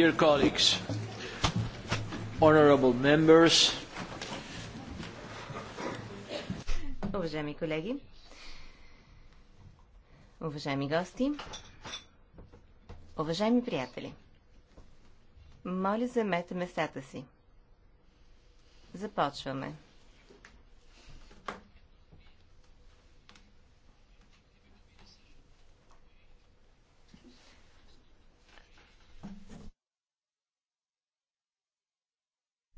Dear colleagues, honorable members, Уважаеми колеги, уважаеми гости, уважаеми приятели, моля заемете местата си. Започваме.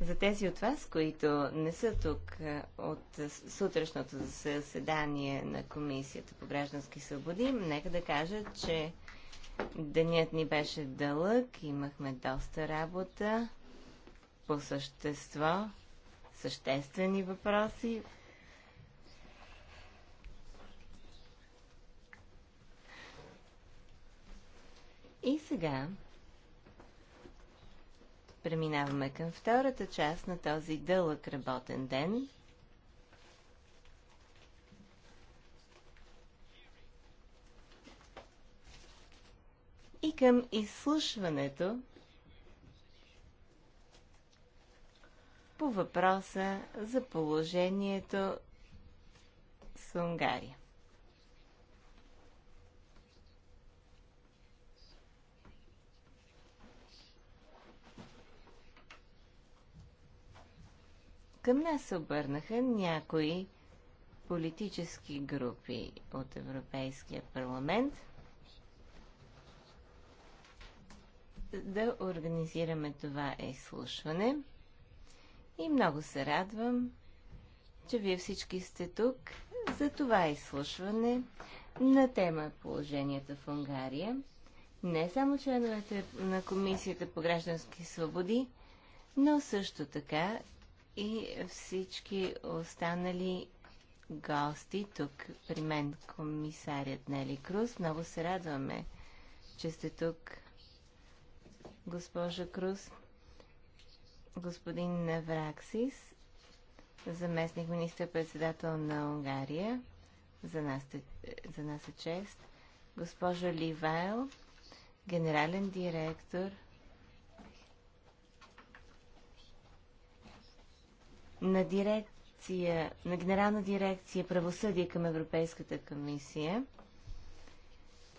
За тези от вас, които не са тук от сутрешното заседание на Комисията по граждански свободи, нека да кажа, че денят ни беше дълъг, имахме доста работа по същество, съществени въпроси. И сега Преминаваме към втората част на този дълъг работен ден. И към изслушването по въпроса за положението с Унгария. Към нас се обърнаха някои политически групи от Европейския парламент да организираме това изслушване. И много се радвам, че вие всички сте тук за това изслушване на тема Положението в Унгария. Не само членовете на Комисията по граждански свободи, но също така и всички останали гости. Тук при мен комисарят Нели Круз. Много се радваме, че сте тук, госпожа Круз. Господин Навраксис, заместник министър-председател на Унгария. За нас, е, за нас е чест. Госпожа Ливайл, генерален директор на дирекция, на Генерална дирекция правосъдие към Европейската комисия,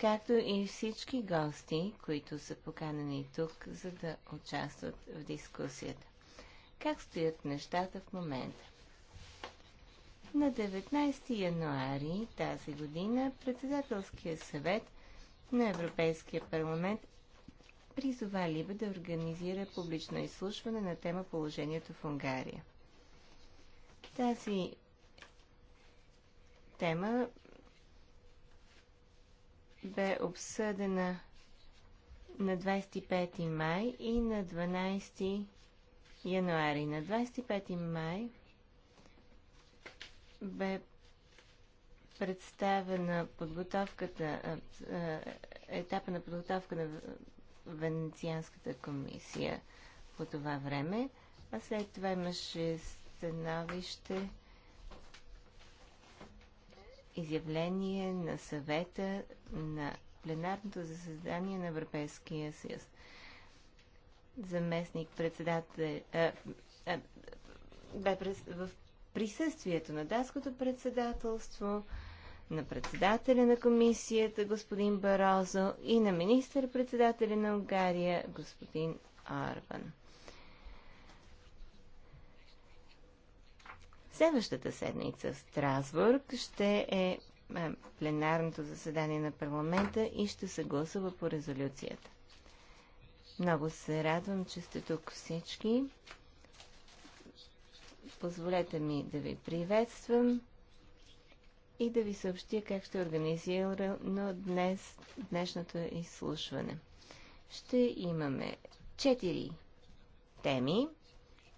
както и всички гости, които са поканени тук, за да участват в дискусията. Как стоят нещата в момента? На 19 януари тази година Председателския съвет на Европейския парламент призова Либе да организира публично изслушване на тема Положението в Унгария. Тази тема бе обсъдена на 25 май и на 12 януари. На 25 май бе представена подготовката, етапа на подготовка на Венецианската комисия по това време, а след това имаше становище, изявление на съвета на пленарното заседание на Европейския съюз. Заместник председател бе в присъствието на датското председателство, на председателя на комисията господин Барозо и на министър-председателя на Унгария господин Арбан. Следващата седмица в Страсбург ще е, е пленарното заседание на парламента и ще се гласува по резолюцията. Много се радвам, че сте тук всички. Позволете ми да ви приветствам и да ви съобщя как ще е организирано днес, днешното изслушване. Ще имаме четири теми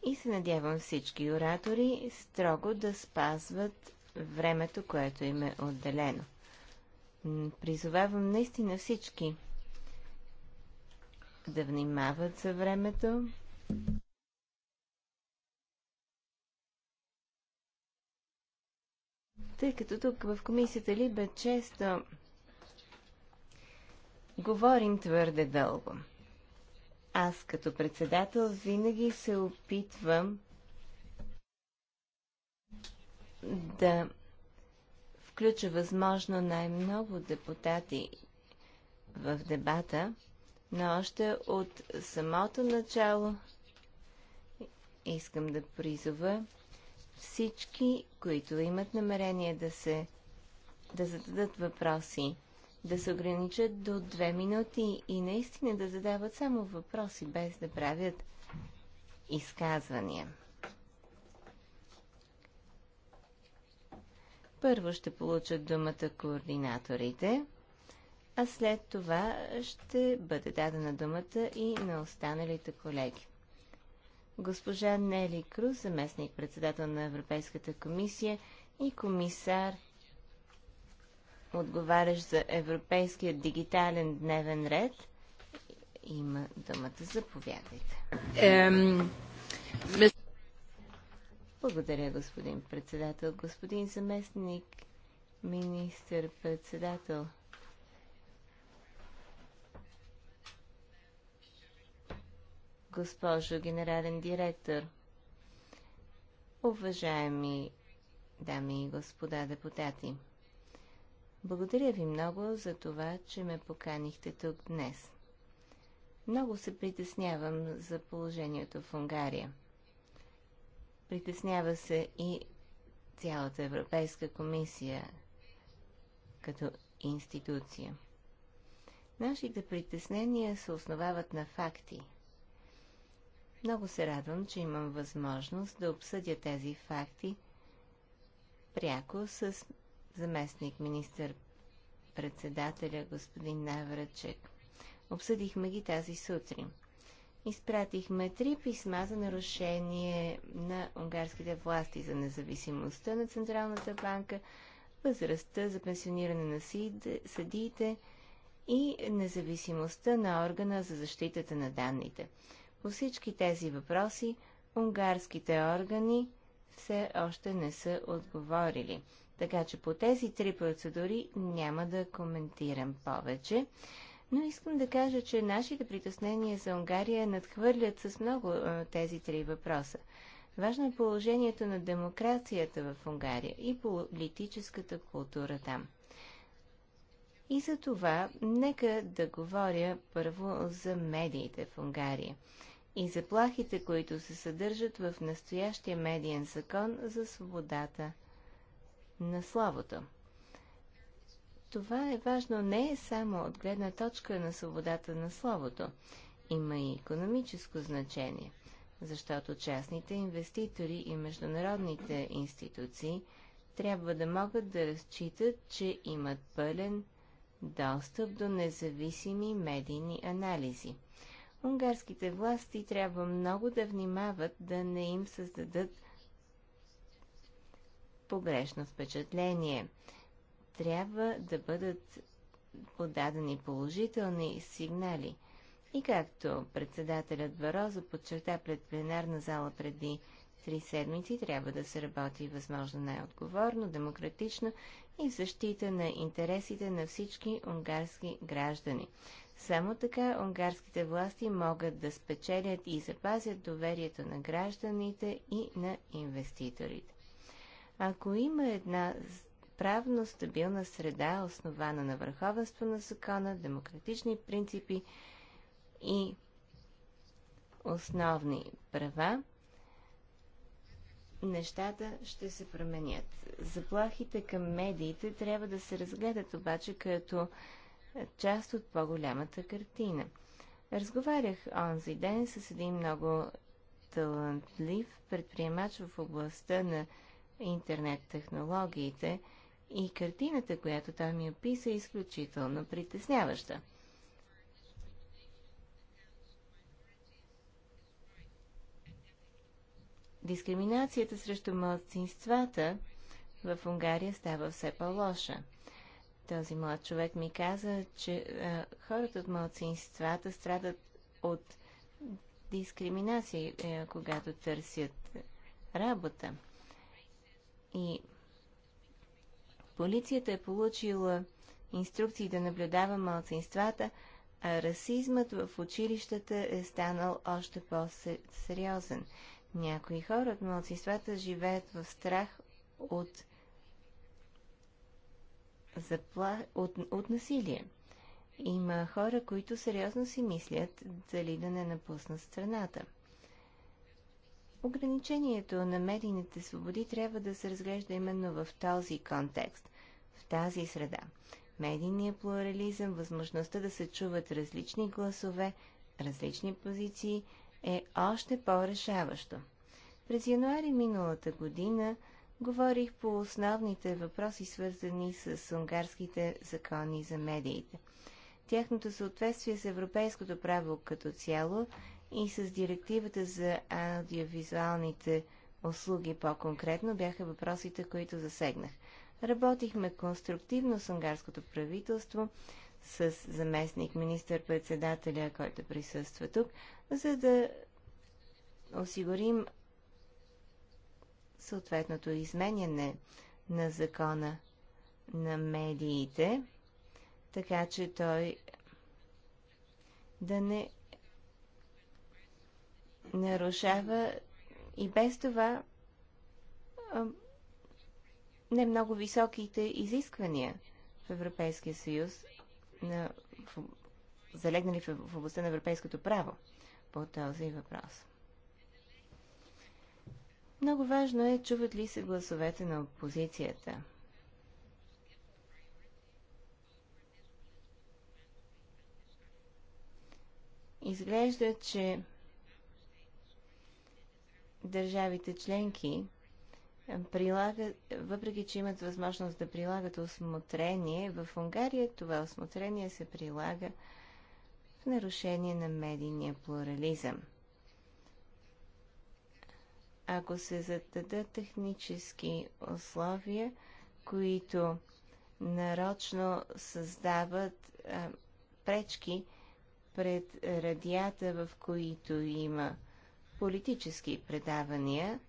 и се надявам всички оратори строго да спазват времето, което им е отделено. Призовавам наистина всички да внимават за времето. Тъй като тук в комисията Либе често говорим твърде дълго аз като председател винаги се опитвам да включа възможно най-много депутати в дебата, но още от самото начало искам да призова всички, които имат намерение да се да зададат въпроси да се ограничат до две минути и наистина да задават само въпроси, без да правят изказвания. Първо ще получат думата координаторите, а след това ще бъде дадена думата и на останалите колеги. Госпожа Нели Круз, заместник председател на Европейската комисия и комисар Отговаряш за Европейския дигитален дневен ред, има думата. Заповядайте. Ем... Благодаря, господин председател. Господин заместник, министър-председател. Госпожо генерален директор, уважаеми дами и господа депутати, благодаря ви много за това, че ме поканихте тук днес. Много се притеснявам за положението в Унгария. Притеснява се и цялата Европейска комисия като институция. Нашите притеснения се основават на факти. Много се радвам, че имам възможност да обсъдя тези факти пряко с заместник министър председателя господин Навръчек. Обсъдихме ги тази сутрин. Изпратихме три писма за нарушение на унгарските власти за независимостта на Централната банка, възрастта за пенсиониране на съдиите и независимостта на органа за защитата на данните. По всички тези въпроси унгарските органи все още не са отговорили. Така че по тези три процедури няма да коментирам повече. Но искам да кажа, че нашите притеснения за Унгария надхвърлят с много тези три въпроса. Важно е положението на демокрацията в Унгария и политическата култура там. И за това нека да говоря първо за медиите в Унгария и заплахите, които се съдържат в настоящия медиен закон за свободата на словото. Това е важно не е само от гледна точка на свободата на словото. Има и економическо значение, защото частните инвеститори и международните институции трябва да могат да разчитат, че имат пълен достъп до независими медийни анализи. Унгарските власти трябва много да внимават да не им създадат погрешно впечатление. Трябва да бъдат подадени положителни сигнали. И както председателят Барозо подчерта пред пленарна зала преди три седмици, трябва да се работи възможно най-отговорно, демократично и в защита на интересите на всички унгарски граждани. Само така унгарските власти могат да спечелят и запазят доверието на гражданите и на инвеститорите. Ако има една правно стабилна среда, основана на върховенство на закона, демократични принципи и основни права, нещата ще се променят. Заплахите към медиите трябва да се разгледат обаче като част от по-голямата картина. Разговарях онзи ден с един много талантлив предприемач в областта на интернет технологиите и картината, която той ми описа, е изключително притесняваща. Дискриминацията срещу младсинствата в Унгария става все по-лоша. Този млад човек ми каза, че е, хората от младсинствата страдат от дискриминация, е, когато търсят работа. И полицията е получила инструкции да наблюдава малцинствата, а расизмът в училищата е станал още по-сериозен. Някои хора от малцинствата живеят в страх от, запла... от, от насилие. Има хора, които сериозно си мислят дали да не напуснат страната. Ограничението на медийните свободи трябва да се разглежда именно в този контекст, в тази среда. Медийният плурализъм, възможността да се чуват различни гласове, различни позиции е още по-решаващо. През януари миналата година говорих по основните въпроси, свързани с унгарските закони за медиите. Тяхното съответствие с европейското право като цяло и с директивата за аудиовизуалните услуги по-конкретно бяха въпросите, които засегнах. Работихме конструктивно с унгарското правителство, с заместник министър-председателя, който присъства тук, за да осигурим съответното изменяне на закона на медиите, така че той да не нарушава и без това не много високите изисквания в Европейския съюз, на, в, залегнали в, в областта на европейското право по този въпрос. Много важно е, чуват ли се гласовете на опозицията. Изглежда, че държавите членки е, прилагат, въпреки че имат възможност да прилагат осмотрение, в Унгария това осмотрение се прилага в нарушение на медийния плурализъм. Ако се зададат технически условия, които нарочно създават а, е, пречки пред радията, в които има политически предавания,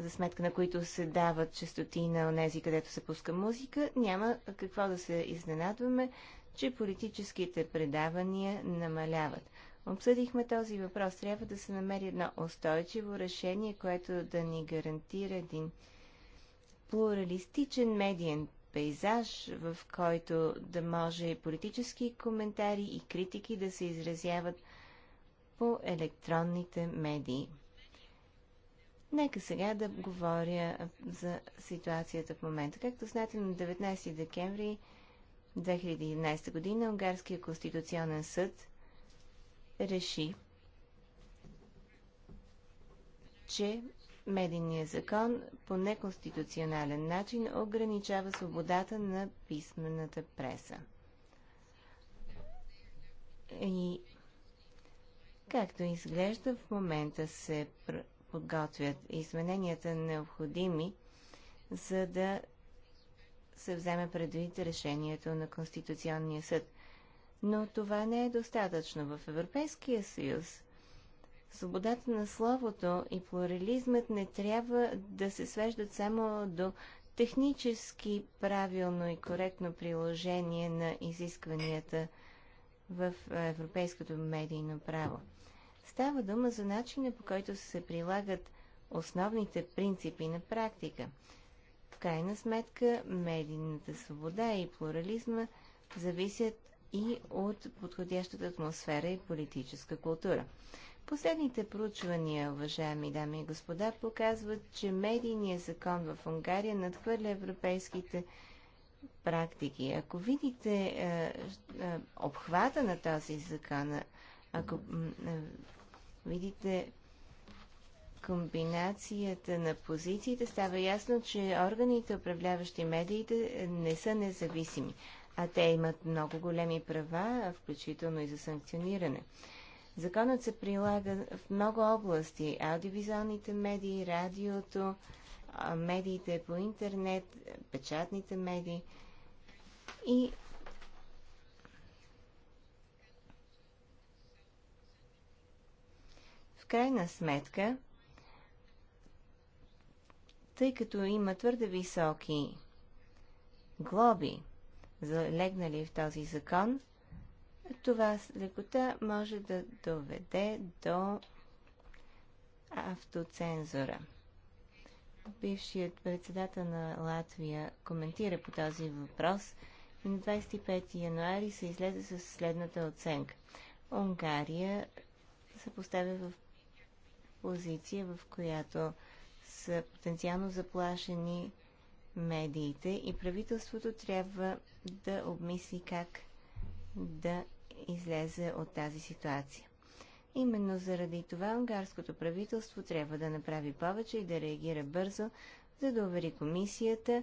за сметка на които се дават частоти на онези, където се пуска музика, няма какво да се изненадваме, че политическите предавания намаляват. Обсъдихме този въпрос. Трябва да се намери едно устойчиво решение, което да ни гарантира един плуралистичен медиен пейзаж, в който да може и политически коментари и критики да се изразяват по електронните медии. Нека сега да говоря за ситуацията в момента. Както знаете, на 19 декември 2011 година Унгарския конституционен съд реши, че медийният закон по неконституционален начин ограничава свободата на писмената преса. И Както изглежда, в момента се подготвят измененията необходими, за да се вземе предвид решението на Конституционния съд. Но това не е достатъчно. В Европейския съюз свободата на словото и плурализмът не трябва да се свеждат само до технически правилно и коректно приложение на изискванията в европейското медийно право. Става дума за начина по който се прилагат основните принципи на практика. В крайна сметка, медийната свобода и плурализма зависят и от подходящата атмосфера и политическа култура. Последните проучвания, уважаеми дами и господа, показват, че медийният закон в Унгария надхвърля европейските практики. Ако видите е, е, обхвата на този закон, ако е, видите комбинацията на позициите, става ясно, че органите, управляващи медиите, не са независими, а те имат много големи права, включително и за санкциониране. Законът се прилага в много области – аудиовизуалните медии, радиото, медиите по интернет, печатните медии. И крайна сметка, тъй като има твърде високи глоби, залегнали в този закон, това с лекота може да доведе до автоцензура. Бившият председател на Латвия коментира по този въпрос и на 25 януари се излезе с следната оценка. Унгария се поставя в позиция, в която са потенциално заплашени медиите и правителството трябва да обмисли как да излезе от тази ситуация. Именно заради това унгарското правителство трябва да направи повече и да реагира бързо, за да увери комисията,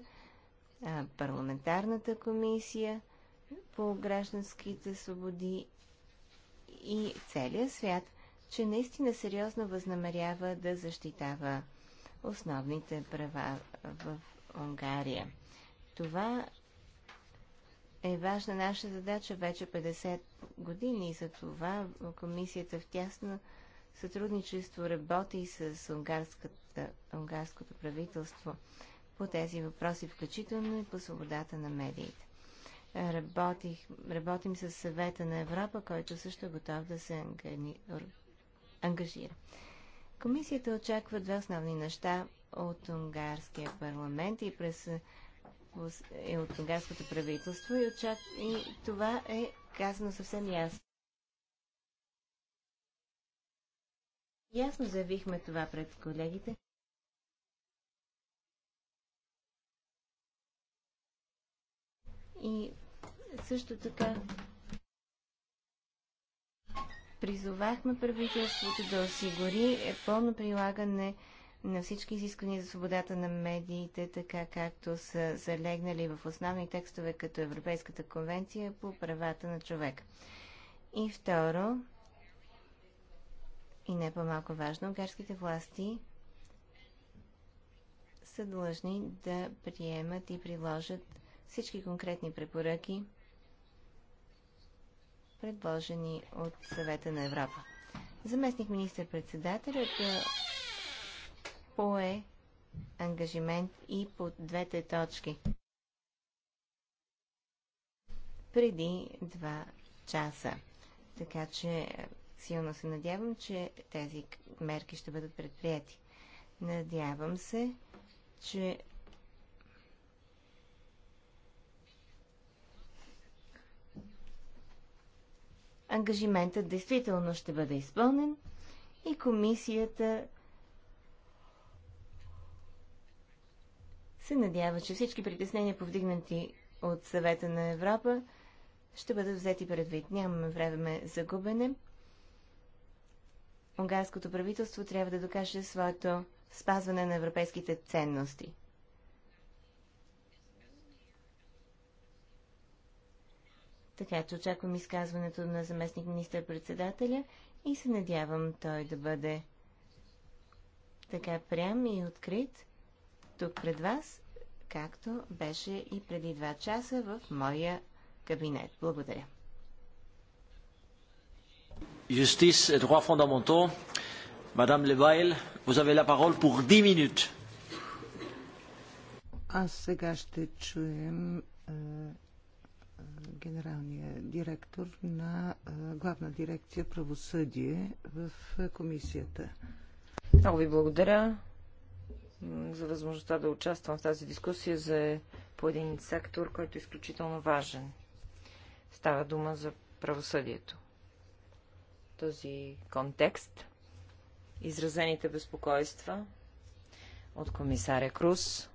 парламентарната комисия по гражданските свободи и целия свят, че наистина сериозно възнамерява да защитава основните права в Унгария. Това е важна наша задача вече 50 години и за това комисията в тясно сътрудничество работи с унгарското правителство по тези въпроси, включително и по свободата на медиите. Работих, работим с съвета на Европа, който също е готов да се ангажира. Комисията очаква две основни неща от унгарския парламент и през и е от унгарското правителство и, очак... и това е казано съвсем ясно. Ясно заявихме това пред колегите. И също така призовахме правителството да осигури пълно прилагане на всички изисквания за свободата на медиите, така както са залегнали в основни текстове като Европейската конвенция по правата на човека. И второ, и не по-малко важно, унгарските власти са длъжни да приемат и приложат всички конкретни препоръки предложени от Съвета на Европа. Заместник министър-председателят е, пое ангажимент и по двете точки. Преди два часа. Така че е, силно се надявам, че тези мерки ще бъдат предприяти. Надявам се, че ангажиментът действително ще бъде изпълнен и комисията се надява, че всички притеснения, повдигнати от съвета на Европа, ще бъдат взети предвид. Нямаме време за губене. Унгарското правителство трябва да докаже своето спазване на европейските ценности. Така че очаквам изказването на заместник министър-председателя и се надявам той да бъде така прям и открит тук пред вас, както беше и преди два часа в моя кабинет. Благодаря. Юстис et droits фундаменто, мадам Левайл, vous avez la parole pour 10 minutes. А сега ще чуем е, генералния директор на главна дирекция правосъдие в комисията. Много ви благодаря за възможността да участвам в тази дискусия за по един сектор, който е изключително важен. Става дума за правосъдието. Този контекст, изразените безпокойства от комисаря Круз,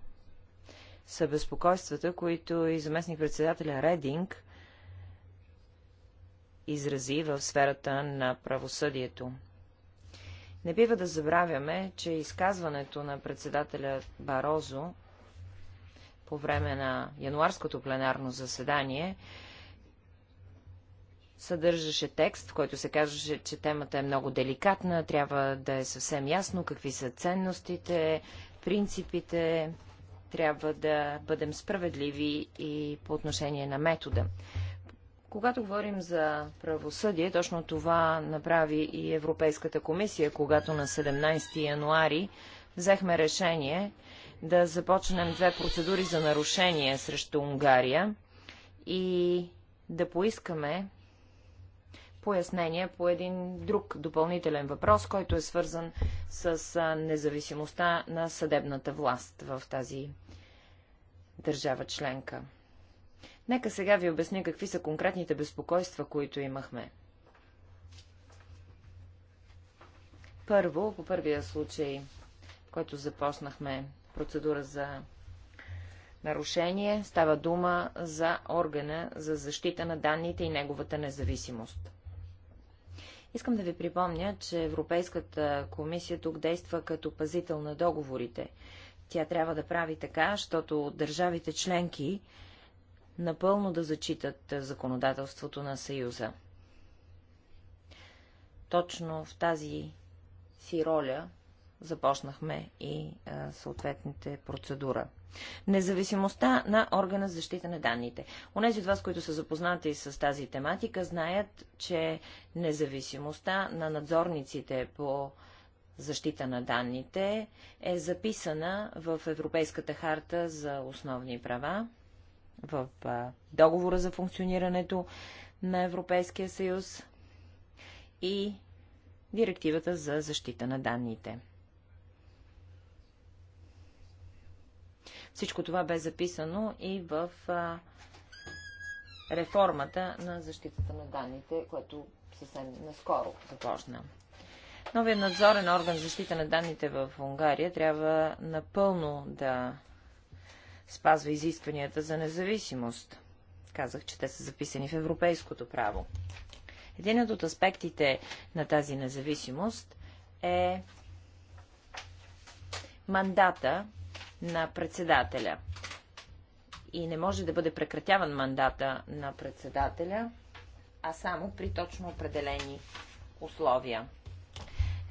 са безпокойствата, които и заместник-председателя Рединг изрази в сферата на правосъдието. Не бива да забравяме, че изказването на председателя Барозо по време на януарското пленарно заседание съдържаше текст, в който се казваше, че темата е много деликатна, трябва да е съвсем ясно какви са ценностите, принципите, трябва да бъдем справедливи и по отношение на метода. Когато говорим за правосъдие, точно това направи и Европейската комисия, когато на 17 януари взехме решение да започнем две процедури за нарушение срещу Унгария и да поискаме пояснение по един друг допълнителен въпрос, който е свързан с независимостта на съдебната власт в тази държава членка. Нека сега ви обясня какви са конкретните безпокойства, които имахме. Първо, по първия случай, в който започнахме процедура за нарушение, става дума за органа за защита на данните и неговата независимост. Искам да ви припомня, че Европейската комисия тук действа като пазител на договорите. Тя трябва да прави така, защото държавите членки напълно да зачитат е, законодателството на Съюза. Точно в тази си роля започнахме и а, е, съответните процедура. Независимостта на органа за защита на данните. Онези от вас, които са запознати с тази тематика, знаят, че независимостта на надзорниците по защита на данните е записана в Европейската харта за основни права в договора за функционирането на Европейския съюз и директивата за защита на данните. Всичко това бе записано и в а, реформата на защитата на данните, което съвсем наскоро започна. Новият надзорен орган защита на данните в Унгария трябва напълно да спазва изискванията за независимост. Казах, че те са записани в европейското право. Един от аспектите на тази независимост е мандата на председателя. И не може да бъде прекратяван мандата на председателя, а само при точно определени условия.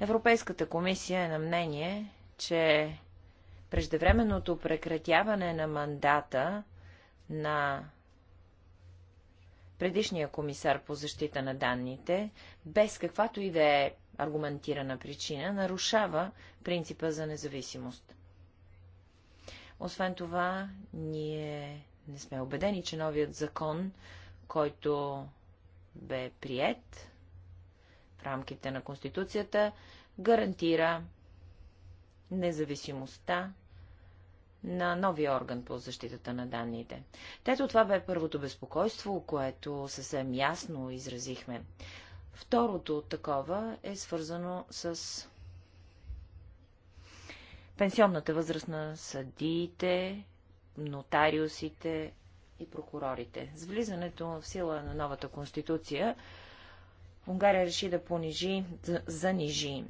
Европейската комисия е на мнение, че преждевременното прекратяване на мандата на предишния комисар по защита на данните, без каквато и да е аргументирана причина, нарушава принципа за независимост. Освен това, ние не сме убедени, че новият закон, който бе прият в рамките на Конституцията, гарантира независимостта на новия орган по защитата на данните. Тето това бе първото безпокойство, което съвсем ясно изразихме. Второто такова е свързано с пенсионната възраст на съдиите, нотариусите и прокурорите. С влизането в сила на новата конституция, Унгария реши да понижи, занижи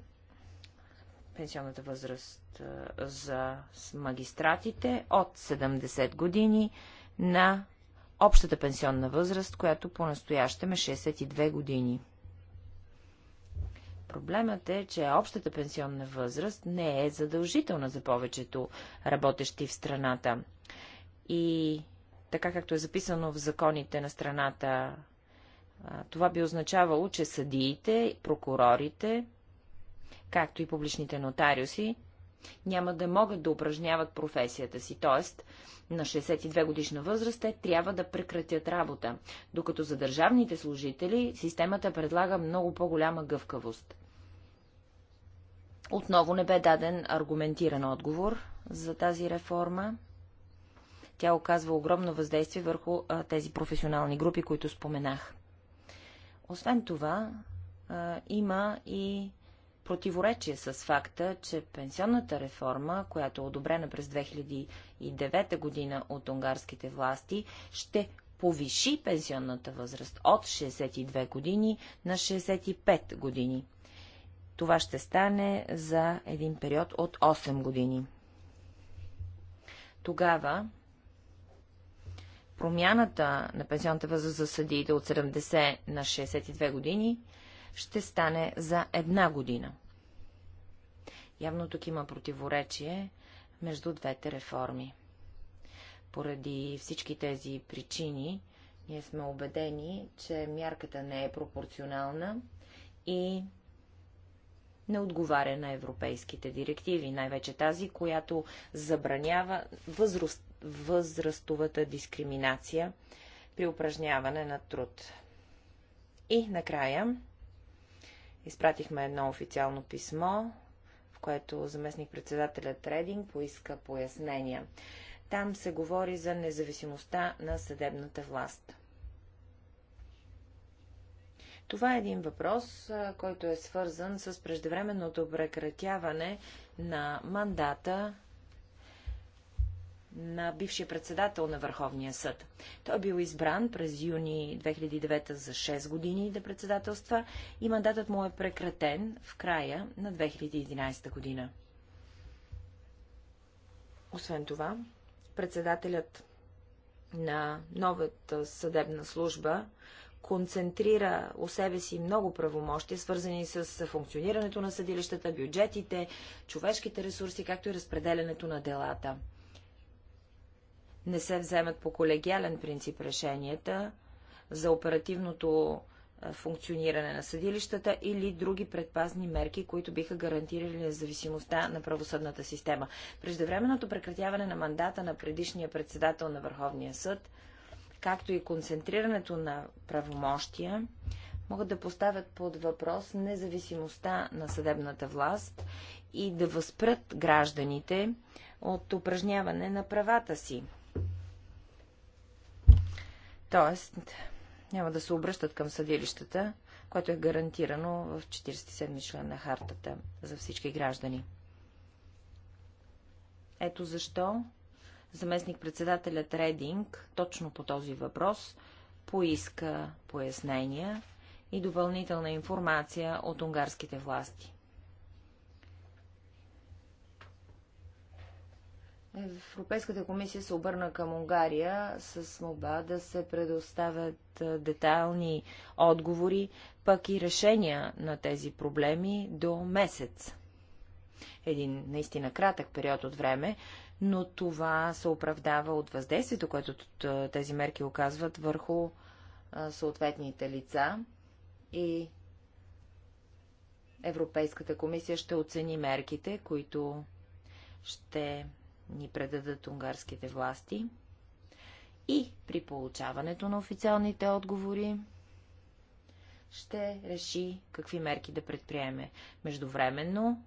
пенсионната възраст за магистратите от 70 години на общата пенсионна възраст, която по-настоящем е 62 години. Проблемът е, че общата пенсионна възраст не е задължителна за повечето работещи в страната. И така както е записано в законите на страната, това би означавало, че съдиите, прокурорите, както и публичните нотариуси, няма да могат да упражняват професията си, т.е. на 62 годишна възраст те трябва да прекратят работа, докато за държавните служители системата предлага много по-голяма гъвкавост. Отново не бе даден аргументиран отговор за тази реформа. Тя оказва огромно въздействие върху а, тези професионални групи, които споменах. Освен това, а, има и противоречие с факта, че пенсионната реформа, която е одобрена през 2009 година от унгарските власти, ще повиши пенсионната възраст от 62 години на 65 години. Това ще стане за един период от 8 години. Тогава промяната на пенсионната възраст за съдиите от 70 на 62 години ще стане за една година. Явно тук има противоречие между двете реформи. Поради всички тези причини, ние сме убедени, че мярката не е пропорционална и не отговаря на европейските директиви, най-вече тази, която забранява възраст, възрастовата дискриминация при упражняване на труд. И накрая Изпратихме едно официално писмо, в което заместник-председателят Рединг поиска пояснения. Там се говори за независимостта на съдебната власт. Това е един въпрос, който е свързан с преждевременното прекратяване на мандата на бившия председател на Върховния съд. Той е бил избран през юни 2009 за 6 години да председателства и мандатът му е прекратен в края на 2011 година. Освен това, председателят на новата съдебна служба концентрира у себе си много правомощия, свързани с функционирането на съдилищата, бюджетите, човешките ресурси, както и разпределянето на делата – не се вземат по колегиален принцип решенията за оперативното функциониране на съдилищата или други предпазни мерки, които биха гарантирали независимостта на правосъдната система. Преждевременното прекратяване на мандата на предишния председател на Върховния съд, както и концентрирането на правомощия, могат да поставят под въпрос независимостта на съдебната власт и да възпрат гражданите от упражняване на правата си. Тоест, няма да се обръщат към съдилищата, което е гарантирано в 47 ми член на хартата за всички граждани. Ето защо заместник-председателят Рединг точно по този въпрос поиска пояснения и допълнителна информация от унгарските власти. Европейската комисия се обърна към Унгария с моба да се предоставят детайлни отговори, пък и решения на тези проблеми до месец. Един наистина кратък период от време, но това се оправдава от въздействието, което тези мерки оказват върху съответните лица и Европейската комисия ще оцени мерките, които ще ни предадат унгарските власти. И при получаването на официалните отговори ще реши какви мерки да предприеме. Междувременно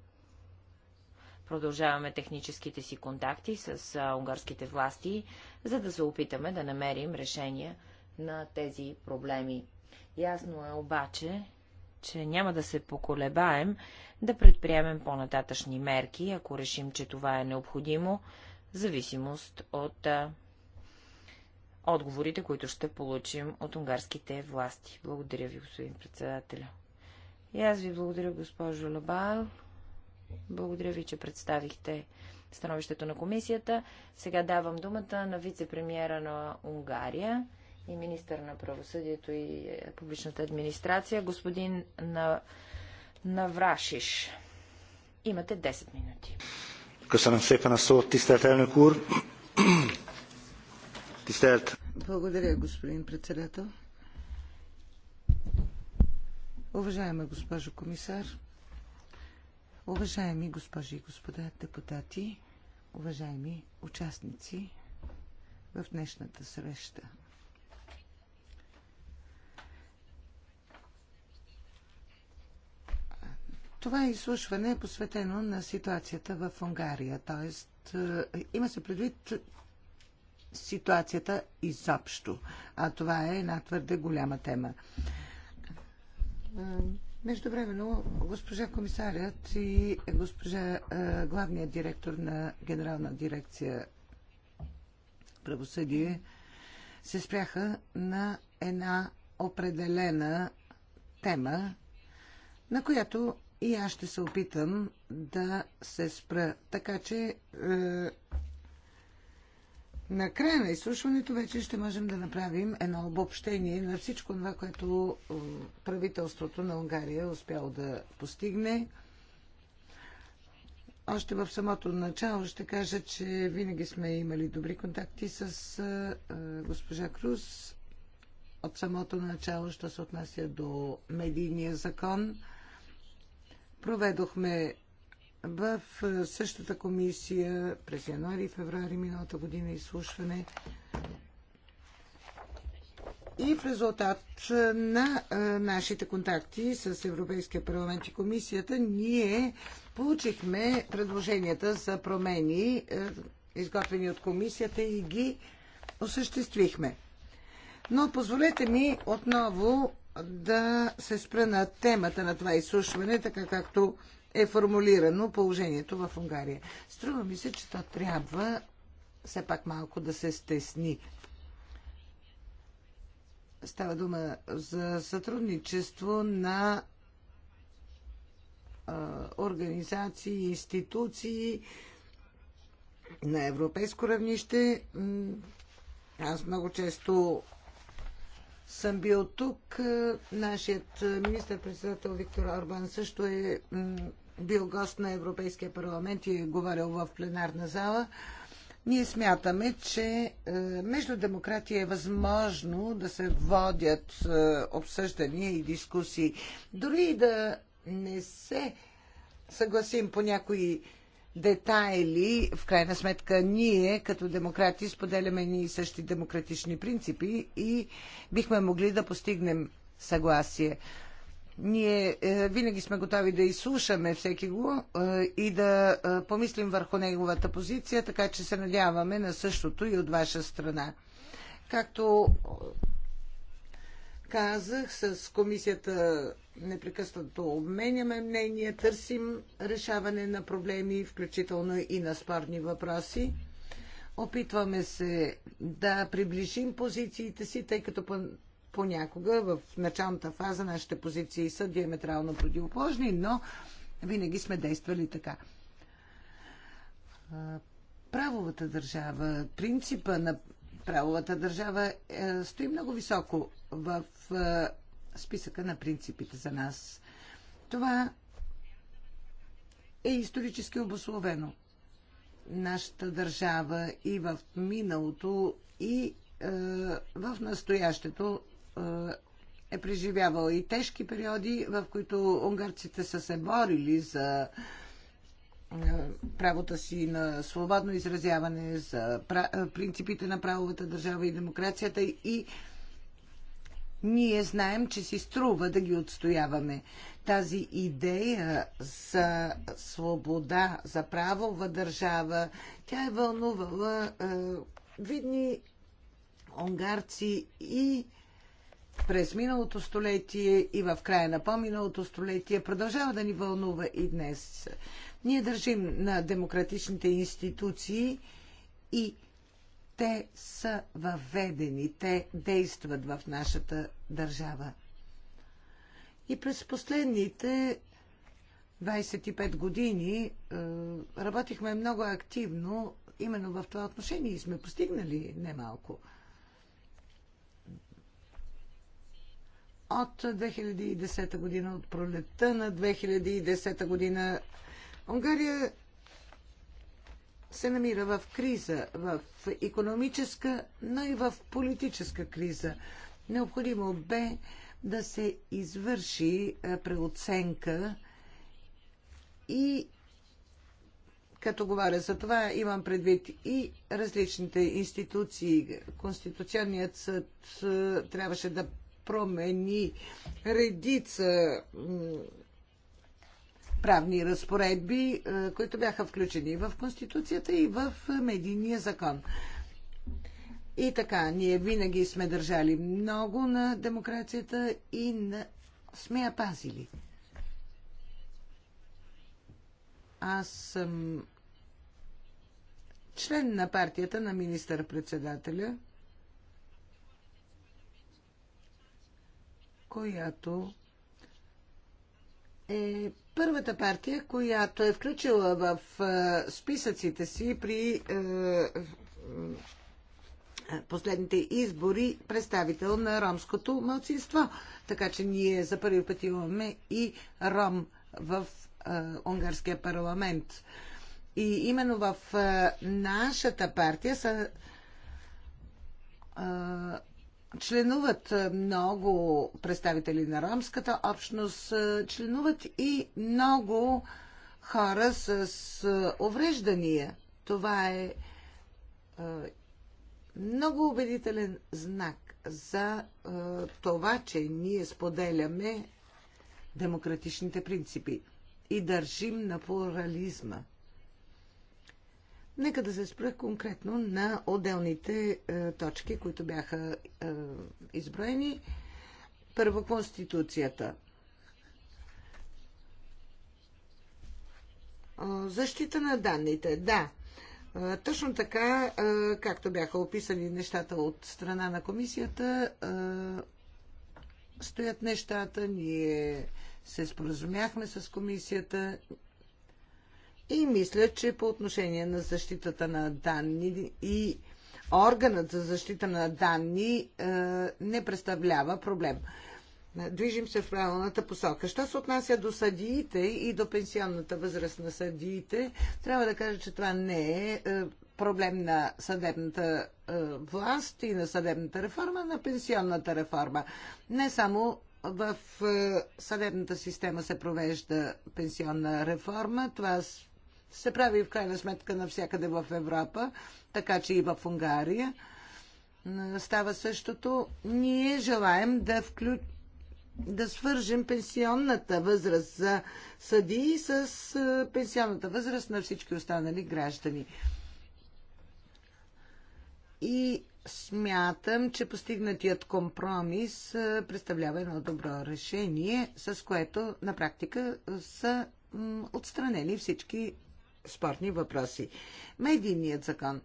продължаваме техническите си контакти с унгарските власти, за да се опитаме да намерим решения на тези проблеми. Ясно е обаче, че няма да се поколебаем да предприемем по-нататъчни мерки, ако решим, че това е необходимо, в зависимост от а, отговорите, които ще получим от унгарските власти. Благодаря ви, господин председателя. И аз ви благодаря, госпожо Лабал. Благодаря ви, че представихте становището на комисията. Сега давам думата на вице-премьера на Унгария и министър на правосъдието и е, публичната администрация, господин Наврашиш. Имате 10 минути. Köszönöm szépen a szót, tisztelt elnök Благодаря, господин председател. Уважаема госпожо комисар, уважаеми госпожи и господа депутати, уважаеми участници в днешната среща Това изслушване е посветено на ситуацията в Унгария, т.е. има се предвид ситуацията изобщо, а това е една твърде голяма тема. Е, междувременно госпожа комисарят и госпожа е, главният директор на Генерална дирекция правосъдие се спряха на една определена тема, на която и аз ще се опитам да се спра. Така че е, на края на изслушването вече ще можем да направим едно обобщение на всичко това, което е, правителството на Унгария е успяло да постигне. Още в самото начало ще кажа, че винаги сме имали добри контакти с е, е, госпожа Круз. От самото начало, що се отнася до медийния закон – проведохме в същата комисия през януари и феврари миналата година изслушване и в резултат на нашите контакти с Европейския парламент и комисията ние получихме предложенията за промени, изготвени от комисията и ги осъществихме. Но позволете ми отново да се спра на темата на това изслушване, така както е формулирано положението в Унгария. Струва ми се, че то трябва все пак малко да се стесни. Става дума за сътрудничество на организации, институции на европейско равнище. Аз много често съм бил тук. Нашият министр-председател Виктор Орбан също е бил гост на Европейския парламент и е говорил в пленарна зала. Ние смятаме, че е, между демократия е възможно да се водят е, обсъждания и дискусии. Дори и да не се съгласим по някои детайли. В крайна сметка ние като демократи споделяме ни същи демократични принципи и бихме могли да постигнем съгласие. Ние е, винаги сме готови да изслушаме всеки го е, и да е, помислим върху неговата позиция, така че се надяваме на същото и от ваша страна. Както казах, с комисията непрекъснато обменяме мнение, търсим решаване на проблеми, включително и на спорни въпроси. Опитваме се да приближим позициите си, тъй като понякога в началната фаза нашите позиции са диаметрално противоположни, но винаги сме действали така. Правовата държава, принципа на правовата държава е, стои много високо в е, списъка на принципите за нас. Това е исторически обословено. Нашата държава и в миналото, и е, в настоящето е, е преживявала и тежки периоди, в които унгарците са се борили за е, е, правото си на свободно изразяване, за е, принципите на правовата държава и демокрацията и ние знаем, че си струва да ги отстояваме. Тази идея за свобода, за правова държава, тя е вълнувала е, видни унгарци и през миналото столетие и в края на по-миналото столетие продължава да ни вълнува и днес. Ние държим на демократичните институции и те са въведени, те действат в нашата държава. И през последните 25 години е, работихме много активно именно в това отношение и сме постигнали немалко. От 2010 година, от пролетта на 2010 година Унгария се намира в криза, в економическа, но и в политическа криза. Необходимо бе да се извърши е, преоценка и като говоря за това, имам предвид и различните институции. Конституционният съд е, трябваше да промени редица правни разпоредби, е, които бяха включени в Конституцията и в медийния закон. И така, ние винаги сме държали много на демокрацията и на... сме я пазили. Аз съм член на партията на министър-председателя, която е първата партия, която е включила в е, списъците си при е, е, последните избори представител на ромското мълцинство. Така че ние за първи път имаме и ром в унгарския парламент. И именно в нашата партия са членуват много представители на ромската общност, членуват и много хора с увреждания. Това е много убедителен знак за това, че ние споделяме демократичните принципи и държим на плурализма. Нека да се спра конкретно на отделните е, точки, които бяха е, изброени. Първо, Конституцията. Защита на данните, да. Е, точно така, е, както бяха описани нещата от страна на комисията, е, стоят нещата. Ние се споразумяхме с комисията. И мисля, че по отношение на защитата на данни и органът за защита на данни е, не представлява проблем. Движим се в правилната посока. Що се отнася до съдиите и до пенсионната възраст на съдиите, трябва да кажа, че това не е, е проблем на съдебната е, власт и на съдебната реформа, на пенсионната реформа. Не само в съдебната система се провежда пенсионна реформа, това се прави в крайна сметка навсякъде в Европа, така че и в Унгария става същото. Ние желаем да вклю... да свържем пенсионната възраст за и с е, пенсионната възраст на всички останали граждани. И смятам, че постигнатият компромис е, представлява едно добро решение, с което на практика са отстранени всички спорни въпроси. Медийният закон.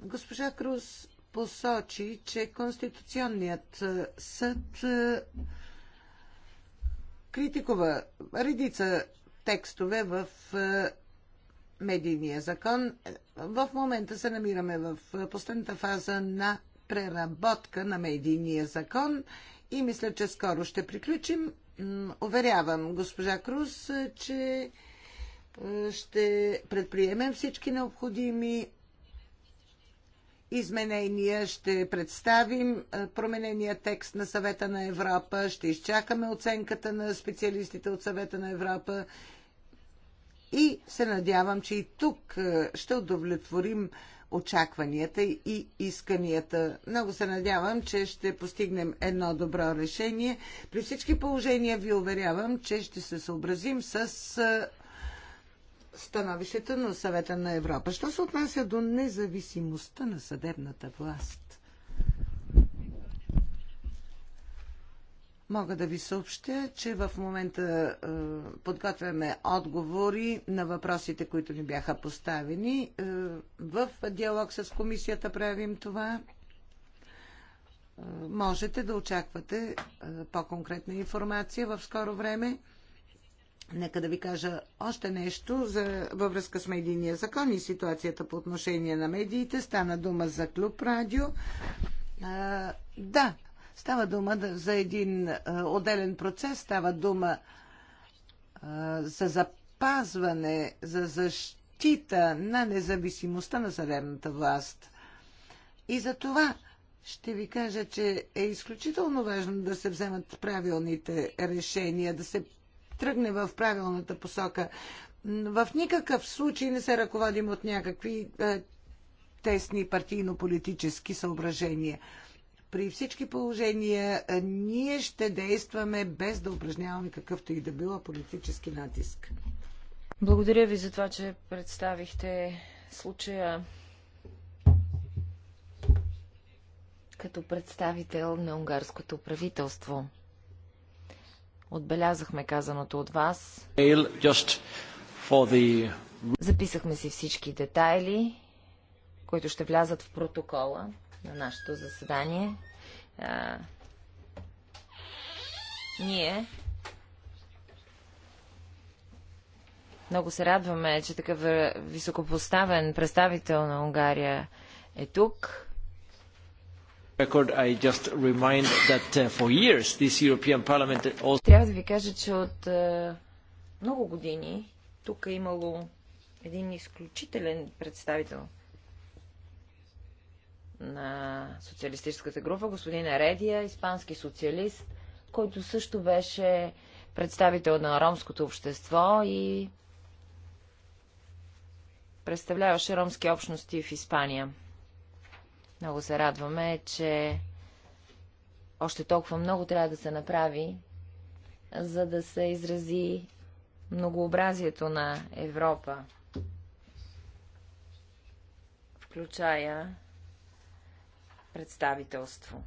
Госпожа Круз посочи, че Конституционният е, съд е, критикува редица текстове в е, медийния закон. В момента се намираме в последната фаза на преработка на медийния закон и мисля, че скоро ще приключим. Уверявам госпожа Круз, че ще предприемем всички необходими изменения, ще представим променения текст на съвета на Европа, ще изчакаме оценката на специалистите от съвета на Европа и се надявам, че и тук ще удовлетворим очакванията и исканията. Много се надявам, че ще постигнем едно добро решение. При всички положения ви уверявам, че ще се съобразим с становището на съвета на Европа. Що се отнася до независимостта на съдебната власт? Мога да ви съобщя, че в момента е, подготвяме отговори на въпросите, които ни бяха поставени. Е, в диалог с комисията правим това. Е, можете да очаквате е, по-конкретна информация в скоро време. Нека да ви кажа още нещо за, във връзка с медийния закон и ситуацията по отношение на медиите. Стана дума за Клуб Радио. А, да, става дума за един а, отделен процес, става дума а, за запазване, за защита на независимостта на съдебната власт. И за това ще ви кажа, че е изключително важно да се вземат правилните решения, да се тръгне в правилната посока. В никакъв случай не се ръководим от някакви е, тесни партийно-политически съображения. При всички положения е, ние ще действаме без да упражняваме какъвто и да било политически натиск. Благодаря ви за това, че представихте случая като представител на унгарското правителство. Отбелязахме казаното от вас. Записахме си всички детайли, които ще влязат в протокола на нашето заседание. Ние много се радваме, че такъв високопоставен представител на Унгария е тук. Record, I just remind that uh, for years this European Parliament also... Трябва да ви кажа, че от е, много години тук е имало един изключителен представител на социалистическата група, господин Аредия, испански социалист, който също беше представител на ромското общество и представляваше ромски общности в Испания. Много се радваме, че още толкова много трябва да се направи, за да се изрази многообразието на Европа, включая представителство.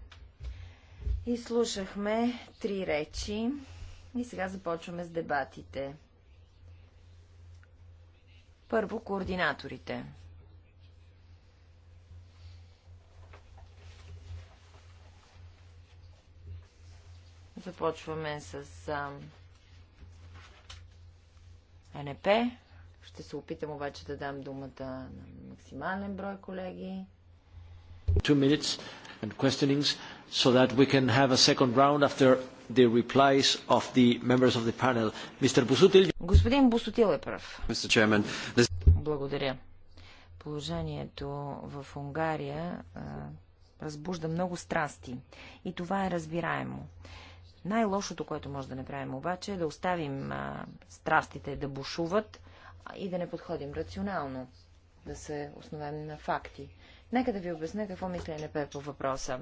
И слушахме три речи и сега започваме с дебатите. Първо координаторите. Започваме с а, АНП. Ще се опитам обаче да дам думата на максимален брой колеги. Two minutes and questionings so that we can have a second round after the replies of the members of the panel. Mr. Господин Бусутил е прав. Mr. Chairman, this... Благодаря. Положението в Унгария а, разбужда много страсти. И това е разбираемо. Най-лошото, което може да направим обаче е да оставим а, страстите да бушуват и да не подходим рационално, да се основем на факти. Нека да ви обясня какво мисля НП по въпроса.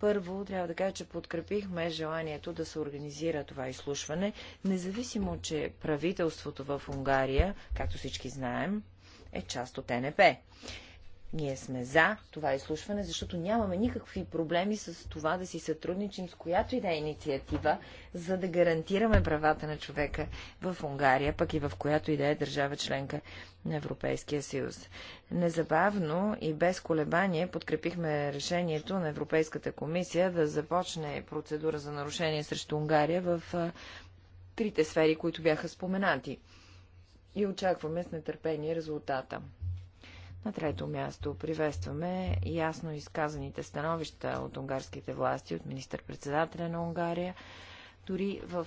Първо, трябва да кажа, че подкрепихме желанието да се организира това изслушване, независимо, че правителството в Унгария, както всички знаем, е част от НП. Ние сме за това изслушване, защото нямаме никакви проблеми с това да си сътрудничим с която и да е инициатива, за да гарантираме правата на човека в Унгария, пък и в която и да е държава членка на Европейския съюз. Незабавно и без колебание подкрепихме решението на Европейската комисия да започне процедура за нарушение срещу Унгария в трите сфери, които бяха споменати. И очакваме с нетърпение резултата. На трето място приветстваме ясно изказаните становища от унгарските власти, от министър-председателя на Унгария, дори в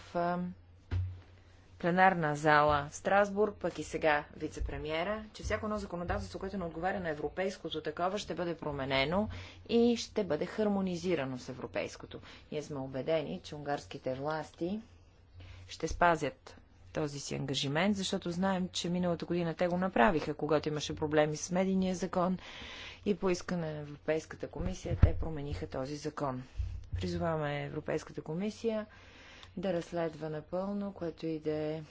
пленарна зала в Страсбург, пък и сега вице-премьера, че всяко едно законодателство, което не отговаря на европейското такова, ще бъде променено и ще бъде хармонизирано с европейското. Ние сме убедени, че унгарските власти ще спазят този си ангажимент, защото знаем, че миналата година те го направиха, когато имаше проблеми с медийния закон и по искане на Европейската комисия те промениха този закон. Призоваваме Европейската комисия да разследва напълно, което и да е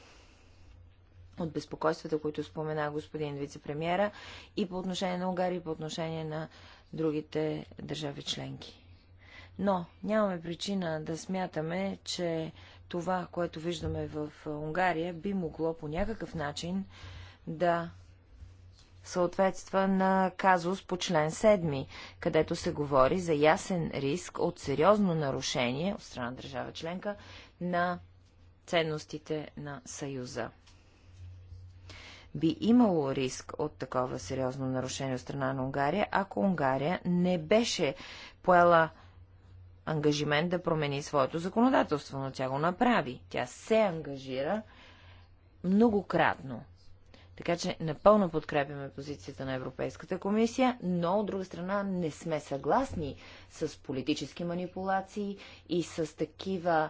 от безпокойствата, които спомена господин вице-премьера и по отношение на Угария, и по отношение на другите държави членки. Но нямаме причина да смятаме, че това, което виждаме в Унгария, би могло по някакъв начин да съответства на казус по член 7, където се говори за ясен риск от сериозно нарушение от страна на държава членка на ценностите на Съюза. Би имало риск от такова сериозно нарушение от страна на Унгария, ако Унгария не беше поела ангажимент да промени своето законодателство, но тя го направи. Тя се ангажира многократно. Така че напълно подкрепяме позицията на Европейската комисия, но от друга страна не сме съгласни с политически манипулации и с такива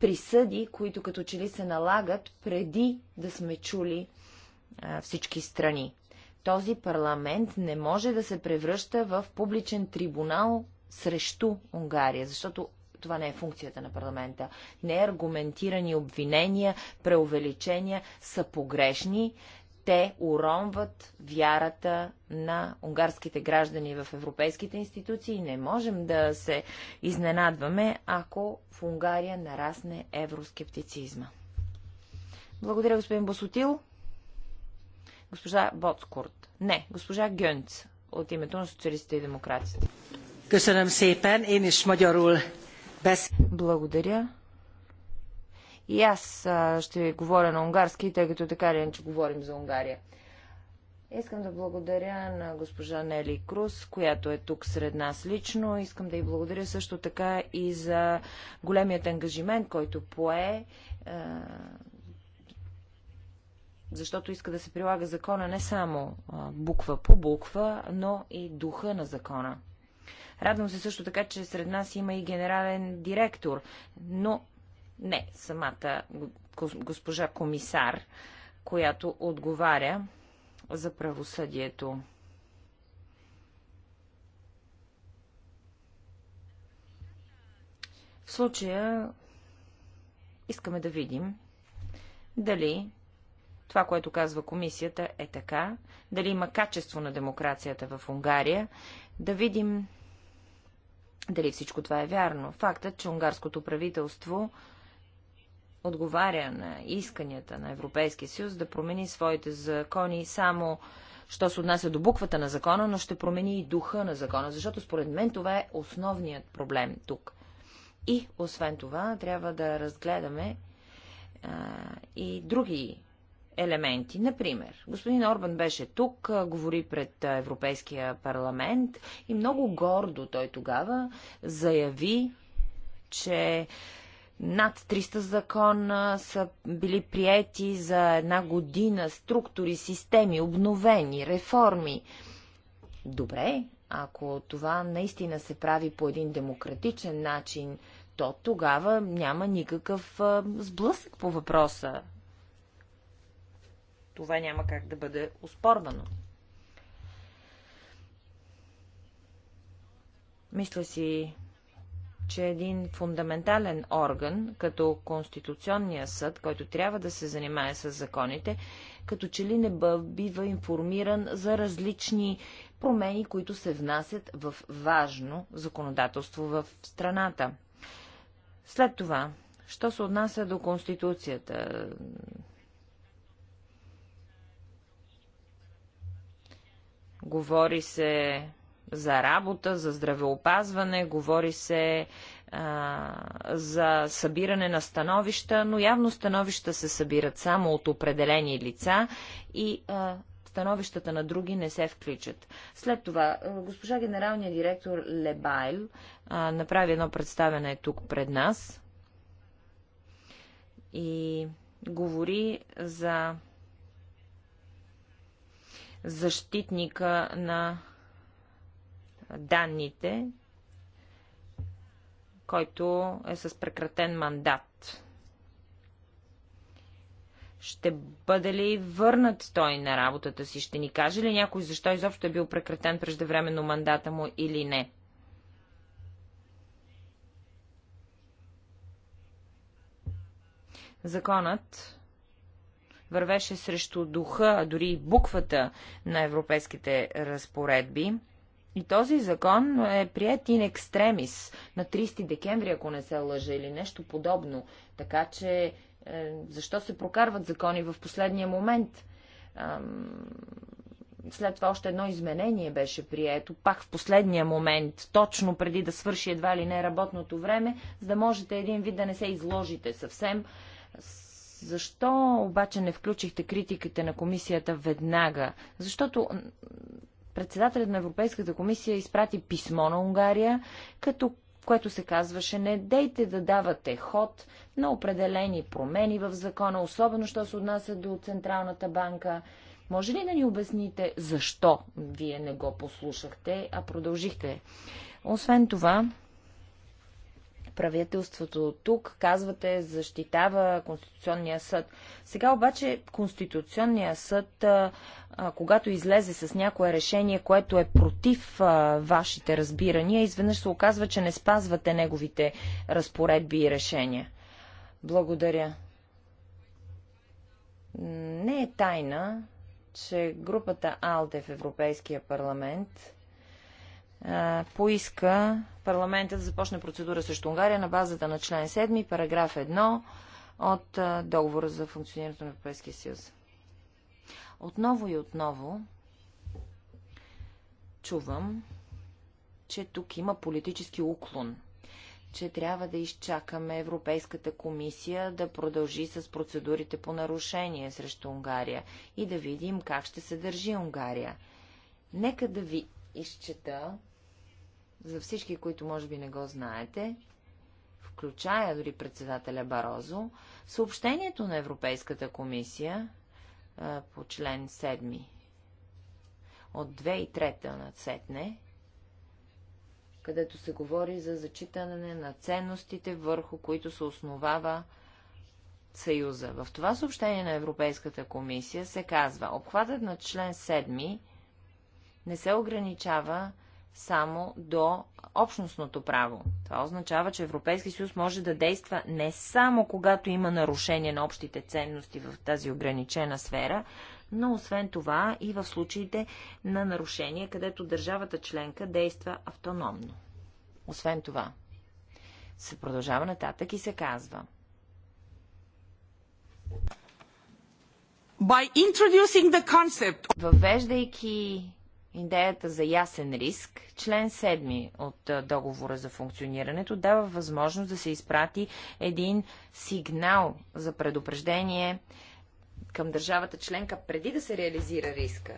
присъди, които като че ли се налагат преди да сме чули а, всички страни. Този парламент не може да се превръща в публичен трибунал срещу Унгария, защото това не е функцията на парламента. Неаргументирани обвинения, преувеличения са погрешни. Те уронват вярата на унгарските граждани в европейските институции. Не можем да се изненадваме, ако в Унгария нарасне евроскептицизма. Благодаря, господин Босотил. Госпожа Боцкурт. Не, госпожа Гюнц от името на социалистите и демократите. Благодаря. И аз ще говоря на унгарски, тъй като така или иначе говорим за Унгария. Искам да благодаря на госпожа Нели Крус, която е тук сред нас лично. Искам да й благодаря също така и за големият ангажимент, който пое, защото иска да се прилага закона не само буква по буква, но и духа на закона. Радвам се също така, че сред нас има и генерален директор, но не самата госпожа комисар, която отговаря за правосъдието. В случая искаме да видим дали това, което казва комисията, е така, дали има качество на демокрацията в Унгария, да видим дали всичко това е вярно? Фактът, че унгарското правителство отговаря на исканията на Европейския съюз да промени своите закони само що се отнася до буквата на закона, но ще промени и духа на закона, защото според мен това е основният проблем тук. И освен това, трябва да разгледаме а, и други елементи. Например, господин Орбан беше тук, говори пред Европейския парламент и много гордо той тогава заяви, че над 300 закона са били приети за една година, структури, системи, обновени, реформи. Добре, ако това наистина се прави по един демократичен начин, то тогава няма никакъв сблъсък по въпроса. Това няма как да бъде оспорвано. Мисля си, че един фундаментален орган, като Конституционния съд, който трябва да се занимае с законите, като че ли не бива информиран за различни промени, които се внасят в важно законодателство в страната. След това, що се отнася до Конституцията, Говори се за работа, за здравеопазване, говори се а, за събиране на становища, но явно становища се събират само от определени лица и а, становищата на други не се включат. След това, госпожа генералния директор Лебайл а, направи едно представяне тук пред нас и говори за защитника на данните, който е с прекратен мандат. Ще бъде ли върнат той на работата си? Ще ни каже ли някой защо изобщо е бил прекратен преждевременно мандата му или не? Законът вървеше срещу духа, а дори и буквата на европейските разпоредби. И този закон е прият ин екстремис на 30 декември, ако не се лъжа, или нещо подобно. Така че е, защо се прокарват закони в последния момент? след това още едно изменение беше прието, пак в последния момент, точно преди да свърши едва ли не работното време, за да можете един вид да не се изложите съвсем защо обаче не включихте критиките на комисията веднага? Защото председателят на Европейската комисия изпрати писмо на Унгария, като което се казваше не дейте да давате ход на определени промени в закона, особено що се отнася до Централната банка. Може ли да ни обясните защо вие не го послушахте, а продължихте? Освен това, правителството. Тук казвате защитава Конституционния съд. Сега обаче Конституционния съд, когато излезе с някое решение, което е против вашите разбирания, изведнъж се оказва, че не спазвате неговите разпоредби и решения. Благодаря. Не е тайна, че групата АЛДЕ в Европейския парламент е, поиска парламентът да започне процедура срещу Унгария на базата на член 7, параграф 1 от е, договора за функционирането на Европейския съюз. Отново и отново чувам, че тук има политически уклон че трябва да изчакаме Европейската комисия да продължи с процедурите по нарушение срещу Унгария и да видим как ще се държи Унгария. Нека да ви изчета за всички, които може би не го знаете, включая дори председателя Барозо, съобщението на Европейската комисия а, по член 7 от 2 3 на Цетне, където се говори за зачитане на ценностите, върху които се основава Съюза. В това съобщение на Европейската комисия се казва, обхватът на член 7 не се ограничава само до общностното право. Това означава, че Европейски съюз може да действа не само когато има нарушение на общите ценности в тази ограничена сфера, но освен това и в случаите на нарушение, където държавата членка действа автономно. Освен това, се продължава нататък и се казва. By introducing the concept... Въвеждайки идеята за ясен риск, член 7 от договора за функционирането дава възможност да се изпрати един сигнал за предупреждение към държавата членка преди да се реализира риска.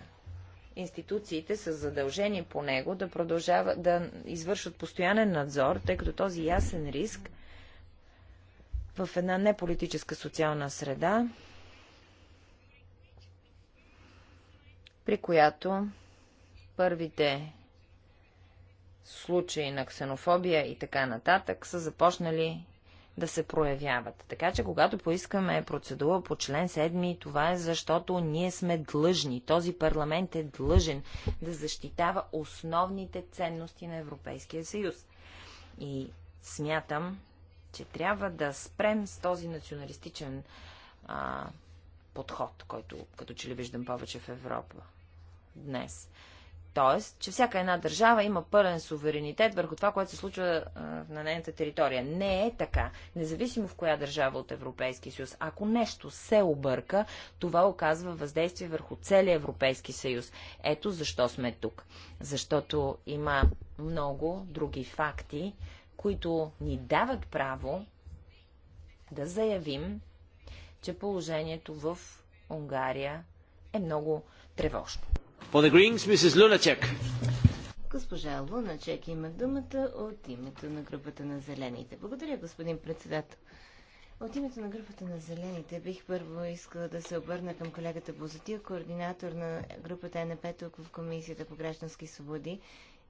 Институциите са задължени по него да продължават да извършват постоянен надзор, тъй като този ясен риск в една неполитическа социална среда, при която Първите случаи на ксенофобия и така нататък са започнали да се проявяват. Така че, когато поискаме процедура по член 7, това е защото ние сме длъжни, този парламент е длъжен да защитава основните ценности на Европейския съюз. И смятам, че трябва да спрем с този националистичен а, подход, който като че ли виждам повече в Европа днес. Тоест, че всяка една държава има пълен суверенитет върху това, което се случва на нейната територия. Не е така. Независимо в коя държава от Европейския съюз, ако нещо се обърка, това оказва въздействие върху целия Европейски съюз. Ето защо сме тук. Защото има много други факти, които ни дават право да заявим, че положението в Унгария е много тревожно. For the Greens, Mrs. Lunacek. Госпожа Луначек има думата от името на групата на Зелените. Благодаря, господин председател. От името на групата на Зелените бих първо искала да се обърна към колегата Бозотил, координатор на групата НП тук в Комисията по граждански свободи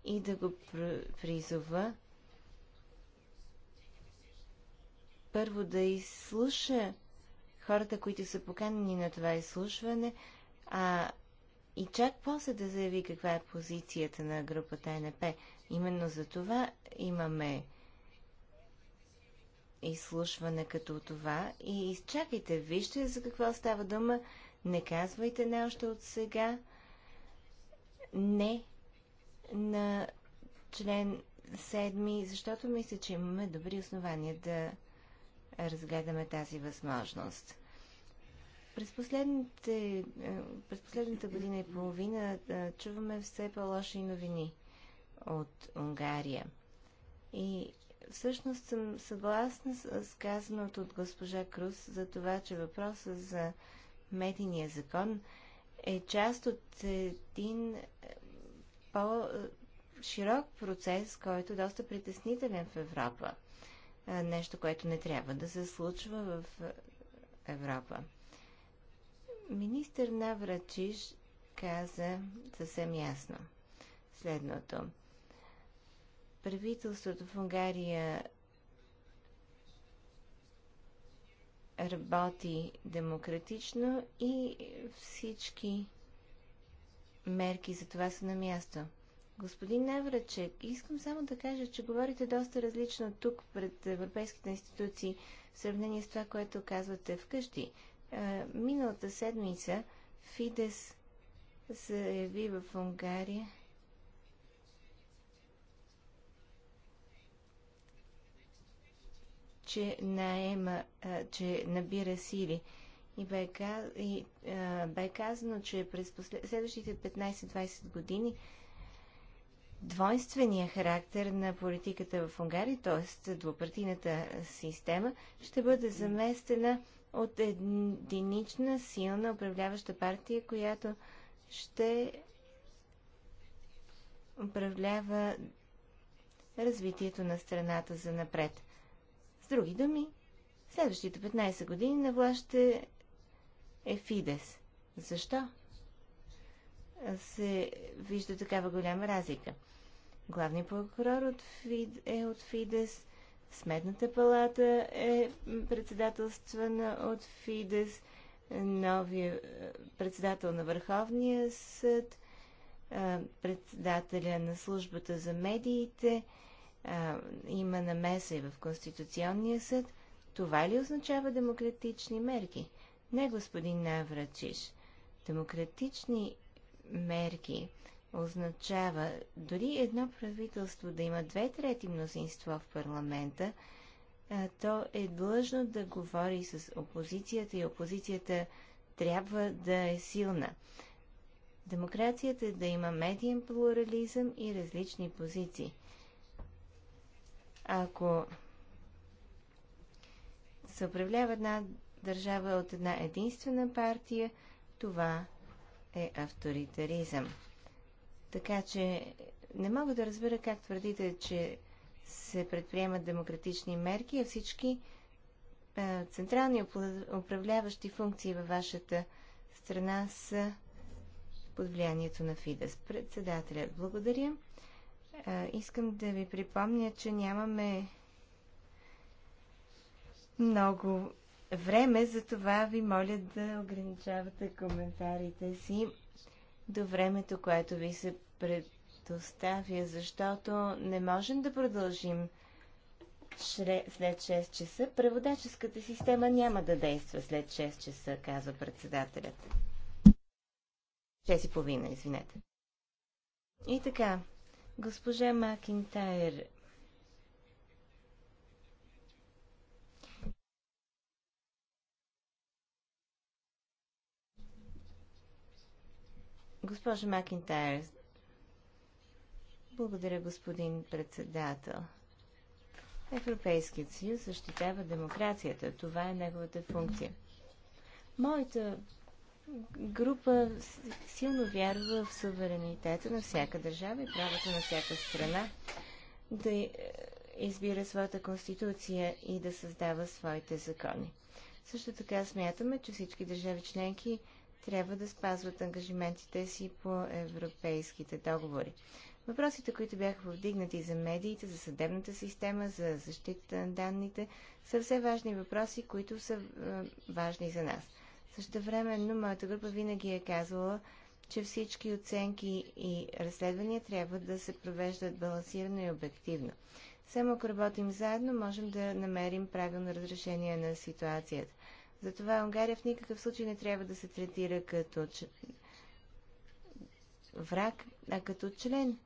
и да го призова първо да изслуша хората, които са поканени на това изслушване, а и чак после да заяви каква е позицията на групата НП. Именно за това имаме изслушване като това и изчакайте, вижте за какво става дума, не казвайте още от сега, не на член 7, защото мисля, че имаме добри основания да разгледаме тази възможност. През, последните, е, през последната година и половина е, чуваме все по-лоши новини от Унгария. И всъщност съм съгласна с казаното от госпожа Крус за това, че въпросът за медийния закон е част от един е, по-широк процес, който е доста притеснителен в Европа. Нещо, което не трябва да се случва в Европа. Министър Наврачиш каза съвсем ясно следното. Правителството в Унгария работи демократично и всички мерки за това са на място. Господин Наврачек, искам само да кажа, че говорите доста различно тук пред европейските институции в сравнение с това, което казвате вкъщи. Миналата седмица Фидес заяви в Унгария, че наема, че набира сили. И бе, казано, че през следващите 15-20 години двойствения характер на политиката в Унгария, т.е. двупартийната система, ще бъде заместена от единична силна управляваща партия, която ще управлява развитието на страната за напред. С други думи, следващите 15 години на власт ще е Фидес. Защо? Се вижда такава голяма разлика. Главният прокурор от Фид, е от Фидес, Сметната палата е председателствана от Фидес, новия е, председател на Върховния съд, е, председателя на службата за медиите, е, има намеса и в Конституционния съд. Това ли означава демократични мерки? Не, господин Наврачиш. Демократични мерки означава дори едно правителство да има две трети мнозинство в парламента, то е длъжно да говори с опозицията и опозицията трябва да е силна. Демокрацията е да има медиен плурализъм и различни позиции. Ако се управлява една държава от една единствена партия, това е авторитаризъм. Така че не мога да разбера как твърдите, че се предприемат демократични мерки, а всички е, централни управляващи функции във вашата страна са под влиянието на ФИДЕС. Председателят, благодаря. Е, искам да ви припомня, че нямаме много време, затова ви моля да ограничавате коментарите си до времето, което ви се предоставя, защото не можем да продължим след 6 часа. Преводаческата система няма да действа след 6 часа, казва председателят. 6 и половина, извинете. И така, госпожа Макинтайр Госпожа Макинтайр, благодаря, господин председател. Европейският съюз защитава демокрацията. Това е неговата функция. Моята група силно вярва в суверенитета на всяка държава и правото на всяка страна да е, избира своята конституция и да създава своите закони. Също така смятаме, че всички държави членки трябва да спазват ангажиментите си по европейските договори. Въпросите, които бяха повдигнати за медиите, за съдебната система, за защита на данните, са все важни въпроси, които са е, важни за нас. Също времено моята група винаги е казвала, че всички оценки и разследвания трябва да се провеждат балансирано и обективно. Само ако работим заедно, можем да намерим правилно разрешение на ситуацията. Затова Унгария в никакъв случай не трябва да се третира като враг, а като член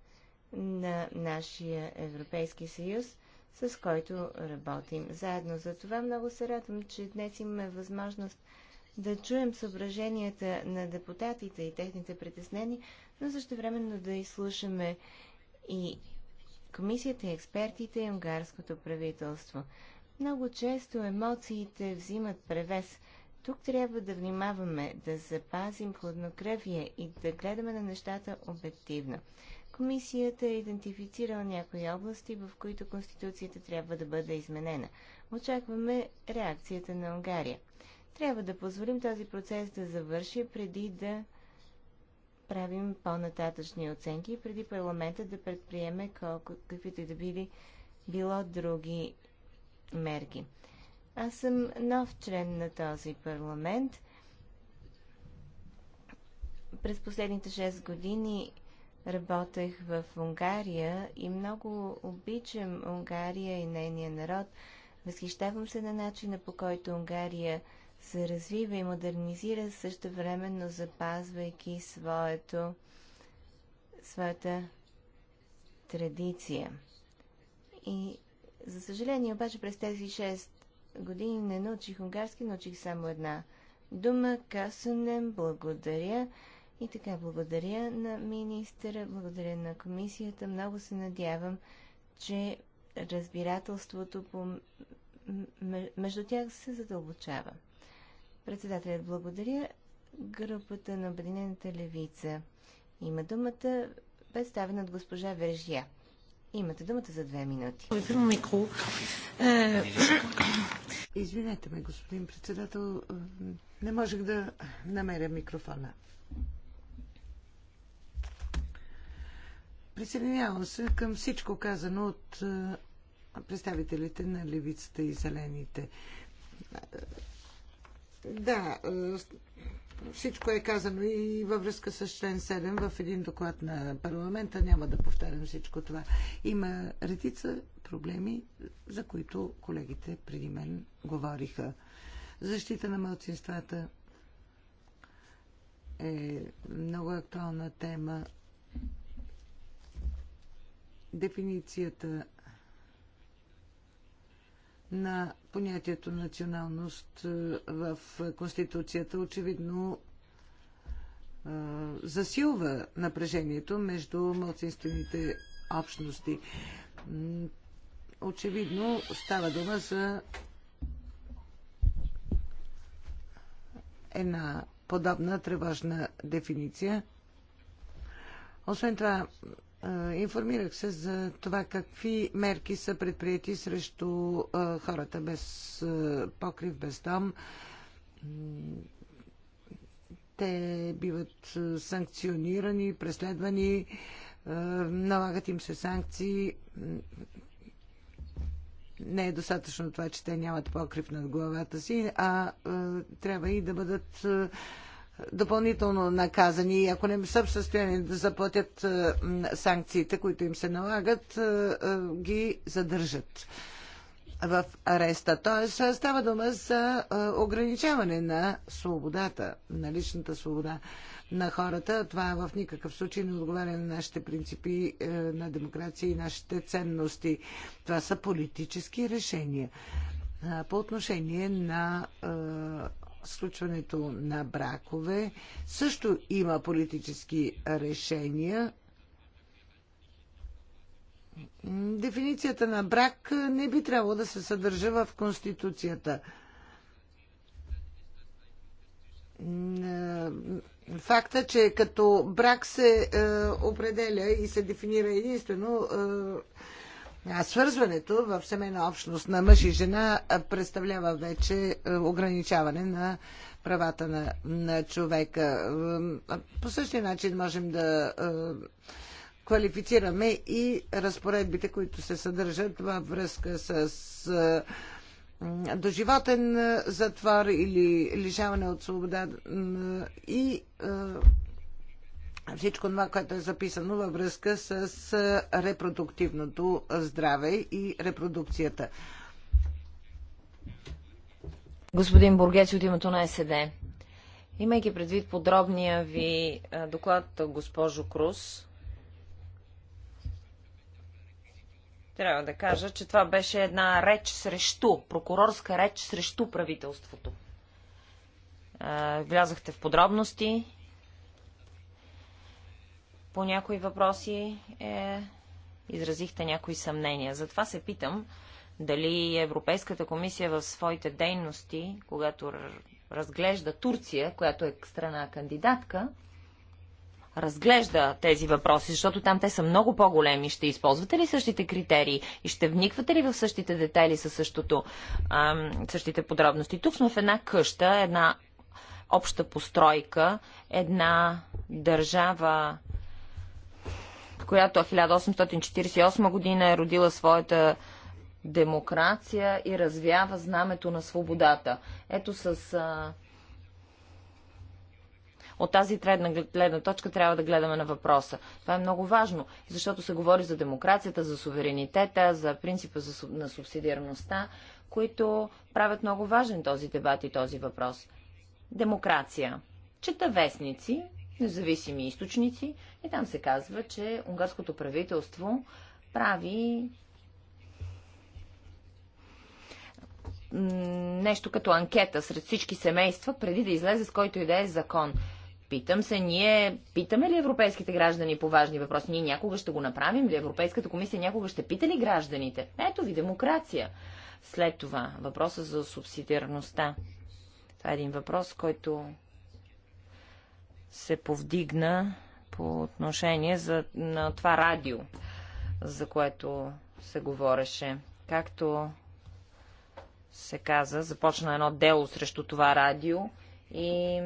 на нашия Европейски съюз, с който работим заедно. За това много се радвам, че днес имаме възможност да чуем съображенията на депутатите и техните притеснения, но също времено да изслушаме и комисията, и експертите, и унгарското правителство. Много често емоциите взимат превес. Тук трябва да внимаваме, да запазим хладнокръвие и да гледаме на нещата обективно. Комисията е идентифицирала някои области, в които Конституцията трябва да бъде изменена. Очакваме реакцията на Унгария. Трябва да позволим този процес да завърши преди да правим по-нататъчни оценки и преди парламента да предприеме колко, каквито и да били било други мерки. Аз съм нов член на този парламент. През последните 6 години работех в Унгария и много обичам Унгария и нейния народ. Възхищавам се на начина по който Унгария се развива и модернизира, също времено запазвайки своето, своята традиция. И за съжаление обаче през тези 6 години не научих унгарски, научих само една дума. Касунем, благодаря. И така, благодаря на министъра, благодаря на комисията. Много се надявам, че разбирателството по... между тях се задълбочава. Председателят благодаря. Групата на Обединената левица има думата, представена от госпожа Вержия. Имате думата за две минути. Микро. Е, Извинете ме, господин председател. Не можех да намеря микрофона. Присъединявам се към всичко казано от е, представителите на левицата и зелените. Да, е, всичко е казано и във връзка с член 7 в един доклад на парламента. Няма да повтарям всичко това. Има редица проблеми, за които колегите преди мен говориха. Защита на мълцинствата е много актуална тема дефиницията на понятието националност е, в Конституцията очевидно е, засилва напрежението между младсинствените общности. Очевидно става дума за една подобна тревожна дефиниция. Освен това, Информирах се за това какви мерки са предприяти срещу хората без покрив, без дом. Те биват санкционирани, преследвани, налагат им се санкции. Не е достатъчно това, че те нямат покрив над главата си, а трябва и да бъдат допълнително наказани и ако не са в състояние да заплатят е, санкциите, които им се налагат, е, е, ги задържат в ареста. Тоест става дума за ограничаване на свободата, на личната свобода на хората. Това в никакъв случай не отговаря на нашите принципи на демокрация и нашите ценности. Това са политически решения по отношение на случването на бракове също има политически решения. Дефиницията на брак не би трябвало да се съдържа в Конституцията. Факта, че като брак се е, определя и се дефинира единствено е, свързването в семейна общност на мъж и жена представлява вече е, ограничаване на правата на, на човека. По същия начин можем да е, квалифицираме и разпоредбите, които се съдържат във връзка с е, доживотен затвор или лишаване от свобода и всичко това, което е записано във връзка с репродуктивното здраве и репродукцията. Господин Бургец от името на СД. Имайки предвид подробния ви доклад, госпожо Крус, трябва да кажа, че това беше една реч срещу, прокурорска реч срещу правителството. Влязахте в подробности, по някои въпроси е, изразихте някои съмнения. Затова се питам дали Европейската комисия в своите дейности, когато разглежда Турция, която е страна кандидатка, разглежда тези въпроси, защото там те са много по-големи. Ще използвате ли същите критерии и ще вниквате ли в същите детайли със същото, ам, същите подробности? Тук сме в една къща, една обща постройка, една държава която в 1848 година е родила своята демокрация и развява знамето на свободата. Ето с. А... От тази тредна гледна точка трябва да гледаме на въпроса. Това е много важно, защото се говори за демокрацията, за суверенитета, за принципа на субсидиарността, които правят много важен този дебат и този въпрос. Демокрация. Чета вестници независими източници и там се казва, че унгарското правителство прави нещо като анкета сред всички семейства, преди да излезе с който и да е закон. Питам се, ние питаме ли европейските граждани по важни въпроси? Ние някога ще го направим ли? Европейската комисия някога ще пита ли гражданите? Ето ви демокрация. След това въпроса за субсидиарността. Това е един въпрос, който се повдигна по отношение за, на това радио, за което се говореше. Както се каза, започна едно дело срещу това радио и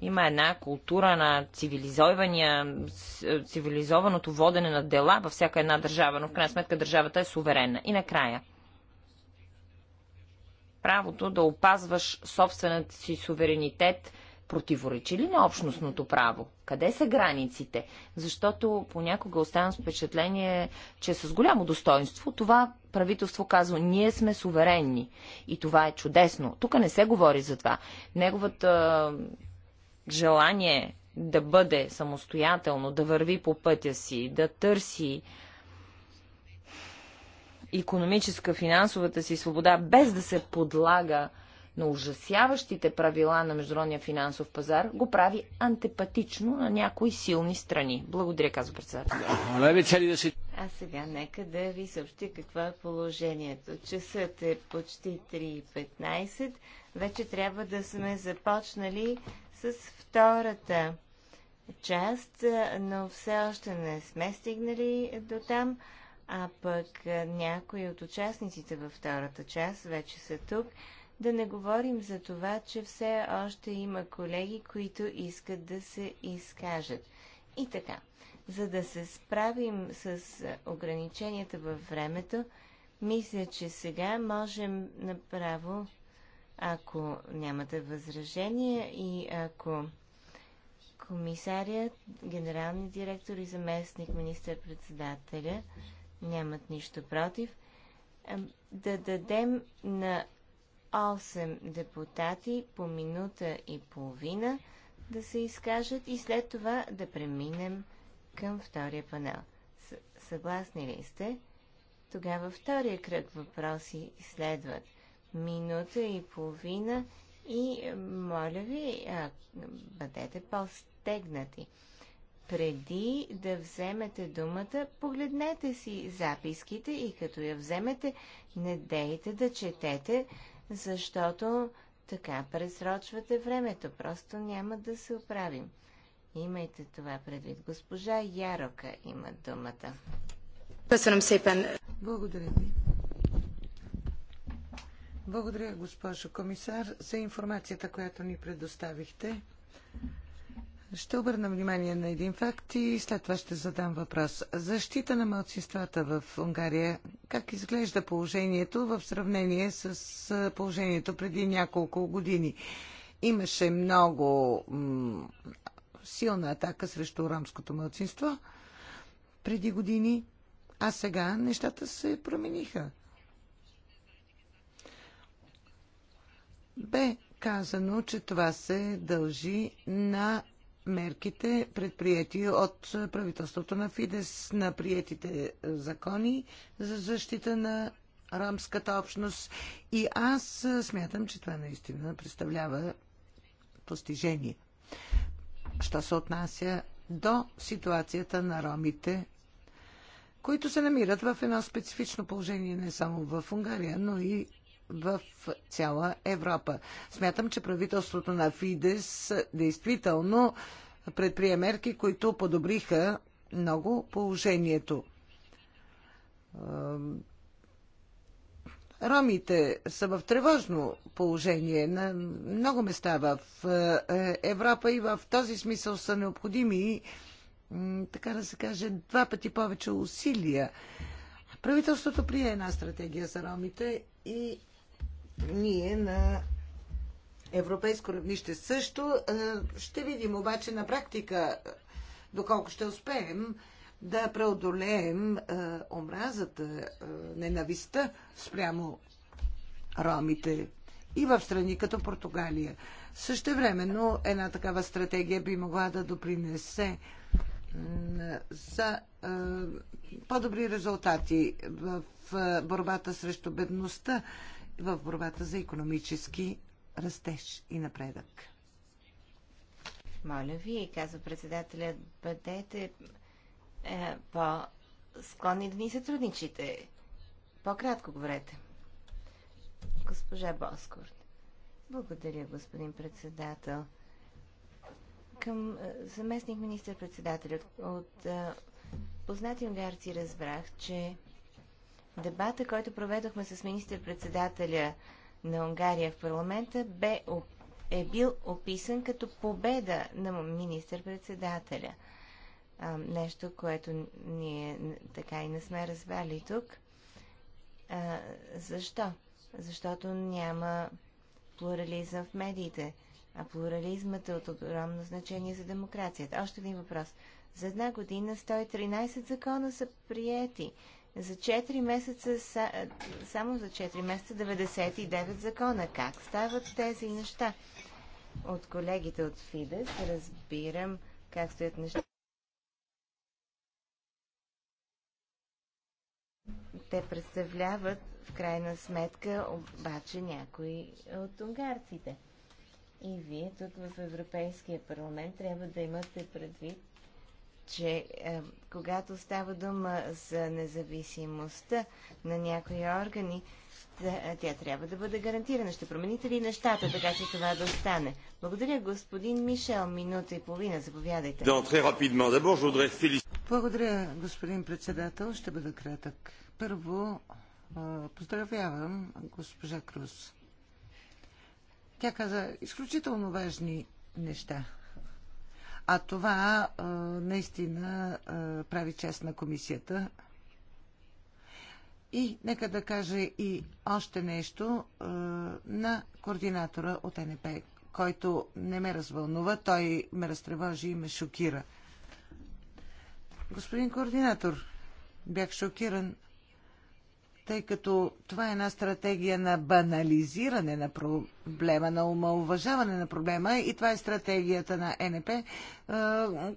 има една култура на цивилизованото водене на дела във всяка една държава, но в крайна сметка държавата е суверенна. И накрая – правото да опазваш собствената си суверенитет противоречи ли на общностното право? Къде са границите? Защото понякога оставам с впечатление, че с голямо достоинство това правителство казва, ние сме суверенни. И това е чудесно. Тук не се говори за това. Неговата желание да бъде самостоятелно, да върви по пътя си, да търси економическа, финансовата си свобода, без да се подлага на ужасяващите правила на международния финансов пазар, го прави антипатично на някои силни страни. Благодаря, казва председател. А сега нека да ви съобщи какво е положението. Часът е почти 3.15. Вече трябва да сме започнали с втората част, но все още не сме стигнали до там а пък някои от участниците във втората част вече са тук. Да не говорим за това, че все още има колеги, които искат да се изкажат. И така, за да се справим с ограниченията във времето, мисля, че сега можем направо, ако нямате възражения и ако комисарият, генералният директор и заместник министър-председателя нямат нищо против, да дадем на 8 депутати по минута и половина да се изкажат и след това да преминем към втория панел. съгласни ли сте? Тогава втория кръг въпроси следват. Минута и половина и моля ви, бъдете по-стегнати преди да вземете думата, погледнете си записките и като я вземете, не дейте да четете, защото така пресрочвате времето. Просто няма да се оправим. Имайте това предвид. Госпожа Ярока има думата. Благодаря ви. Благодаря, госпожо комисар, за информацията, която ни предоставихте. Ще обърна внимание на един факт и след това ще задам въпрос. Защита на младсинствата в Унгария. Как изглежда положението в сравнение с положението преди няколко години? Имаше много силна атака срещу ромското младсинство преди години, а сега нещата се промениха. Бе казано, че това се дължи на мерките, предприяти от правителството на Фидес, на приетите закони за защита на ромската общност. И аз смятам, че това наистина представлява постижение. Що се отнася до ситуацията на ромите, които се намират в едно специфично положение не само в Унгария, но и в цяла Европа. Смятам, че правителството на Фидес действително предприе мерки, които подобриха много положението. Ромите са в тревожно положение на много места в е, Европа и в този смисъл са необходими, така да се каже, два пъти повече усилия. Правителството прие една стратегия за ромите и ние на европейско равнище също. Ще видим обаче на практика доколко ще успеем да преодолеем омразата, ненавистта спрямо ромите и в страни като Португалия. Също времено една такава стратегия би могла да допринесе за по-добри резултати в борбата срещу бедността в борбата за економически растеж и напредък. Моля ви, казва председателят, бъдете е, по-склонни да ни сътрудничите. По-кратко говорете. Госпожа Боскорт. Благодаря, господин председател. Към е, заместник министър-председателят от, от е, познати унгарци разбрах, че Дебата, който проведохме с министър-председателя на Унгария в парламента, бе, е бил описан като победа на министър-председателя. нещо, което ние така и не сме разбрали тук. А, защо? Защото няма плурализъм в медиите, а плурализмът е от огромно значение за демокрацията. Още един въпрос. За една година 113 закона са приети. За 4 месеца, само за 4 месеца, 99 закона. Как стават тези неща? От колегите от Фидес разбирам как стоят неща. Те представляват в крайна сметка обаче някои от унгарците. И вие тук в Европейския парламент трябва да имате предвид, че е, когато става дума за независимостта на някои органи, да, е, тя трябва да бъде гарантирана. Ще промените ли нещата, така че това да стане? Благодаря, господин Мишел. Минута и половина. Заповядайте. Благодаря, господин председател. Ще бъда кратък. Първо, е, поздравявам госпожа Крус. Тя каза изключително важни неща. А това а, наистина а, прави чест на комисията. И нека да кажа и още нещо а, на координатора от НП, който не ме развълнува, той ме разтревожи и ме шокира. Господин координатор, бях шокиран тъй като това е една стратегия на банализиране на проблема, на умалуважаване на проблема и това е стратегията на НП, е,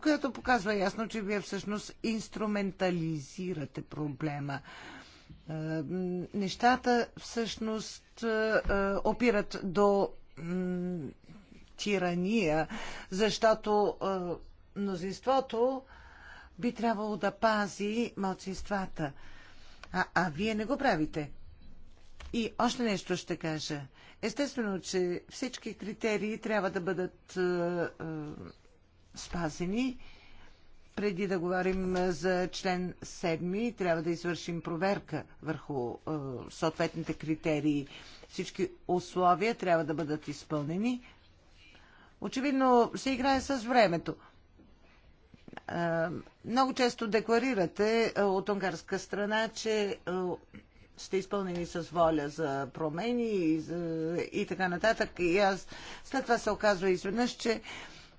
която показва ясно, че вие всъщност инструментализирате проблема. Е, нещата всъщност е, опират до тирания, защото мнозинството би трябвало да пази малцинствата. А, а вие не го правите. И още нещо ще кажа. Естествено, че всички критерии трябва да бъдат е, е спазени. Преди да говорим за член 7, трябва да извършим проверка върху е, съответните критерии. Всички условия трябва да бъдат изпълнени. Очевидно се играе с времето. Е, много често декларирате е, от унгарска страна, че е, сте изпълнени с воля за промени и, за, и така нататък. И аз, след това се оказва изведнъж, че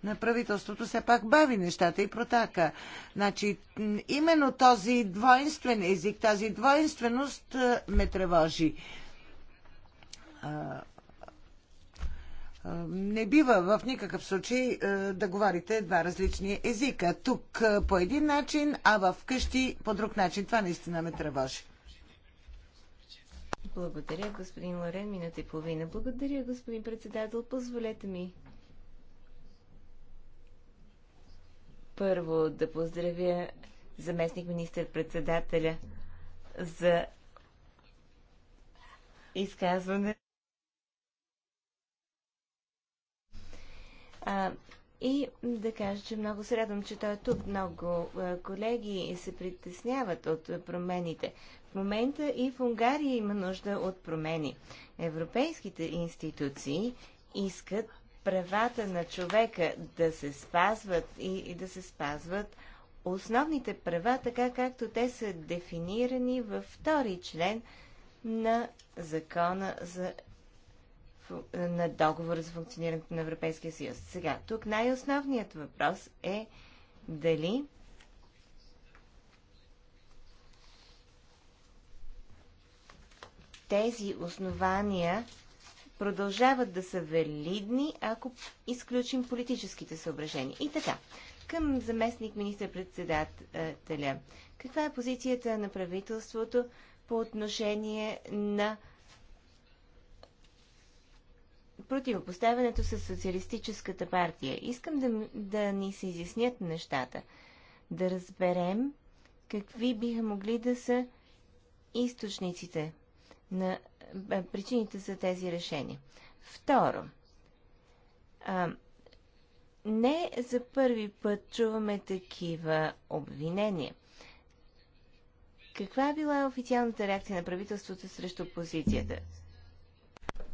на правителството все пак бави нещата и протака. Значи, именно този двойнствен език, тази двойнственост ме тревожи. Не бива в никакъв случай да говорите два различни езика. Тук по един начин, а в къщи по друг начин. Това наистина ме тревожи. Благодаря, господин Лорен. Минута и половина. Благодаря, господин председател. Позволете ми първо да поздравя заместник министър-председателя за изказване. А, и да кажа, че много се радвам, че той е тук. Много колеги се притесняват от промените. В момента и в Унгария има нужда от промени. Европейските институции искат правата на човека да се спазват и, и да се спазват основните права, така както те са дефинирани във втори член на закона за на договора за функционирането на Европейския съюз. Сега, тук най-основният въпрос е дали тези основания продължават да са валидни, ако изключим политическите съображения. И така, към заместник министър-председателя. Каква е позицията на правителството по отношение на противопоставянето с Социалистическата партия. Искам да, да ни се изяснят нещата, да разберем какви биха могли да са източниците на причините за тези решения. Второ, а, не за първи път чуваме такива обвинения. Каква е била официалната реакция на правителството срещу опозицията?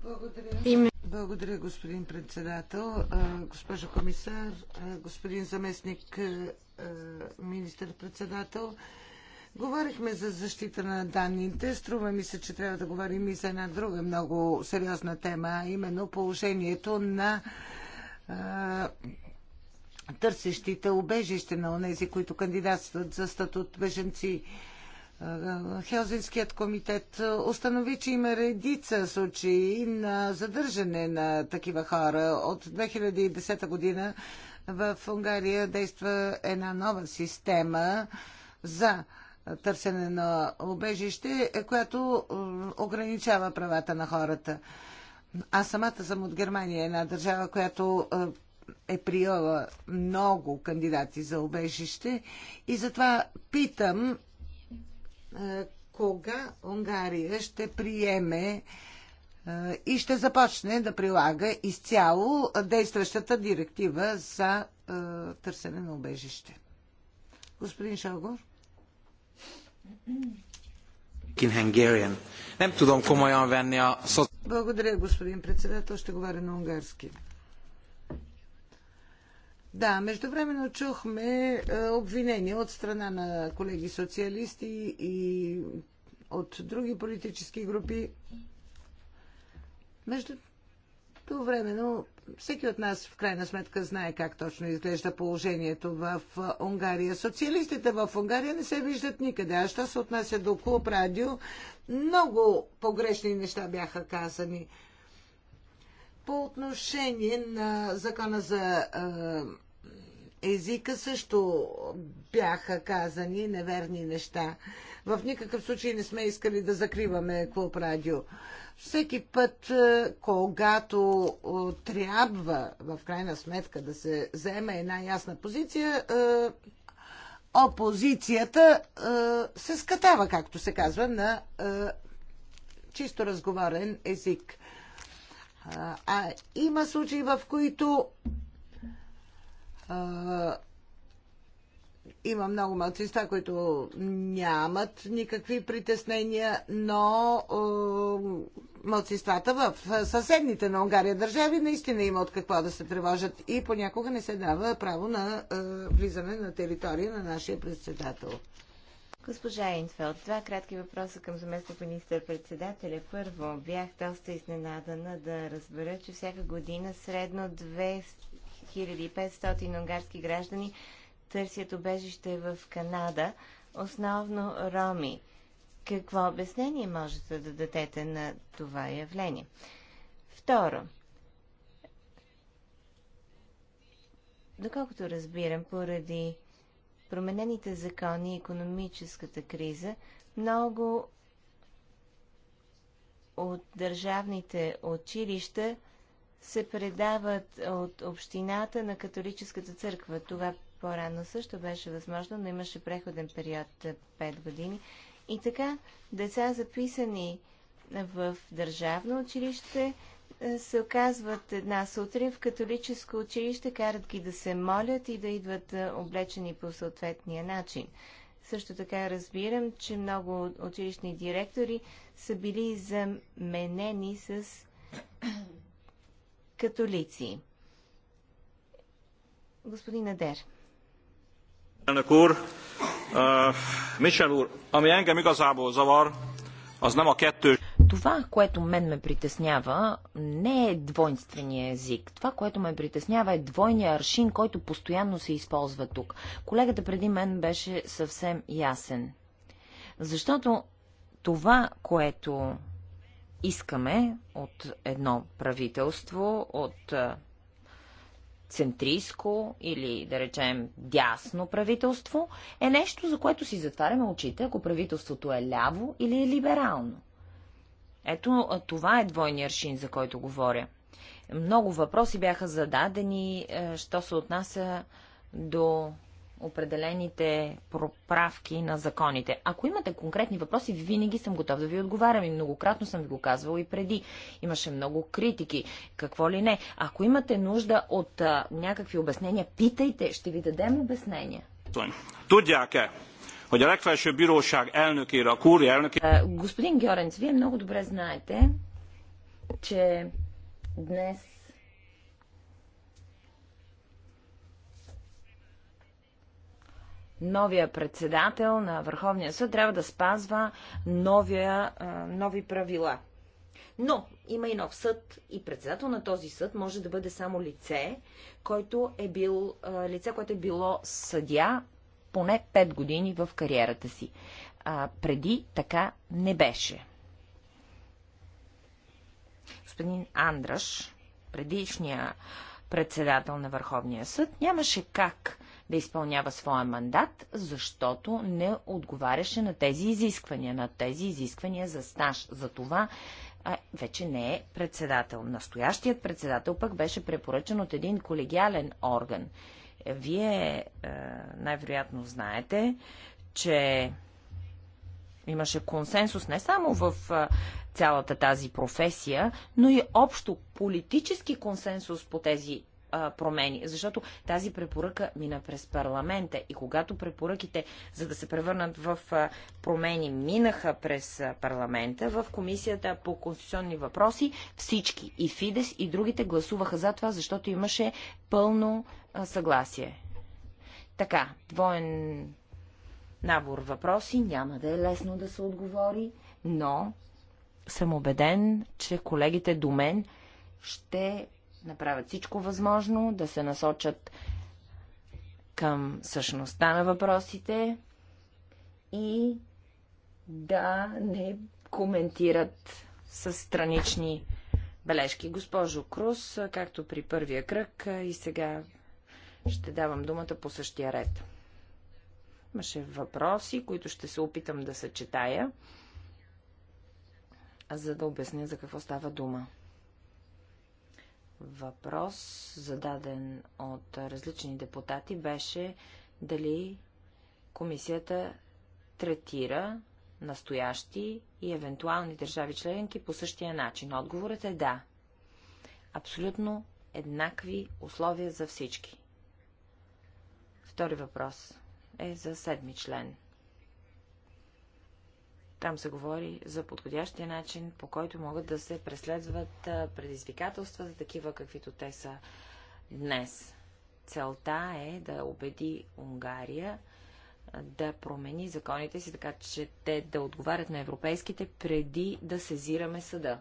Благодаря. Благодаря, господин председател. Госпожо комисар, господин заместник министър-председател, говорихме за защита на данните. Струва ми се, че трябва да говорим и за една друга много сериозна тема, а именно положението на търсещите убежище на онези, които кандидатстват за статут беженци. Хелзинският комитет установи, че има редица случаи на задържане на такива хора. От 2010 година в Унгария действа една нова система за търсене на обежище, която е, ограничава правата на хората. Аз самата съм от Германия, една държава, която е, е приела много кандидати за обежище, и затова питам кога Унгария ще приеме и ще започне да прилага изцяло действащата директива за търсене на убежище. Господин Шагор. Благодаря, господин председател. Ще говоря на унгарски. Да, междувременно чухме е, обвинения от страна на колеги социалисти и от други политически групи. Между то времено всеки от нас в крайна сметка знае как точно изглежда положението в е, Унгария. Социалистите в Унгария не се виждат никъде. А що се отнася до Клуб Радио, много погрешни неща бяха казани. По отношение на закона за е, езика също бяха казани неверни неща. В никакъв случай не сме искали да закриваме Клуб Радио. Всеки път, е, когато е, трябва в крайна сметка да се заеме една ясна позиция, е, опозицията се скатава, както се казва, на чисто разговорен език. А има случаи, в които има много младсинства, които нямат никакви притеснения, но е, младсинствата в съседните на Унгария държави наистина има от какво да се тревожат и понякога не се дава право на влизане на територия на нашия председател. Госпожа Инфелд, два кратки въпроса към заместник министър-председателя. Първо, бях доста изненадана да разбера, че всяка година средно две. 1500 унгарски граждани търсят убежище в Канада, основно роми. Какво обяснение можете да дадете на това явление? Второ, доколкото разбирам, поради променените закони и економическата криза, много от държавните училища се предават от общината на католическата църква. Това по-рано също беше възможно, но имаше преходен период 5 години. И така, деца записани в държавно училище е, се оказват една сутрин в католическо училище, карат ги да се молят и да идват е, облечени по съответния начин. Също така разбирам, че много училищни директори са били заменени с католици. Господин Адер. Elnök úr, uh, Michel úr, ami engem igazából zavar, az nem a kettő. Това, което мен ме притеснява, не е двойствения език. Това, което ме притеснява е двойния аршин, който постоянно се използва тук. Колегата преди мен беше съвсем ясен. Защото това, което искаме от едно правителство, от центриско или, да речем, дясно правителство, е нещо, за което си затваряме очите, ако правителството е ляво или е либерално. Ето това е двойния аршин, за който говоря. Много въпроси бяха зададени, е, що се отнася до определените проправки на законите. Ако имате конкретни въпроси, винаги съм готов да ви отговарям и многократно съм ви го казвал и преди. Имаше много критики, какво ли не. Ако имате нужда от а, някакви обяснения, питайте, ще ви дадем обяснения. tudják hogy a legfelsőbb bíróság elnökére, a kúri elnökére... Господин Георенц, вие много добре знаете, че днес новия председател на Върховния съд трябва да спазва новия, нови правила. Но има и нов съд и председател на този съд може да бъде само лице, който е бил, лице, което е било съдя поне 5 години в кариерата си. А, преди така не беше. Господин Андраш, предишния председател на Върховния съд, нямаше как да изпълнява своя мандат, защото не отговаряше на тези изисквания, на тези изисквания за стаж. За това а, вече не е председател. Настоящият председател пък беше препоръчен от един колегиален орган. Вие е, най-вероятно знаете, че имаше консенсус не само в е, цялата тази професия, но и общо политически консенсус по тези промени. Защото тази препоръка мина през парламента и когато препоръките, за да се превърнат в промени, минаха през парламента, в комисията по конституционни въпроси всички, и Фидес, и другите гласуваха за това, защото имаше пълно съгласие. Така, двоен набор въпроси, няма да е лесно да се отговори, но съм убеден, че колегите до мен ще направят всичко възможно, да се насочат към същността на въпросите и да не коментират с странични бележки. Госпожо Крус, както при първия кръг и сега ще давам думата по същия ред. Имаше въпроси, които ще се опитам да съчетая, за да обясня за какво става дума въпрос, зададен от различни депутати, беше дали комисията третира настоящи и евентуални държави членки по същия начин. Отговорът е да. Абсолютно еднакви условия за всички. Втори въпрос е за седми член – там се говори за подходящия начин, по който могат да се преследват предизвикателства за такива, каквито те са днес. Целта е да убеди Унгария да промени законите си, така че те да отговарят на европейските преди да сезираме съда.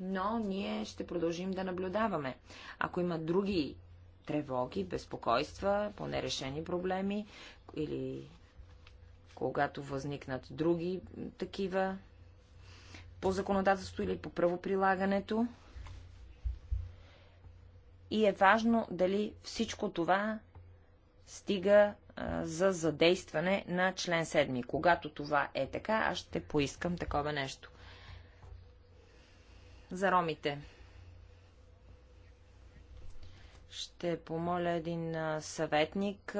Но ние ще продължим да наблюдаваме. Ако има други тревоги, безпокойства понерешени проблеми или когато възникнат други такива по законодателство или по правоприлагането. И е важно дали всичко това стига а, за задействане на член 7. Когато това е така, аз ще поискам такова нещо. За ромите ще помоля един съветник,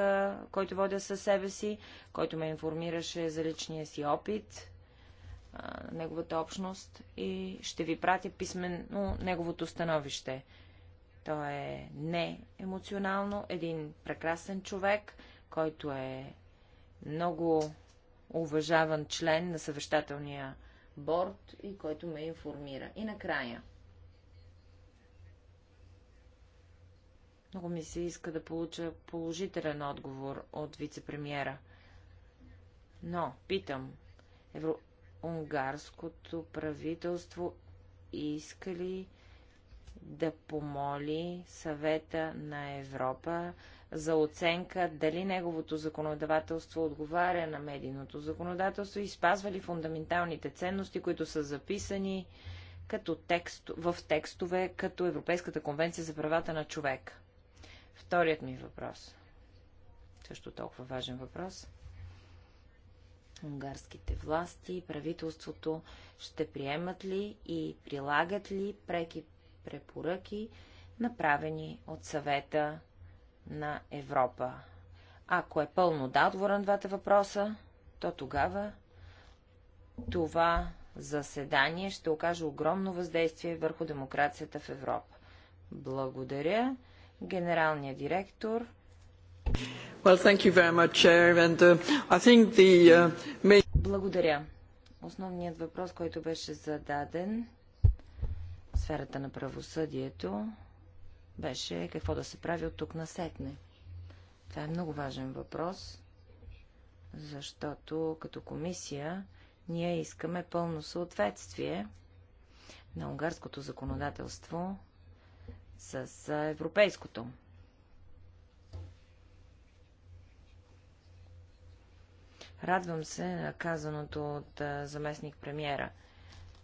който водя със себе си, който ме информираше за личния си опит, неговата общност и ще ви пратя писменно неговото становище. Той е не емоционално, един прекрасен човек, който е много уважаван член на съвещателния борт и който ме информира. И накрая – Много ми се иска да получа положителен отговор от вице-премьера. Но, питам, евро... унгарското правителство иска ли да помоли съвета на Европа за оценка дали неговото законодателство отговаря на медийното законодателство и спазва ли фундаменталните ценности, които са записани като текст, в текстове като Европейската конвенция за правата на човека. Вторият ми въпрос. Също толкова важен въпрос. Унгарските власти и правителството ще приемат ли и прилагат ли преки препоръки, направени от съвета на Европа? Ако е пълно да отговоря на двата въпроса, то тогава това заседание ще окаже огромно въздействие върху демокрацията в Европа. Благодаря генералния директор. Well, thank you very much, Chair, and uh, I think the uh, Благодаря. Основният въпрос, който беше зададен в сферата на правосъдието, беше какво да се прави от тук на сетне. Това е много важен въпрос, защото като комисия ние искаме пълно съответствие на унгарското законодателство с европейското. Радвам се на казаното от заместник премьера.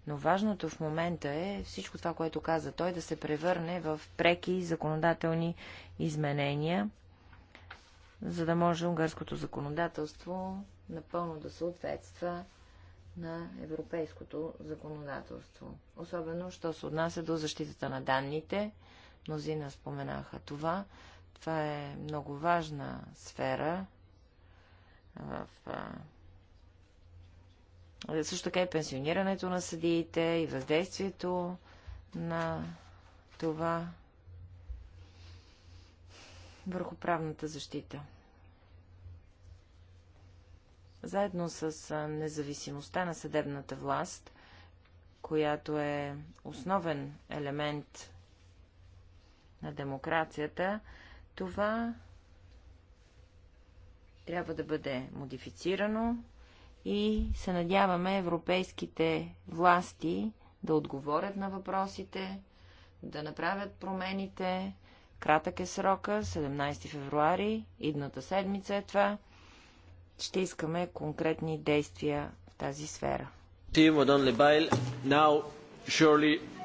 Но важното в момента е всичко това, което каза той, да се превърне в преки законодателни изменения, за да може унгарското законодателство напълно да съответства на европейското законодателство. Особено, що се отнася до защитата на данните Мнозина споменаха това. Това е много важна сфера в е, също така и пенсионирането на съдиите и въздействието на това върху правната защита. Заедно с независимостта на съдебната власт, която е основен елемент на демокрацията, това трябва да бъде модифицирано и се надяваме европейските власти да отговорят на въпросите, да направят промените. Кратък е срока, 17 февруари, идната седмица е това. Ще искаме конкретни действия в тази сфера.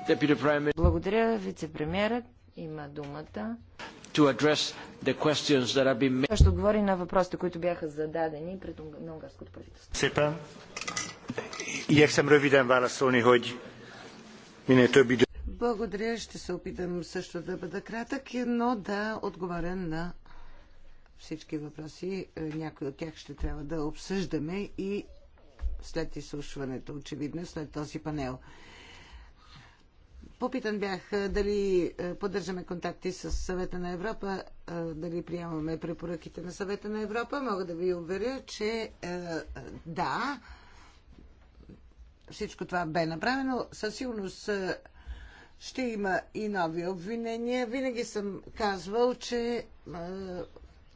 Благодаря, вице-премьерът има думата. Той ще отговори на въпросите, които бяха зададени пред унгарското правителство. Е Благодаря, ще се опитам също да бъда кратък, но да отговоря на всички въпроси. Е, някои от тях ще трябва да обсъждаме и след изслушването, очевидно, след този панел. Попитан бях дали поддържаме контакти с съвета на Европа, дали приемаме препоръките на съвета на Европа. Мога да ви уверя, че да, всичко това бе направено. Със сигурност ще има и нови обвинения. Винаги съм казвал, че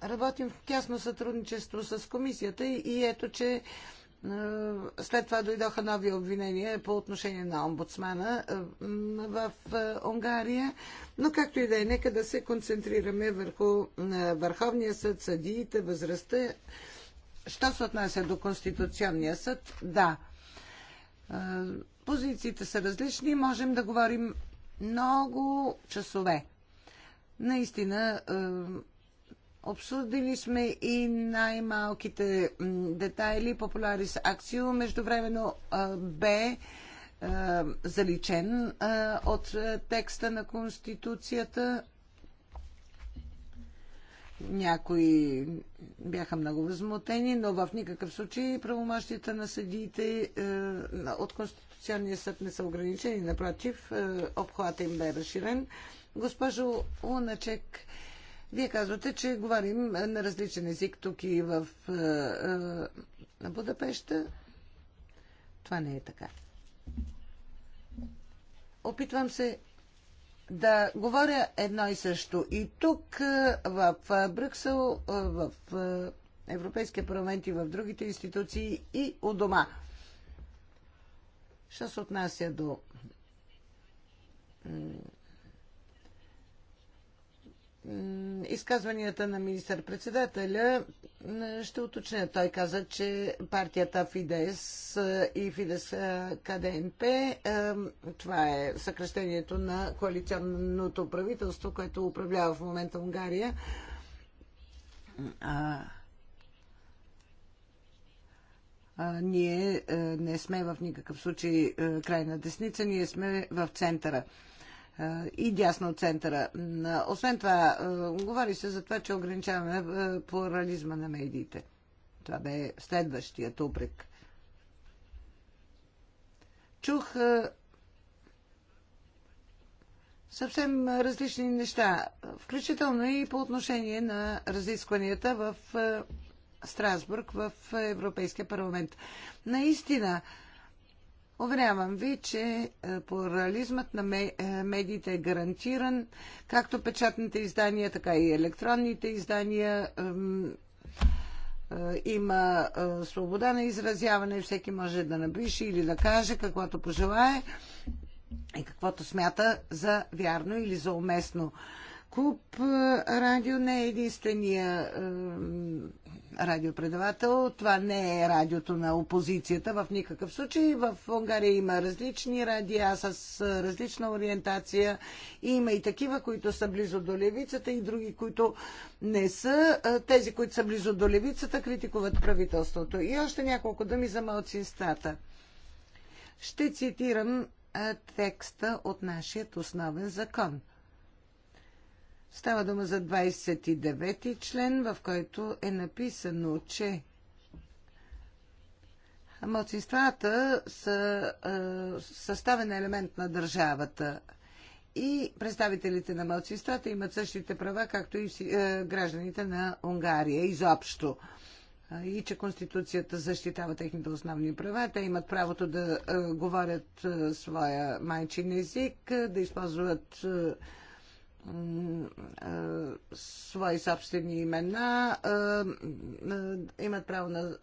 работим в тясно сътрудничество с комисията и ето, че е, след това дойдоха нови обвинения по отношение на омбудсмана е, в е, Унгария. Но както и да е, нека да се концентрираме върху Върховния съд, съдиите, възрастта. Що се отнася до Конституционния съд? Да. Позициите са различни, можем да говорим много часове. Наистина, Обсудили сме и най-малките детайли. Популярис Аксио междувременно бе заличен от текста на Конституцията. Някои бяха много възмутени, но в никакъв случай правомащията на съдиите от Конституционния съд не са ограничени. Напротив, обхвата им бе разширен. Госпожо Луначек, вие казвате, че говорим на различен език тук и в е, е, на Будапеща. Това не е така. Опитвам се да говоря едно и също. И тук, е, в е, Брюксел, е, в Европейския парламент и в другите институции и у дома. Що се отнася до изказванията на министър-председателя ще уточня. Той каза, че партията Фидес и Фидес КДНП, това е съкрещението на коалиционното правителство, което управлява в момента Унгария, а, а, ние а, не сме в никакъв случай а, крайна десница, ние сме в центъра. А, и дясно от центъра. Освен това, говори се за това, че ограничаваме плурализма на медиите. Това бе следващият упрек. Чух съвсем различни неща, включително и по отношение на разискванията в Страсбург, в Европейския парламент. Наистина, Уверявам ви, че е, плурализмът на е, медиите е гарантиран, както печатните издания, така и електронните издания. Е, има свобода на изразяване, всеки може да напише или да каже каквото пожелае и каквото смята за вярно или за уместно. Клуб Радио не е единствения радиопредавател. Това не е радиото на опозицията в никакъв случай. В Унгария има различни радиа с различна ориентация. И има и такива, които са близо до левицата и други, които не са. Тези, които са близо до левицата, критикуват правителството. И още няколко думи за малцинствата. Ще цитирам текста от нашият основен закон. Става дума за 29-ти член, в който е написано, че младсинствата са е, съставен елемент на държавата и представителите на младсинствата имат същите права, както и е, гражданите на Унгария изобщо и че Конституцията защитава техните основни права. Те имат правото да говорят своя майчин език, да използват свои собствени имена, имат право на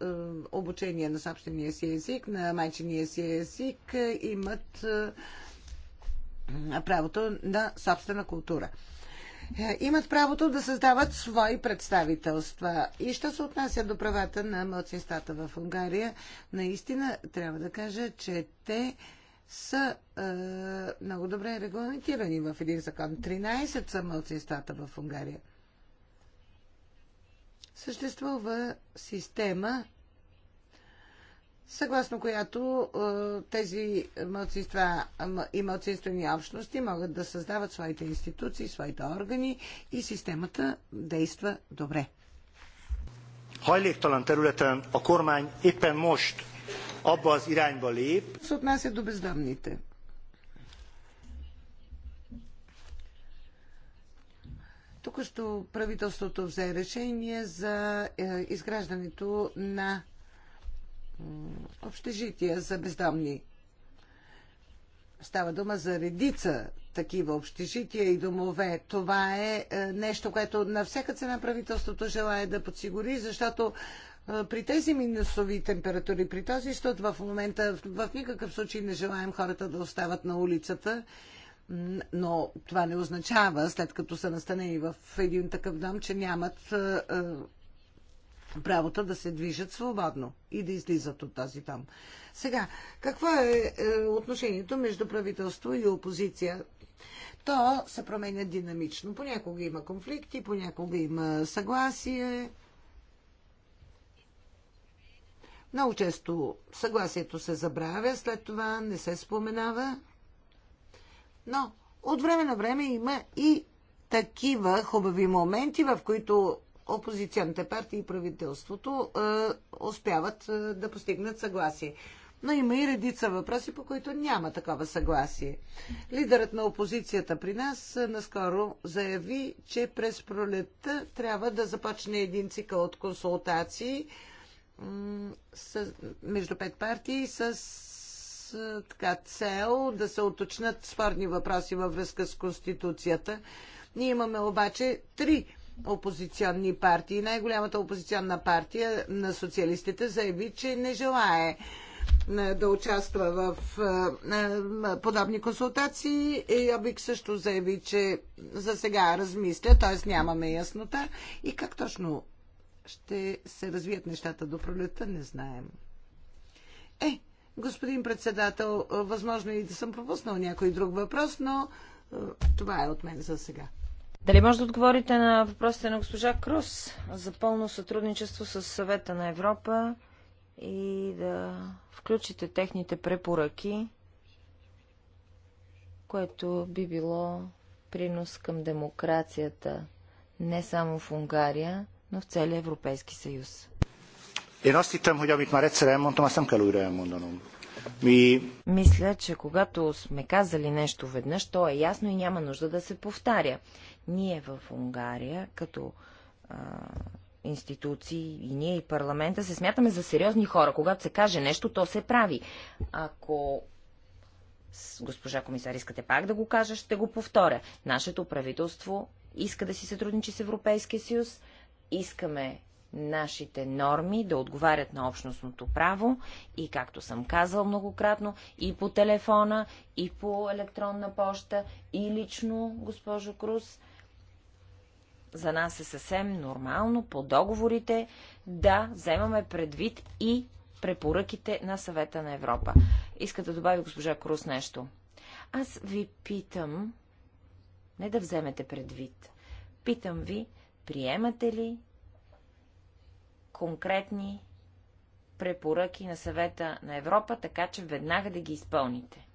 обучение на собствения си език, на майчиния си език, имат правото на собствена култура. Е, имат правото да създават свои представителства. И що се отнася до правата на младсинствата в Унгария, наистина трябва да кажа, че те са е, много добре регламентирани в един закон. 13 са мълцинствата в Унгария. Съществува система, съгласно която е, тези мълцинства и мълцинствени общности могат да създават своите институции, своите органи и системата действа добре. Hajléktalan területen a kormány éppen most abba az irányba lép. Се отнася до бездомните. Тук що правителството взе решение за е, изграждането на общежития за бездомни. Става дума за редица такива общежития и домове. Това е, е нещо, което на всяка цена правителството желая да подсигури, защото при тези минусови температури, при този студ в момента, в никакъв случай не желаем хората да остават на улицата, но това не означава, след като са настанени в един такъв дом, че нямат правото да се движат свободно и да излизат от тази там. Сега, какво е, е отношението между правителство и опозиция? То се променя динамично. Понякога има конфликти, понякога има съгласие, много често съгласието се забравя, след това не се споменава. Но от време на време има и такива хубави моменти, в които опозиционните партии и правителството е, успяват е, да постигнат съгласие. Но има и редица въпроси, по които няма такова съгласие. Лидерът на опозицията при нас е, наскоро заяви, че през пролетта трябва да започне един цикъл от консултации с, между пет партии с така, цел да се уточнят спорни въпроси във връзка с Конституцията. Ние имаме обаче три опозиционни партии. Най-голямата опозиционна партия на социалистите заяви, че не желае да участва в подобни консултации. и обик също заяви, че за сега размисля, т.е. нямаме яснота. И как точно ще се развият нещата до пролета, не знаем. Е, господин председател, възможно е и да съм пропуснал някой друг въпрос, но е, това е от мен за сега. Дали може да отговорите на въпросите на госпожа Крус за пълно сътрудничество с съвета на Европа и да включите техните препоръки, което би било принос към демокрацията не само в Унгария, но в целия Европейски съюз. Мисля, че когато сме казали нещо веднъж, то е ясно и няма нужда да се повтаря. Ние в Унгария, като а, институции, и ние и парламента, се смятаме за сериозни хора. Когато се каже нещо, то се прави. Ако госпожа комисар, искате пак да го кажа, ще го повторя. Нашето правителство иска да си сътрудничи с Европейския съюз искаме нашите норми да отговарят на общностното право и, както съм казал многократно, и по телефона, и по електронна поща, и лично, госпожо Крус, за нас е съвсем нормално по договорите да вземаме предвид и препоръките на съвета на Европа. Иска да добави госпожа Крус нещо. Аз ви питам не да вземете предвид. Питам ви Приемате ли конкретни препоръки на съвета на Европа, така че веднага да ги изпълните?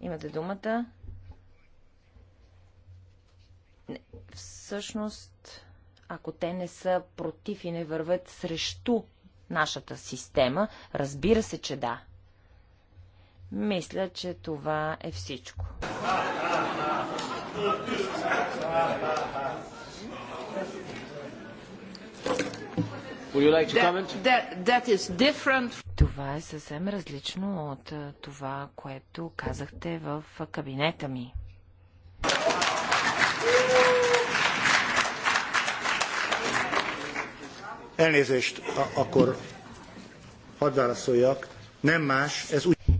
Имате думата. Не, всъщност, ако те не са против и не върват срещу нашата система, разбира се, че да. Мисля, че това е всичко това е съвсем различно от това, което казахте в кабинета ми.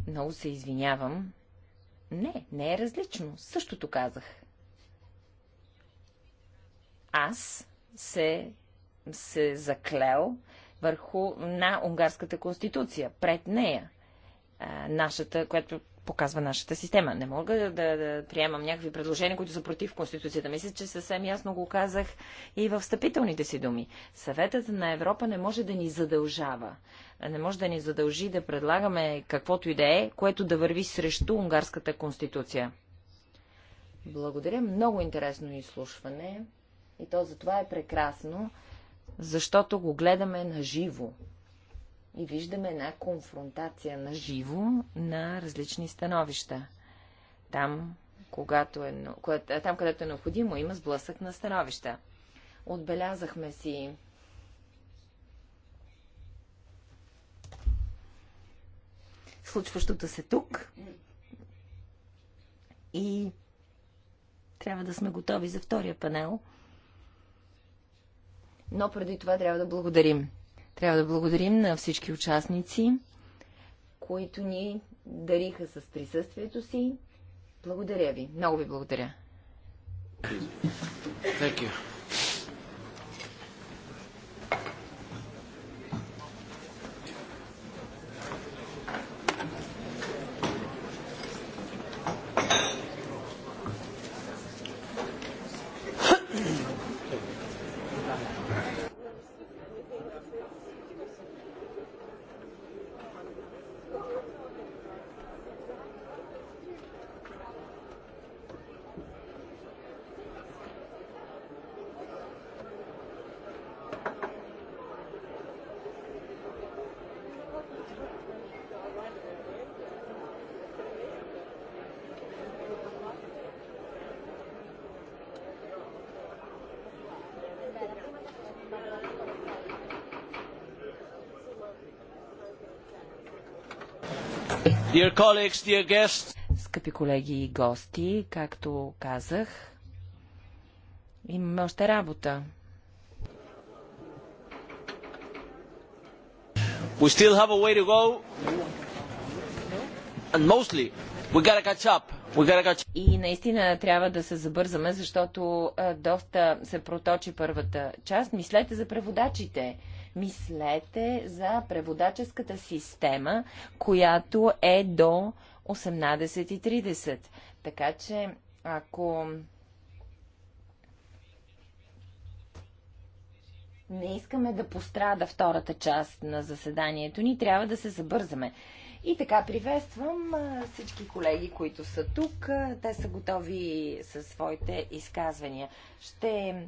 Много се извинявам. Не, не е различно. Същото казах аз се, се заклел върху на унгарската конституция, пред нея, а, нашата, която показва нашата система. Не мога да, да, да приемам някакви предложения, които са против Конституцията. Мисля, че съвсем ясно го казах и в встъпителните си думи. Съветът на Европа не може да ни задължава. Не може да ни задължи да предлагаме каквото и да е, което да върви срещу Унгарската Конституция. Благодаря. Много интересно изслушване. И то за това е прекрасно, защото го гледаме на живо. И виждаме една конфронтация на живо на различни становища. Там, когато е, там, където е необходимо, има сблъсък на становища. Отбелязахме си случващото се тук и трябва да сме готови за втория панел – но преди това трябва да благодарим. Трябва да благодарим на всички участници, които ни дариха с присъствието си. Благодаря ви. Много ви благодаря. Thank you. Dear colleagues, dear guests. Скъпи колеги и гости, както казах, имаме още работа. We still have a way to go. And mostly, we gotta catch up. We gotta catch... И наистина трябва да се забързаме, защото доста се проточи първата част. Мислете за преводачите. Мислете за преводаческата система, която е до 18.30. Така че, ако не искаме да пострада втората част на заседанието ни, трябва да се забързаме. И така приветствам всички колеги, които са тук. Те са готови със своите изказвания. Ще...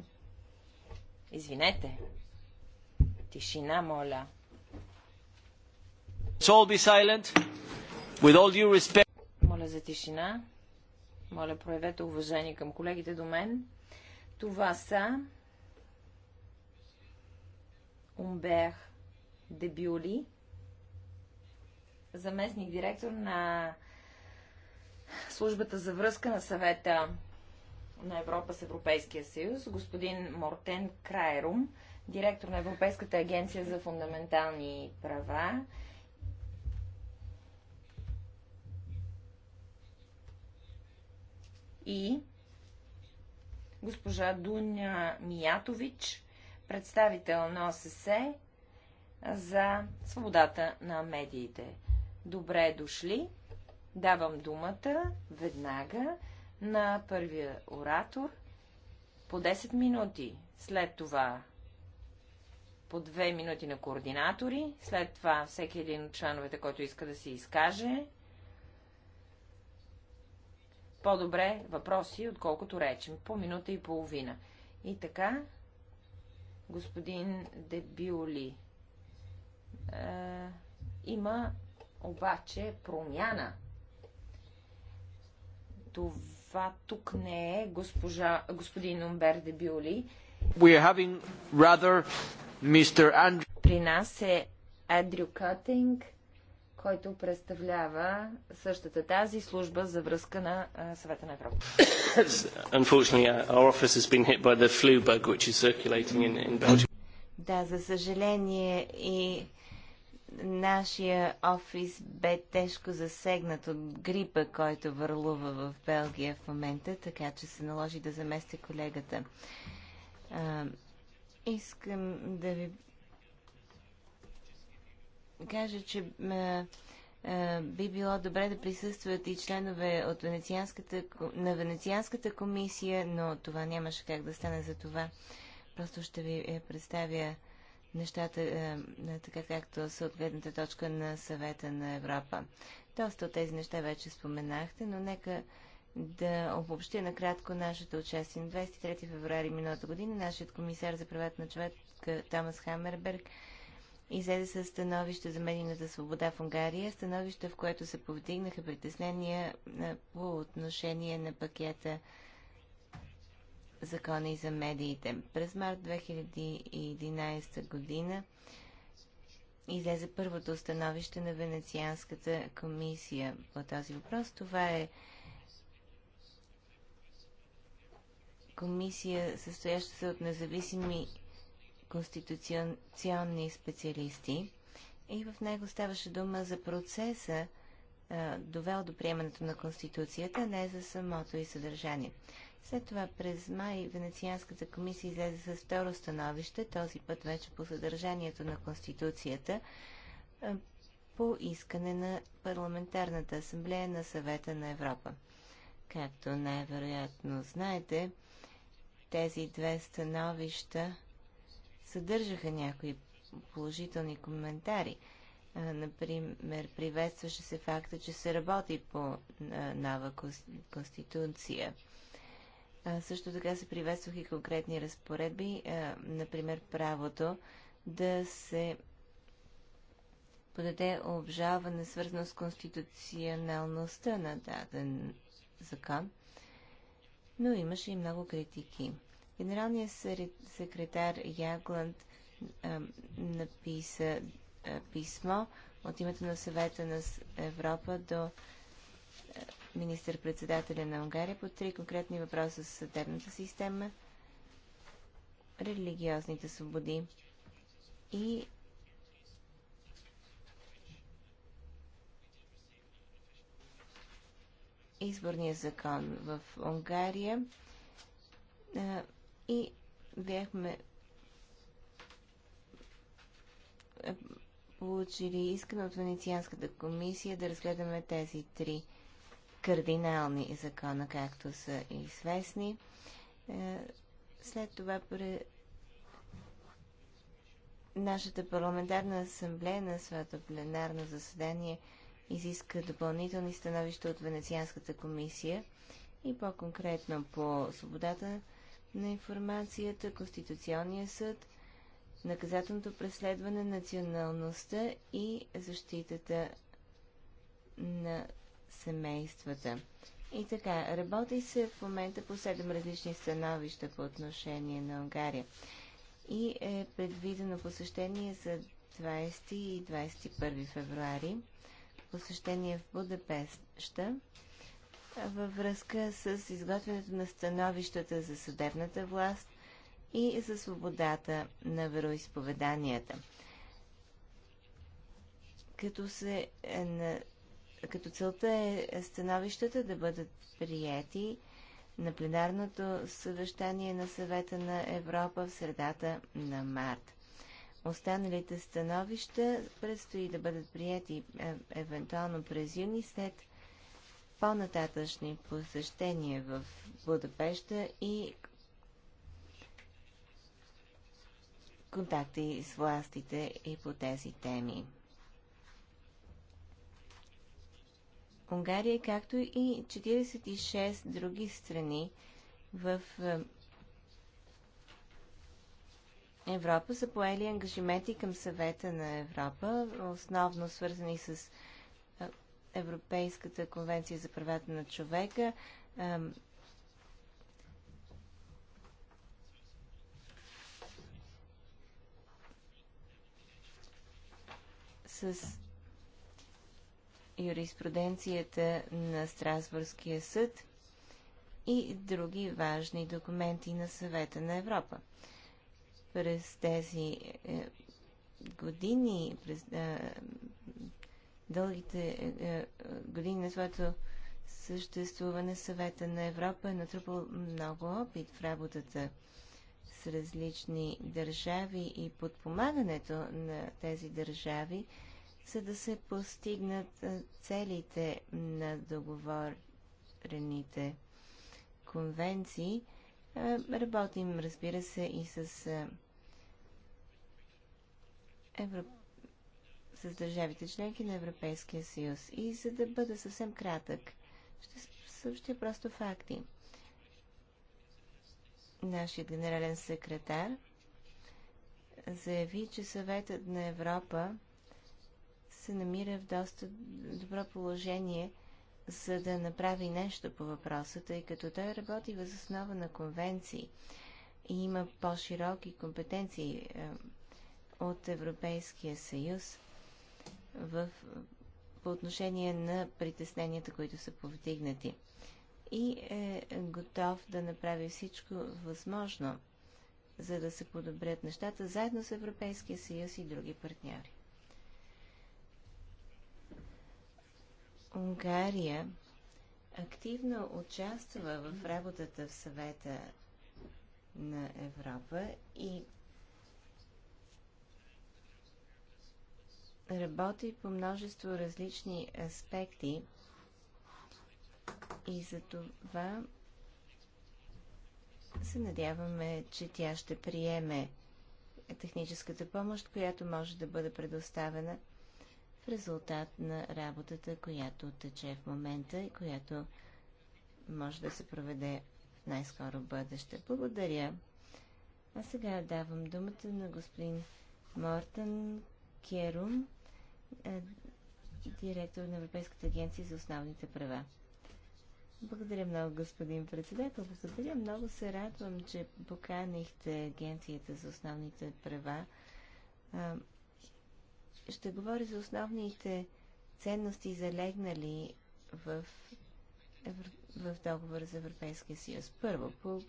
Извинете, Тишина, моля. Моля за тишина. Моля, проявете уважение към колегите до мен. Това са Умбер Дебюли, заместник директор на службата за връзка на съвета на Европа с Европейския съюз, господин Мортен Крайрум, директор на Европейската агенция за фундаментални права. И госпожа Дуня Миятович, представител на ОССЕ за свободата на медиите. Добре дошли! Давам думата веднага на първия оратор по 10 минути. След това по две минути на координатори, след това всеки един от членовете, който иска да се изкаже. По-добре въпроси, отколкото речем, по минута и половина. И така, господин Дебиоли, е, има обаче промяна. Това тук не е госпожа, господин Умбер Дебиоли, при нас е Андрю Кътинг, който представлява същата тази служба за връзка на Съвета на Европа. да, за съжаление и нашия офис бе тежко засегнат от грипа, който върлува в Белгия в момента, така че се наложи да замести колегата. А, искам да ви кажа, че а, а, би било добре да присъстват и членове от Венецианската, на Венецианската комисия, но това нямаше как да стане за това. Просто ще ви е, представя нещата е, така както са от гледната точка на съвета на Европа. Доста от тези неща вече споменахте, но нека да обобщя накратко нашето участие. На 23 февруари миналата година нашият комисар за правата на човека Томас Хамерберг излезе с становище за медийната свобода в Унгария, становище в което се повдигнаха притеснения по отношение на пакета Закони за медиите. През март 2011 година излезе първото становище на Венецианската комисия по този въпрос. Това е комисия, състояща се от независими конституционни специалисти. И в него ставаше дума за процеса, довел до приемането на Конституцията, не за самото и съдържание. След това през май Венецианската комисия излезе с второ становище, този път вече по съдържанието на Конституцията, по искане на Парламентарната асамблея на съвета на Европа. Както най-вероятно знаете, тези две становища съдържаха някои положителни коментари. Например, приветстваше се факта, че се работи по нова конституция. Също така се приветствах и конкретни разпоредби, например правото да се подаде обжалване, свързано с конституционалността на даден закон но имаше и много критики. Генералният секретар Ягланд написа писмо от името на съвета на Европа до министър-председателя на Унгария по три конкретни въпроса с съдебната система, религиозните свободи и изборния закон в Унгария и бяхме получили искане от Венецианската комисия да разгледаме тези три кардинални закона, както са известни. След това пре... нашата парламентарна асамблея на своето пленарно заседание – изиска допълнителни становища от Венецианската комисия и по-конкретно по свободата на информацията, Конституционния съд, наказателното преследване, националността и защитата на семействата. И така, работи се в момента по 7 различни становища по отношение на Унгария. И е предвидено посещение за 20 и 21 февруари посещение в Будапешта във връзка с изготвянето на становищата за съдебната власт и за свободата на вероисповеданията. Като, се, е, на, като целта е становищата да бъдат прияти на пленарното съвещание на съвета на Европа в средата на март. Останалите становища предстои да бъдат прияти е, евентуално през юни след по-нататъчни посещения в Будапеща и контакти с властите и по тези теми. Унгария, както и 46 други страни в е, Европа са поели ангажименти към съвета на Европа, основно свързани с Европейската конвенция за правата на човека, с юриспруденцията на Страсбургския съд и други важни документи на съвета на Европа през тези е, години, през е, дългите е, е, години на своето съществуване съвета на Европа е натрупал много опит в работата с различни държави и подпомагането на тези държави, за да се постигнат е, целите на договорените конвенции. Е, работим, разбира се, и с Европ... с държавите членки на Европейския съюз. И за да бъда съвсем кратък, ще съобщя просто факти. Нашият генерален секретар заяви, че съветът на Европа се намира в доста добро положение, за да направи нещо по въпроса, тъй като той работи въз основа на конвенции и има по-широки компетенции от Европейския съюз в, по отношение на притесненията, които са повдигнати. И е готов да направи всичко възможно, за да се подобрят нещата, заедно с Европейския съюз и други партньори. Унгария активно участва в работата в съвета на Европа и работи по множество различни аспекти и за това се надяваме, че тя ще приеме техническата помощ, която може да бъде предоставена в резултат на работата, която тече в момента и която може да се проведе в най-скоро бъдеще. Благодаря. А сега давам думата на господин Мортен Керум е, директор на Европейската агенция за основните права. Благодаря много, господин председател. Благодаря много. Се радвам, че поканихте Агенцията за основните права. Ще говоря за основните ценности, залегнали в, в договора за Европейския съюз. Първо, по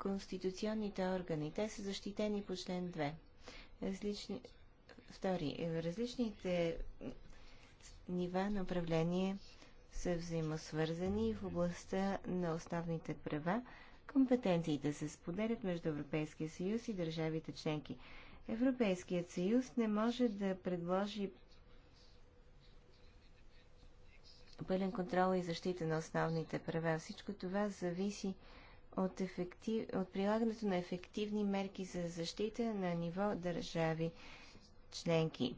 конституционните органи. Те са защитени по член 2. Различни, втори, е, различните нива на управление са взаимосвързани в областта на основните права. Компетенциите се споделят между Европейския съюз и държавите членки. Европейският съюз не може да предложи пълен контрол и защита на основните права. Всичко това зависи от, ефектив, от прилагането на ефективни мерки за защита на ниво държави членки.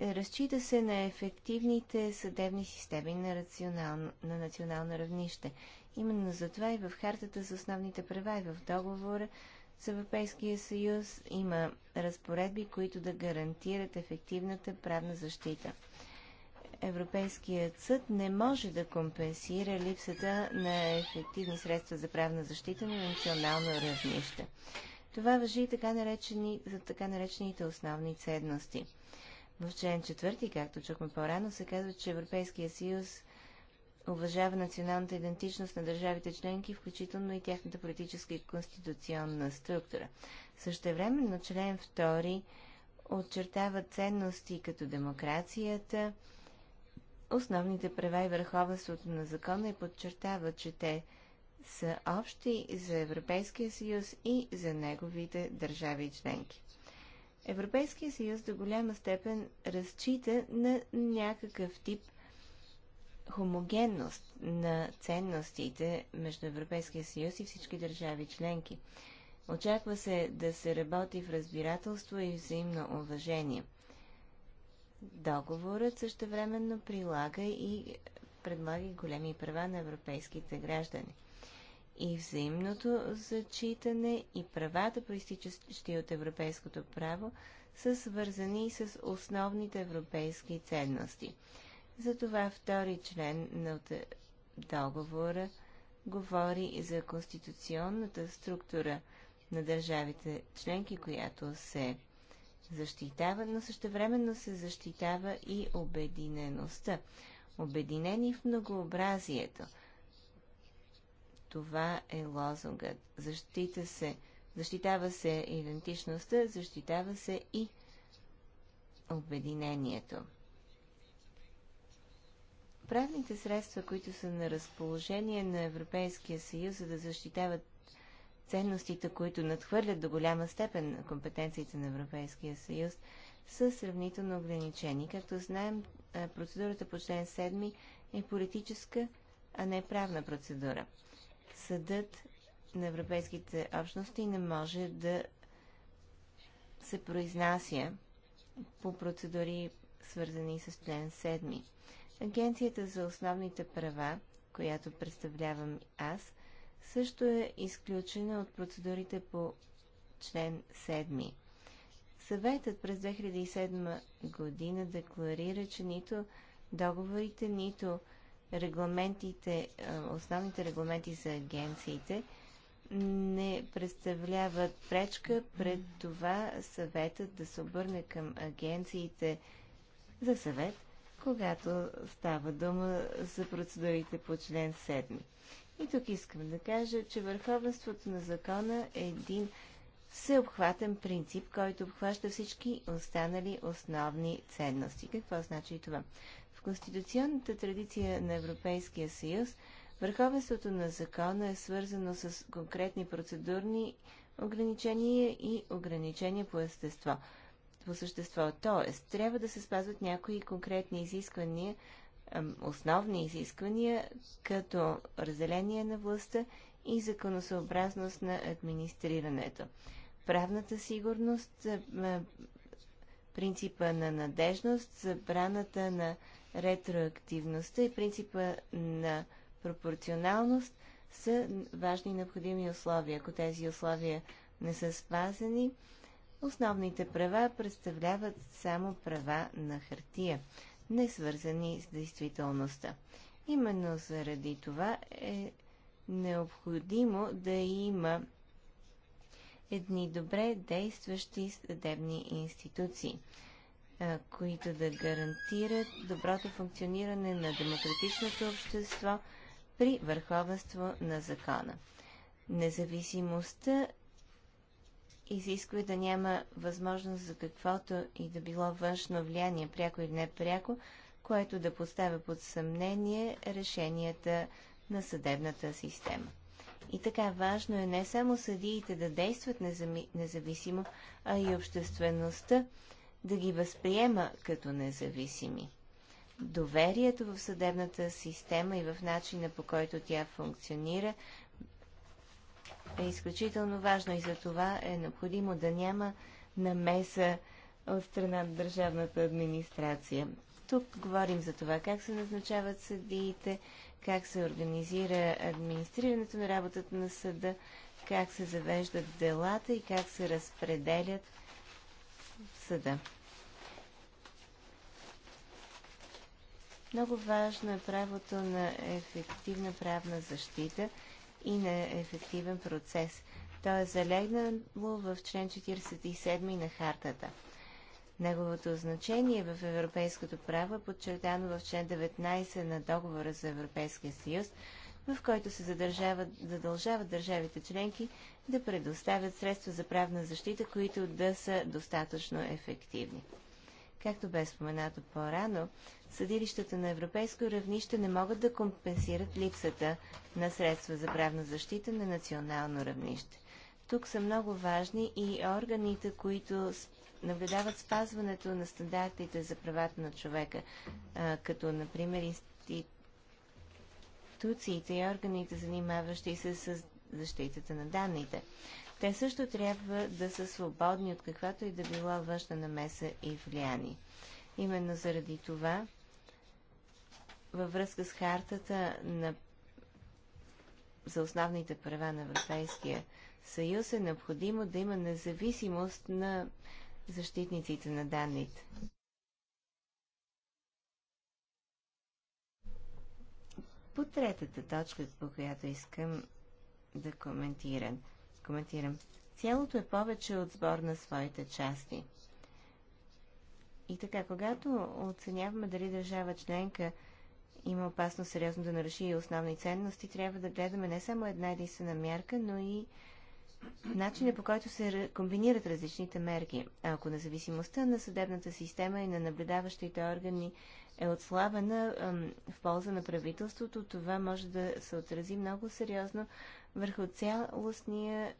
Разчита се на ефективните съдебни системи на, рационал... на национално равнище. Именно затова и в Хартата за основните права и в договора с Европейския съюз има разпоредби, които да гарантират ефективната правна защита. Европейският съд не може да компенсира липсата на ефективни средства за правна защита на национално равнище. Това въжи и така наречени, за така наречените основни ценности. В член 4, както чухме по-рано, се казва, че Европейския съюз уважава националната идентичност на държавите членки, включително и тяхната политическа и конституционна структура. Същевременно член 2 отчертава ценности като демокрацията, основните права и върховенството на закона и подчертава, че те са общи за Европейския съюз и за неговите държави и членки. Европейския съюз до голяма степен разчита на някакъв тип хомогенност на ценностите между Европейския съюз и всички държави членки. Очаква се да се работи в разбирателство и взаимно уважение – Договорът също времено прилага и предлага големи права на европейските граждани. И взаимното зачитане и правата, проистичащи от европейското право, са свързани с основните европейски ценности. Затова втори член на договора говори за конституционната структура на държавите членки, която се защитава, но същевременно се защитава и обединеността. Обединени в многообразието. Това е лозунгът. Защита се, защитава се идентичността, защитава се и обединението. Правните средства, които са на разположение на Европейския съюз, за да защитават ценностите, които надхвърлят до голяма степен компетенциите на Европейския съюз, са сравнително ограничени. Както знаем, процедурата по член 7 е политическа, а не правна процедура. Съдът на европейските общности не може да се произнася по процедури, свързани с член 7. Агенцията за основните права, която представлявам аз, също е изключена от процедурите по член 7. Съветът през 2007 година декларира, че нито договорите, нито регламентите, основните регламенти за агенциите не представляват пречка пред това съветът да се обърне към агенциите за съвет, когато става дума за процедурите по член 7. И тук искам да кажа, че върховенството на закона е един всеобхватен принцип, който обхваща всички останали основни ценности. Какво значи това? В конституционната традиция на Европейския съюз върховенството на закона е свързано с конкретни процедурни ограничения и ограничения по естество. По същество, т.е. трябва да се спазват някои конкретни изисквания основни изисквания, като разделение на властта и законосъобразност на администрирането. Правната сигурност, принципа на надежност, забраната на ретроактивността и принципа на пропорционалност са важни и необходими условия. Ако тези условия не са спазени, основните права представляват само права на хартия не свързани с действителността. Именно заради това е необходимо да има едни добре действащи съдебни институции, които да гарантират доброто функциониране на демократичното общество при върховенство на закона. Независимостта изисква да няма възможност за каквото и да било външно влияние, пряко или непряко, което да поставя под съмнение решенията на съдебната система. И така важно е не само съдиите да действат независимо, а и обществеността да ги възприема като независими. Доверието в съдебната система и в начина по който тя функционира е изключително важно и за това е необходимо да няма намеса от страна на държавната администрация. Тук говорим за това как се назначават съдиите, как се организира администрирането на работата на съда, как се завеждат делата и как се разпределят съда. Много важно е правото на ефективна правна защита – и на ефективен процес. То е залегнало в член 47 на хартата. Неговото значение е в европейското право е подчертано в член 19 на договора за Европейския съюз, в който се задържават, задължават държавите членки да предоставят средства за правна защита, които да са достатъчно ефективни. Както бе споменато по-рано, съдилищата на европейско равнище не могат да компенсират липсата на средства за правна защита на национално равнище. Тук са много важни и органите, които наблюдават спазването на стандартите за правата на човека, като, например, институциите и органите, занимаващи се с защитата на данните те също трябва да са свободни от каквато и да била външна намеса и влияние. Именно заради това, във връзка с хартата на... за основните права на Европейския съюз е необходимо да има независимост на защитниците на данните. По третата точка, по която искам да коментирам – коментирам. Цялото е повече от сбор на своите части. И така, когато оценяваме дали държава членка има опасно, сериозно да наруши основни ценности, трябва да гледаме не само една единствена мярка, но и начина по който се комбинират различните мерки. ако независимостта на съдебната система и на наблюдаващите органи е отслабена в полза на правителството, това може да се отрази много сериозно върху цялостния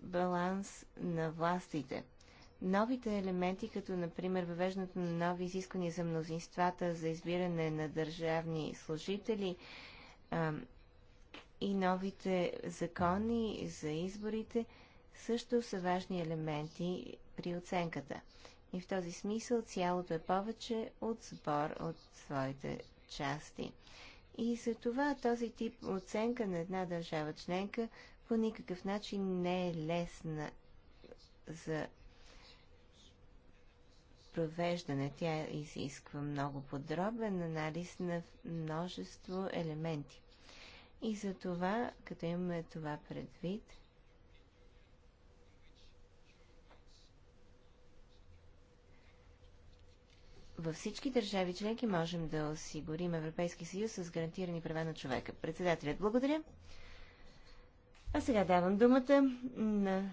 баланс на властите. Новите елементи, като например въвеждането на нови изисквания за мнозинствата за избиране на държавни служители а, и новите закони за изборите, също са важни елементи при оценката. И в този смисъл цялото е повече от сбор от своите части. И за това този тип оценка на една държава членка по никакъв начин не е лесна за провеждане. Тя изисква много подробен анализ на множество елементи. И за това, като имаме това предвид, във всички държави членки можем да осигурим Европейски съюз с гарантирани права на човека. Председателят, благодаря. А сега давам думата на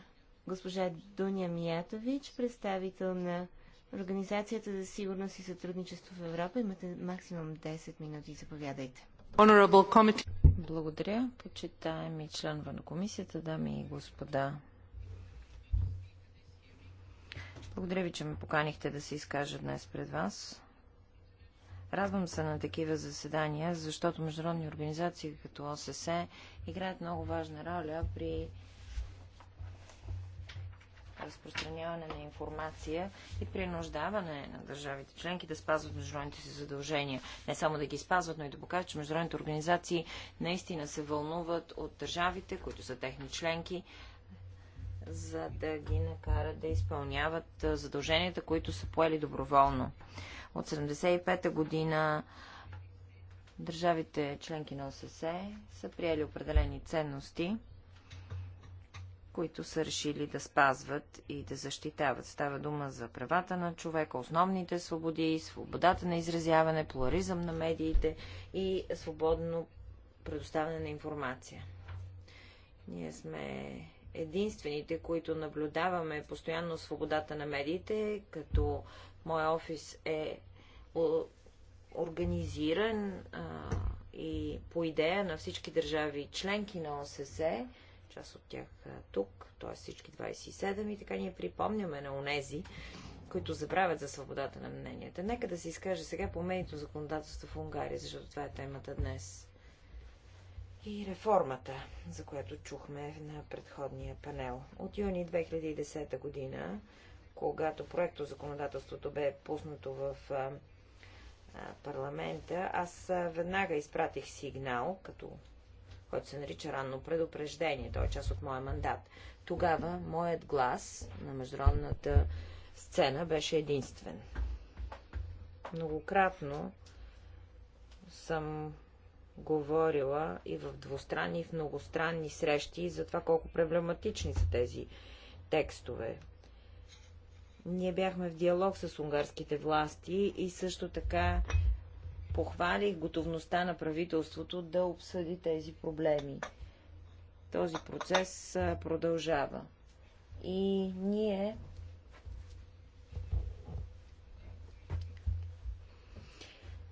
госпожа Дуня Миятович, представител на Организацията за сигурност и сътрудничество в Европа. Имате максимум 10 минути. Заповядайте. Благодаря, почитаеми членове на комисията, дами и господа Благодаря ви, че ме поканихте да се изкажа днес пред вас. Радвам се на такива заседания, защото международни организации като ОССЕ играят много важна роля при разпространяване на информация и принуждаване на държавите членки да спазват международните си задължения. Не само да ги спазват, но и да покажат, че международните организации наистина се вълнуват от държавите, които са техни членки, за да ги накарат да изпълняват задълженията, които са поели доброволно. От 75 година държавите членки на ОССЕ са приели определени ценности, които са решили да спазват и да защитават. Става дума за правата на човека, основните свободи, свободата на изразяване, плурализъм на медиите и свободно предоставяне на информация. Ние сме единствените, които наблюдаваме постоянно свободата на медиите, като моя офис е организиран а, и по идея на всички държави членки на ОССЕ, част от тях а, тук, т.е. всички 27, и така ние припомняме на онези, които забравят за свободата на мненията. Нека да се изкаже сега по медийното законодателство в Унгария, защото това е темата днес и реформата, за която чухме на предходния панел. От юни 2010 година, когато проекто законодателството бе пуснато в парламента, аз веднага изпратих сигнал, като който се нарича ранно предупреждение. Той е част от моя мандат. Тогава моят глас на международната сцена беше единствен. Многократно съм говорила и в двустранни, и в многостранни срещи за това колко проблематични са тези текстове. Ние бяхме в диалог с унгарските власти и също така похвалих готовността на правителството да обсъди тези проблеми. Този процес продължава. И ние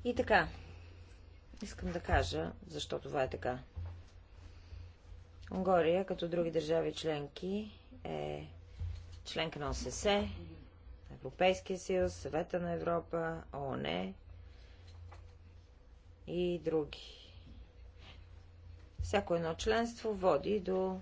И така, Искам да кажа, защо това е така. Унгория, като други държави членки, е членка на ОССЕ, Европейския съюз, Съвета на Европа, ООН и други. Всяко едно членство води до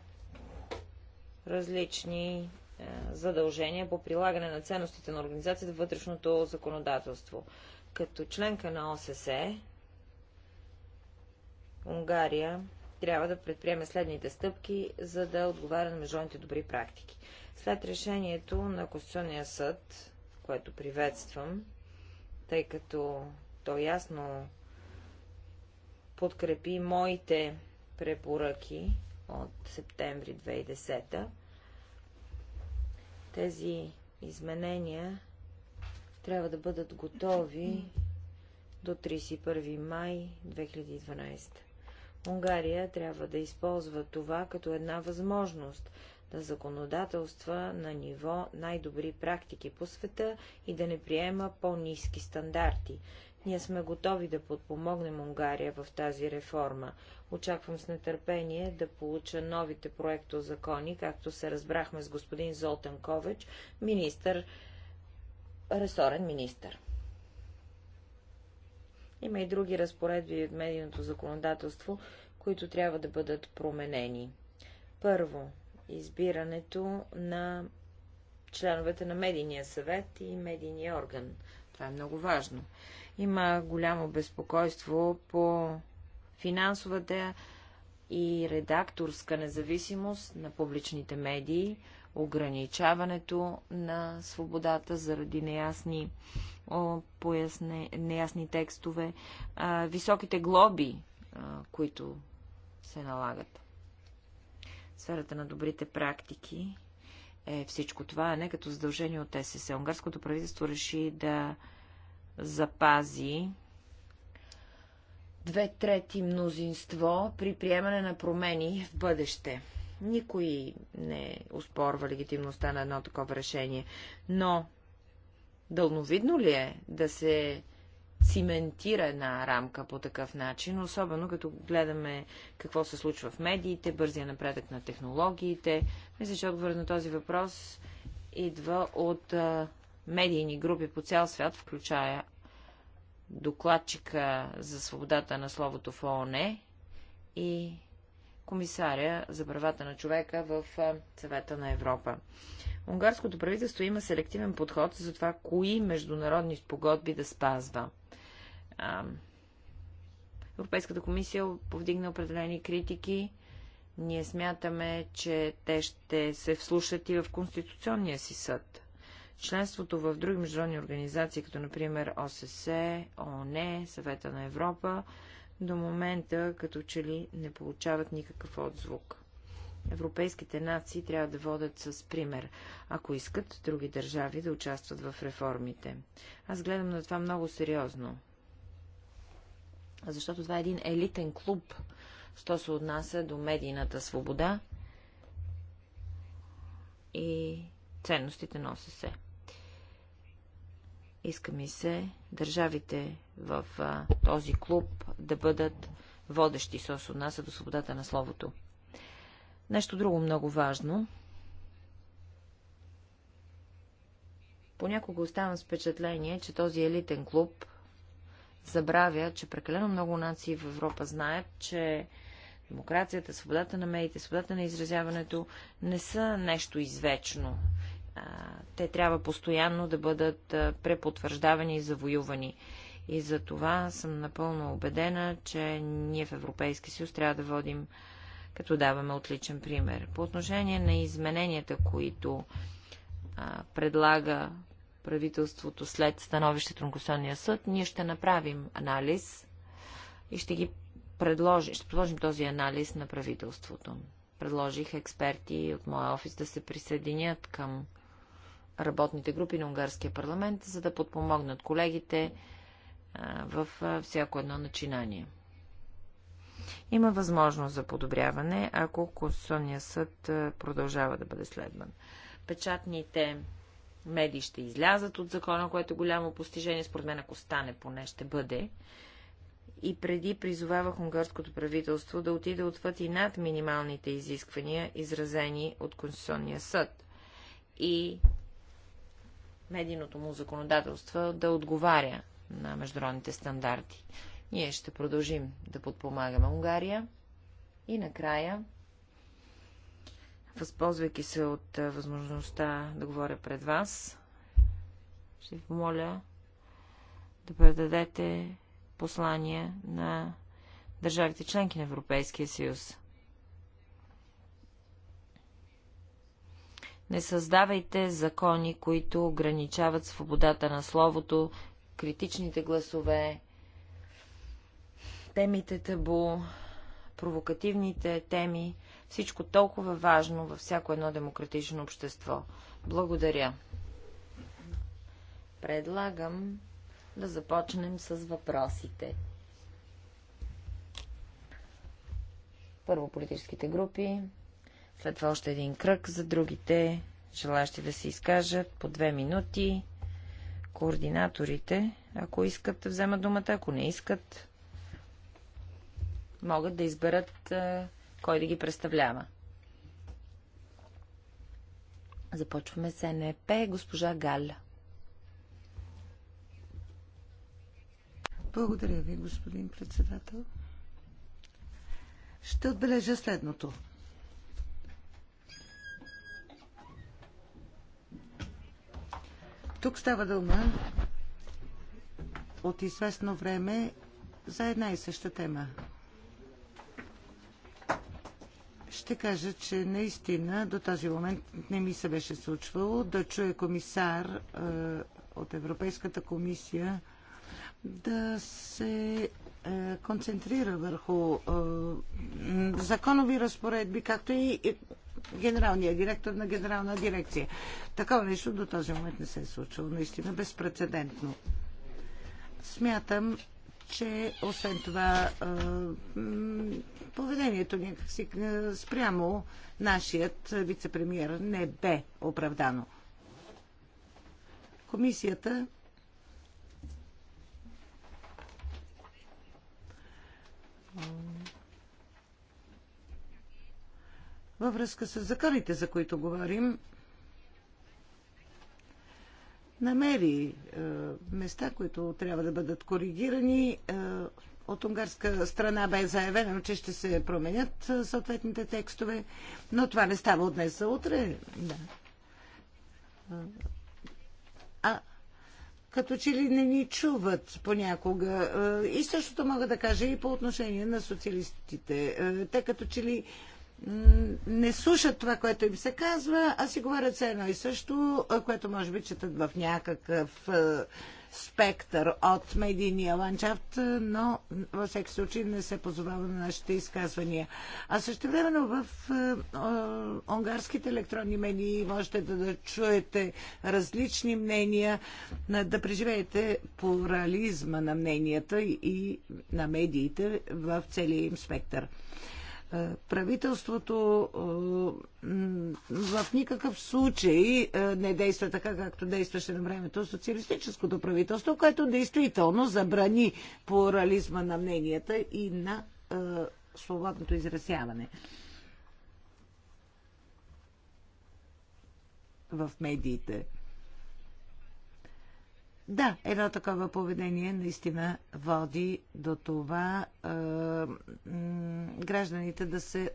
различни е, задължения по прилагане на ценностите на организацията вътрешното законодателство. Като членка на ОССЕ, Унгария трябва да предприеме следните стъпки, за да отговаря на международните добри практики. След решението на Конституционния съд, което приветствам, тъй като то ясно подкрепи моите препоръки от септември 2010 тези изменения трябва да бъдат готови до 31 май 2012. Унгария трябва да използва това като една възможност да законодателства на ниво най-добри практики по света и да не приема по-низки стандарти. Ние сме готови да подпомогнем Унгария в тази реформа. Очаквам с нетърпение да получа новите проекто закони, както се разбрахме с господин Золтан Ковеч, министър, ресорен министър. Има и други разпоредби в медийното законодателство, които трябва да бъдат променени. Първо, избирането на членовете на медийния съвет и медийния орган. Това е много важно. Има голямо безпокойство по финансовата и редакторска независимост на публичните медии, ограничаването на свободата заради неясни, поясне, неясни текстове, високите глоби, които се налагат. Сферата на добрите практики е всичко това, а не като задължение от ССС. Унгарското правителство реши да запази две трети мнозинство при приемане на промени в бъдеще. Никой не успорва легитимността на едно такова решение. Но дълновидно ли е да се циментира една рамка по такъв начин, особено като гледаме какво се случва в медиите, бързия напредък на технологиите. Мисля, че отговорът на този въпрос идва от а, медийни групи по цял свят, включая докладчика за свободата на словото в ООН и комисаря за правата на човека в съвета на Европа. Унгарското правителство има селективен подход за това, кои международни спогодби да спазва. Европейската комисия повдигна определени критики. Ние смятаме, че те ще се вслушат и в Конституционния си съд. Членството в други международни организации, като например ОССЕ, ООН, Съвета на Европа, до момента като че ли не получават никакъв отзвук. Европейските нации трябва да водят с пример, ако искат други държави да участват в реформите. Аз гледам на това много сериозно. Защото това е един елитен клуб, що се отнася до медийната свобода и ценностите носи се. Иска ми се държавите в а, този клуб да бъдат водещи, се отнася до свободата на словото. Нещо друго много важно. Понякога оставам с впечатление, че този елитен клуб забравя, че прекалено много нации в Европа знаят, че демокрацията, свободата на медиите, свободата на изразяването не са нещо извечно те трябва постоянно да бъдат препотвърждавани и завоювани. И за това съм напълно убедена, че ние в Европейски съюз трябва да водим, като даваме отличен пример. По отношение на измененията, които а, предлага правителството след становището на Конституционния съд, ние ще направим анализ и ще ги предложим, ще предложим този анализ на правителството. Предложих експерти от моя офис да се присъединят към работните групи на Унгарския парламент, за да подпомогнат колегите в всяко едно начинание. Има възможност за подобряване, ако Конституционният съд продължава да бъде следван. Печатните медии ще излязат от закона, което е голямо постижение. Според мен, ако стане, поне ще бъде. И преди призовавах унгарското правителство да отиде отвъд и над минималните изисквания, изразени от Конституционния съд. И медийното му законодателство да отговаря на международните стандарти. Ние ще продължим да подпомагаме Унгария и накрая, възползвайки се от възможността да говоря пред вас, ще ви помоля да предадете послание на държавите членки на Европейския съюз. Не създавайте закони, които ограничават свободата на словото, критичните гласове, темите табу, провокативните теми. Всичко толкова важно във всяко едно демократично общество. Благодаря. Предлагам да започнем с въпросите. Първо политическите групи. След това още един кръг за другите, желащи да се изкажат по две минути. Координаторите, ако искат да вземат думата, ако не искат, могат да изберат кой да ги представлява. Започваме с НЕП, госпожа Галя. Благодаря ви, господин председател. Ще отбележа следното. Тук става дума от известно време за една и съща тема. Ще кажа, че наистина до този момент не ми се беше случвало да чуя комисар е, от Европейската комисия да се е, концентрира върху е, законови разпоредби, както и, и генералния директор на генерална дирекция. Такова нещо до този момент не се е случило. Наистина безпредседентно. Смятам, че освен това поведението някакси спрямо нашият вице-премьер не бе оправдано. Комисията във връзка с законите, за които говорим, намери е, места, които трябва да бъдат коригирани. Е, от унгарска страна бе заявено, че ще се променят е, съответните текстове, но това не става от днес за утре. Да. А като че ли не ни чуват понякога. Е, и същото мога да кажа и по отношение на социалистите. Е, те като че ли не слушат това, което им се казва, а си говорят все едно и също, което може би четат в някакъв спектър от медийния ландшафт, но във всеки случай не се позовава на нашите изказвания. А също времено в унгарските електронни медии можете да, да чуете различни мнения, да преживеете плурализма на мненията и на медиите в целия им спектър. Е, правителството е, в никакъв случай е, не действа така, както действаше на времето социалистическото правителство, което действително забрани плурализма на мненията и на свободното изразяване в медиите. Да, едно такова поведение наистина води до това е, гражданите да се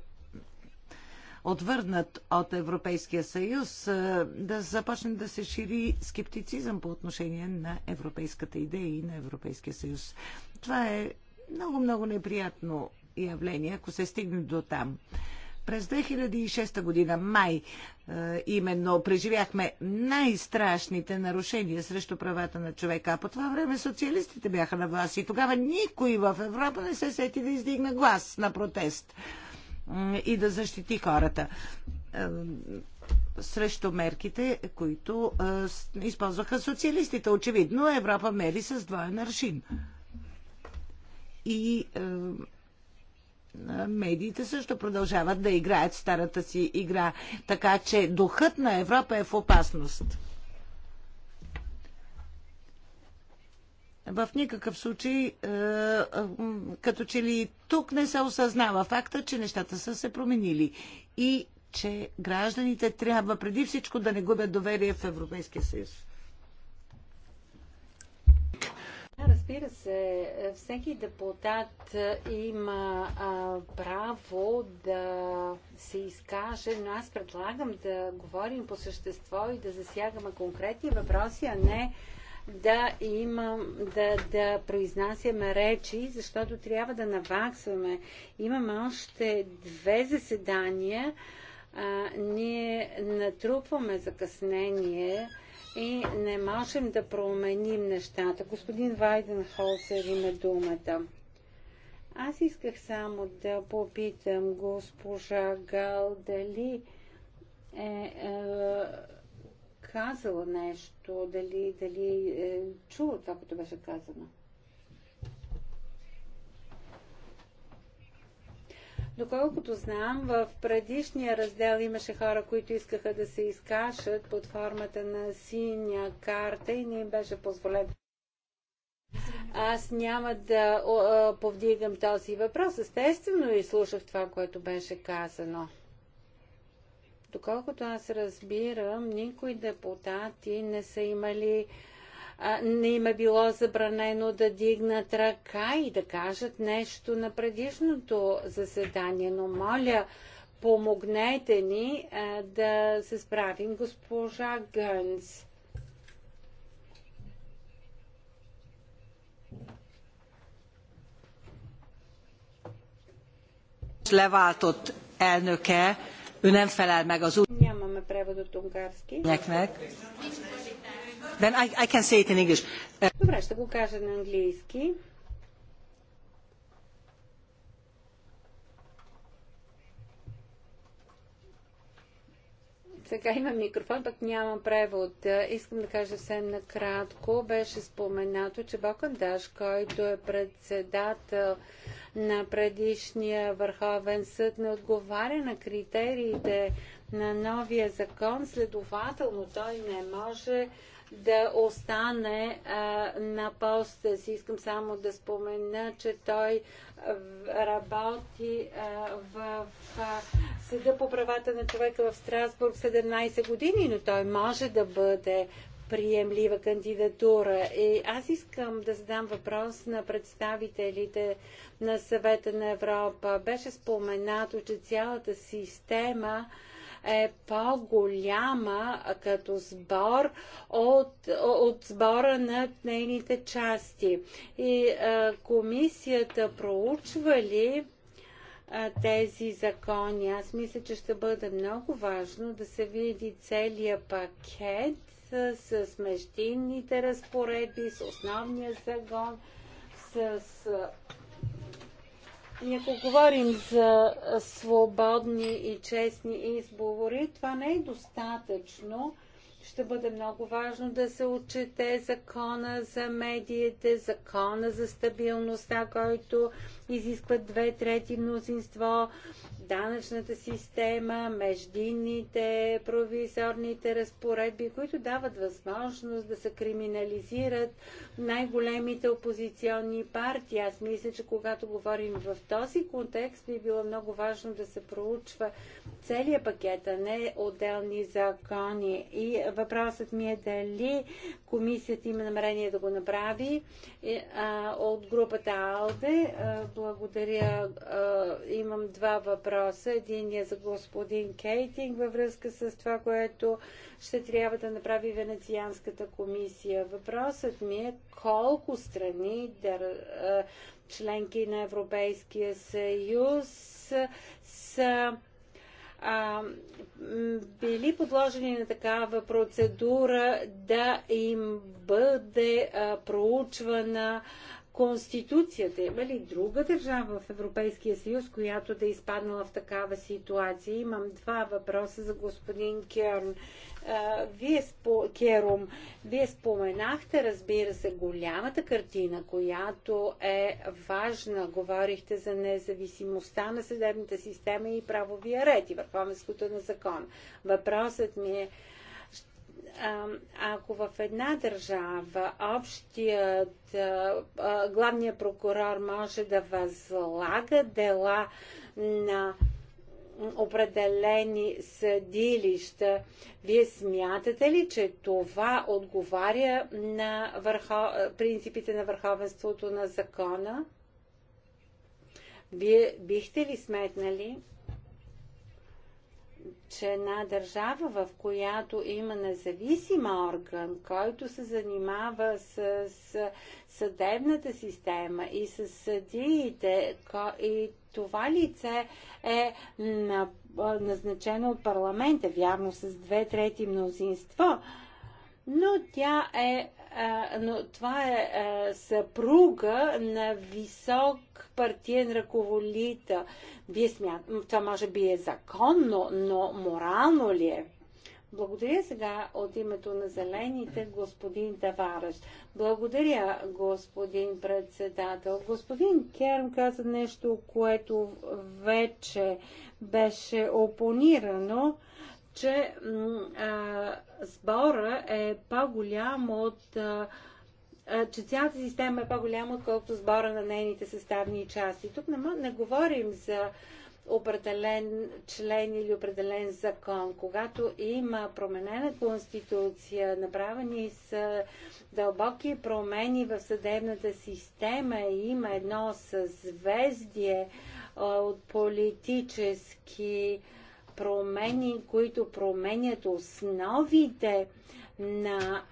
отвърнат от Европейския съюз, е, да започне да се шири скептицизъм по отношение на европейската идея и на Европейския съюз. Това е много-много неприятно явление, ако се стигне до там. През 2006 година, май, е, именно преживяхме най-страшните нарушения срещу правата на човека. А по това време социалистите бяха на власт и тогава никой в Европа не се сети да издигна глас на протест и да защити хората е, срещу мерките, които е, използваха социалистите. Очевидно Европа мери с двоен аршин. И медиите също продължават да играят старата си игра. Така че духът на Европа е в опасност. В никакъв случай, е, е, като че ли тук не се осъзнава факта, че нещата са се променили и че гражданите трябва преди всичко да не губят доверие в Европейския съюз. Разбира се, всеки депутат е, има а, право да се изкаже, но аз предлагам да говорим по същество и да засягаме конкретни въпроси, а не да имам, да, да произнасяме речи, защото трябва да наваксваме. Имаме още две заседания. А, ние натрупваме закъснение и не можем да променим нещата. Господин Вайденхолцер има думата. Аз исках само да попитам госпожа Гал дали е, е казала нещо, дали, дали е, чула това, което беше казано. Доколкото знам, в предишния раздел имаше хора, които искаха да се изкашат под формата на синя карта и не им беше позволено. Аз няма да повдигам този въпрос. Естествено и слушах това, което беше казано. Доколкото аз разбирам, никой депутати не са имали не им е било забранено да дигнат ръка и да кажат нещо на предишното заседание. Но моля, помогнете ни а, да се справим, госпожа Гънц. leváltott elnöke, ő nem felel meg az új... Нямаме превод от унгарски. Някнек. Then I, I can say it in English. Uh, Добре, ще го кажа на английски. Сега имам микрофон, пък нямам превод. Е, искам да кажа съвсем накратко. Беше споменато, че Даш, който е председател на предишния Върховен съд, не отговаря на критериите на новия закон. Следователно, той не може да остане а, на поста си. Искам само да спомена, че той работи а, в, в Съда по правата на човека в Страсбург 17 години, но той може да бъде приемлива кандидатура. И аз искам да задам въпрос на представителите на съвета на Европа. Беше споменато, че цялата система е по-голяма като сбор от, от сбора на нейните части. И а, комисията проучва ли тези закони. Аз мисля, че ще бъде много важно да се види целият пакет с междинните разпоредби, с основния закон, с и ако говорим за свободни и честни избори, това не е достатъчно. Ще бъде много важно да се отчете закона за медиите, закона за стабилността, който изискват две трети мнозинство, данъчната система, междинните, провизорните разпоредби, които дават възможност да се криминализират най-големите опозиционни партии. Аз мисля, че когато говорим в този контекст, би било много важно да се проучва целият пакет, а не отделни закони. И въпросът ми е дали комисията има намерение да го направи е, от групата АЛДЕ. Благодаря. Имам два въпроса. Един е за господин Кейтинг във връзка с това, което ще трябва да направи Венецианската комисия. Въпросът ми е колко страни, членки на Европейския съюз, са а, били подложени на такава процедура да им бъде а, проучвана Конституцията. Има ли друга държава в Европейския съюз, която да е изпаднала в такава ситуация? Имам два въпроса за господин Керн. Вие, спо... Керум, вие споменахте, разбира се, голямата картина, която е важна. Говорихте за независимостта на съдебната система и правовия ред и върховенството на закон. Въпросът ми е, ако в една държава общият главният прокурор може да възлага дела на определени съдилища. Вие смятате ли, че това отговаря на върхо... принципите на върховенството на закона? Вие бихте ли сметнали, че една държава, в която има независим орган, който се занимава с, съдебната система и с съдиите, и това лице е назначено от парламента, вярно с две трети мнозинство, но тя е, но това е съпруга на висок партиен ръководител. Вие смят... Това може би е законно, но морално ли е? Благодаря сега от името на зелените господин Тавараш. Благодаря, господин председател. Господин Керм каза нещо, което вече беше опонирано, че а, сбора е по-голям от а, че цялата система е по-голяма, отколкото сбора на нейните съставни части. Тук не, не говорим за определен член или определен закон. Когато има променена конституция, направени с дълбоки промени в съдебната система има едно съзвездие от политически промени, които променят основите на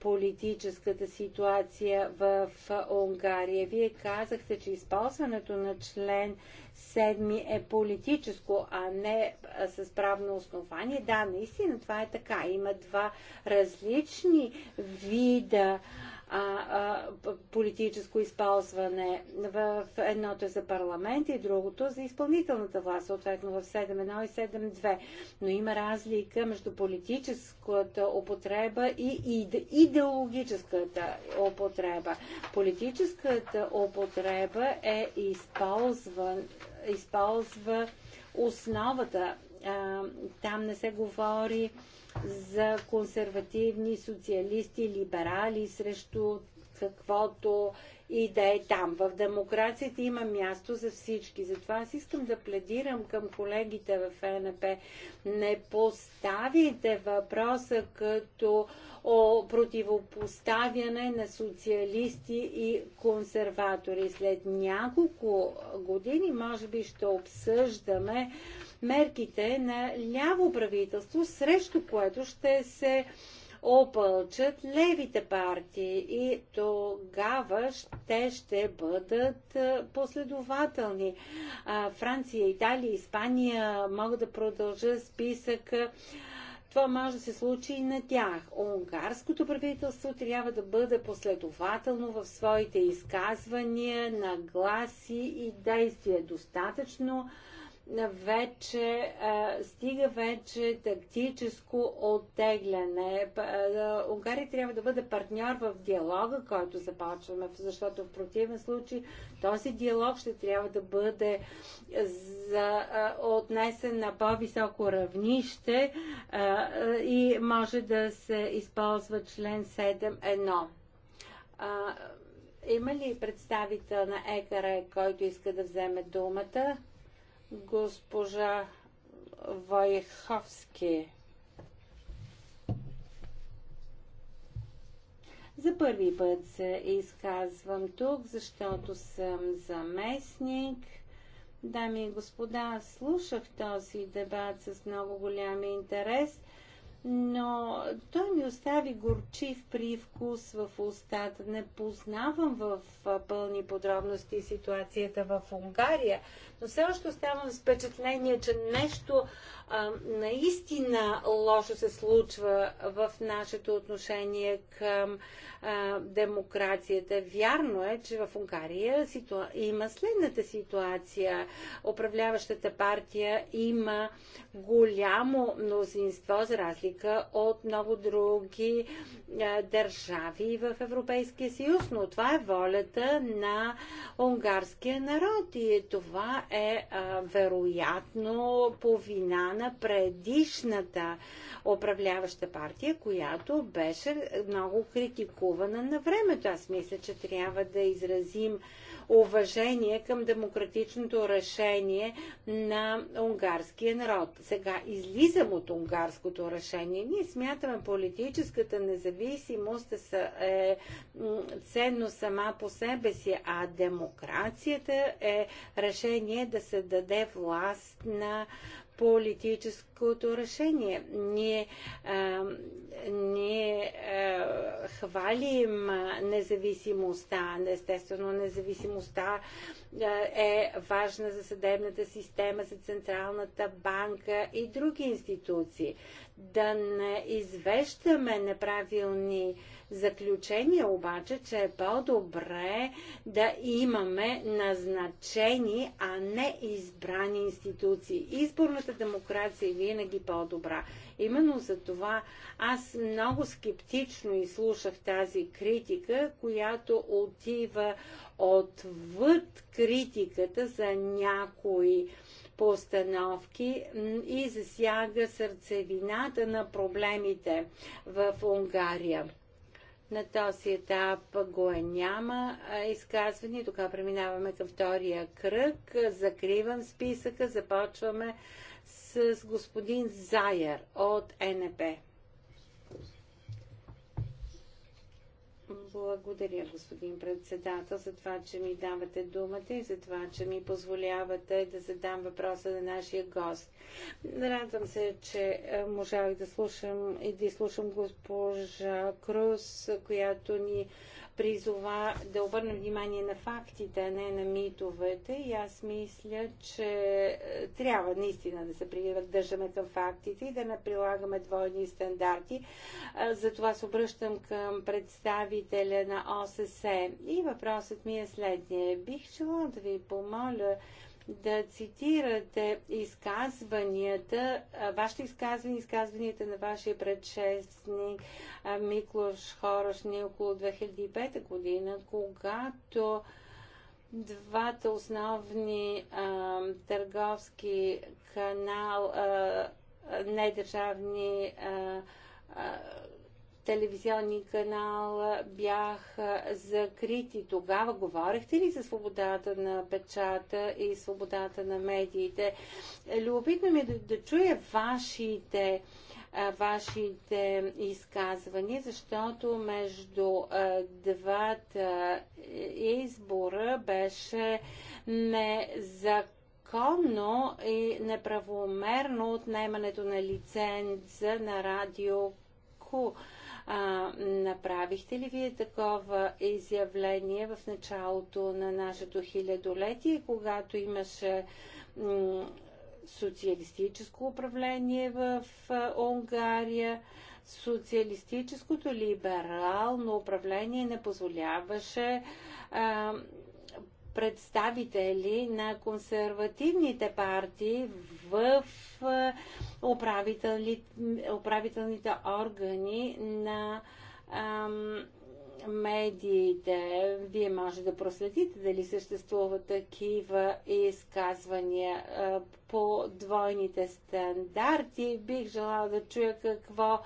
политическата ситуация в Унгария. Вие казахте, че използването на член 7 е политическо, а не с правно основание. Да, наистина това е така. Има два различни вида а, а, политическо използване. В едното е за парламент и другото за изпълнителната власт, съответно в 7.1 и 7.2. Но има разлика между политическата употреба и идеологическата употреба. Политическата употреба е използван, използва основата. А, там не се говори а, за консервативни социалисти, либерали срещу каквото и да е там. В демокрацията има място за всички. Затова аз искам да пледирам към колегите в ЕНП. Не поставите въпроса като о противопоставяне на социалисти и консерватори. След няколко години, може би, ще обсъждаме мерките на ляво правителство, срещу което ще се опълчат левите партии и тогава те ще бъдат последователни. Франция, Италия, Испания могат да продължа списък. Това може да се случи и на тях. Унгарското правителство трябва да бъде последователно в своите изказвания, нагласи и действия. Достатъчно вече стига вече тактическо оттегляне. Унгария трябва да бъде партньор в диалога, който започваме, защото в противен случай този диалог ще трябва да бъде за, отнесен на по-високо равнище и може да се използва член 7.1. Има ли представител на ЕКР, който иска да вземе думата? Госпожа Вайховски. За първи път се изказвам тук, защото съм заместник. Дами и господа, слушах този дебат с много голям интерес но той ми остави горчив привкус в устата. Не познавам в пълни подробности ситуацията в Унгария, но все още оставам с впечатление, че нещо наистина лошо се случва в нашето отношение към а, демокрацията. Вярно е, че в Унгария ситуа... има следната ситуация. Управляващата партия има голямо мнозинство, за разлика от много други а, държави в Европейския съюз, но това е волята на унгарския народ и това е а, вероятно по вина на предишната управляваща партия, която беше много критикувана на времето. Аз мисля, че трябва да изразим уважение към демократичното решение на унгарския народ. Сега излизам от унгарското решение. Ние смятаме политическата независимост е ценно сама по себе си, а демокрацията е решение да се даде власт на политическото решение. Ние, а, ние а, хвалим независимостта. Естествено, независимостта е важна за съдебната система, за Централната банка и други институции. Да не извеждаме неправилни а, заключение обаче, че е по-добре да имаме назначени, а не избрани институции. Изборната демокрация е винаги по-добра. Именно за това аз много скептично изслушах тази критика, която отива отвъд критиката за някои постановки и засяга сърцевината на проблемите в Унгария. На този етап го е няма изказване. Тогава преминаваме към втория кръг. Закривам списъка. Започваме с господин Заяр от НП. Благодаря, господин председател, за това, че ми давате думата и за това, че ми позволявате да задам въпроса на нашия гост. Радвам се, че е, можах да слушам и да изслушам госпожа Крус, която ни призова да обърнем внимание на фактите, а не на митовете. И аз мисля, че е, трябва наистина да се придържаме към фактите и да не прилагаме двойни стандарти. Е, затова се обръщам към представителя на ОССЕ. И въпросът ми е следния. Бих желала да ви помоля да цитирате изказванията, вашите изказвания, изказванията на вашия предшественик Миклош Хорошни около 2005 година, когато двата основни а, търговски канал, а, недържавни а, телевизионни канал бях закрити. Тогава говорихте ли за свободата на печата и свободата на медиите? Любопитно ми е да, да чуя вашите вашите изказвания, защото между двата е, избора беше незаконно и неправомерно отнемането на лиценза на радио Ку. А, направихте ли вие такова изявление в началото на нашето хилядолетие, когато имаше социалистическо управление в Унгария? Социалистическото либерално управление не позволяваше а, представители на консервативните партии в управителните органи на ам, медиите. Вие може да проследите дали съществуват такива изказвания по двойните стандарти. Бих желала да чуя какво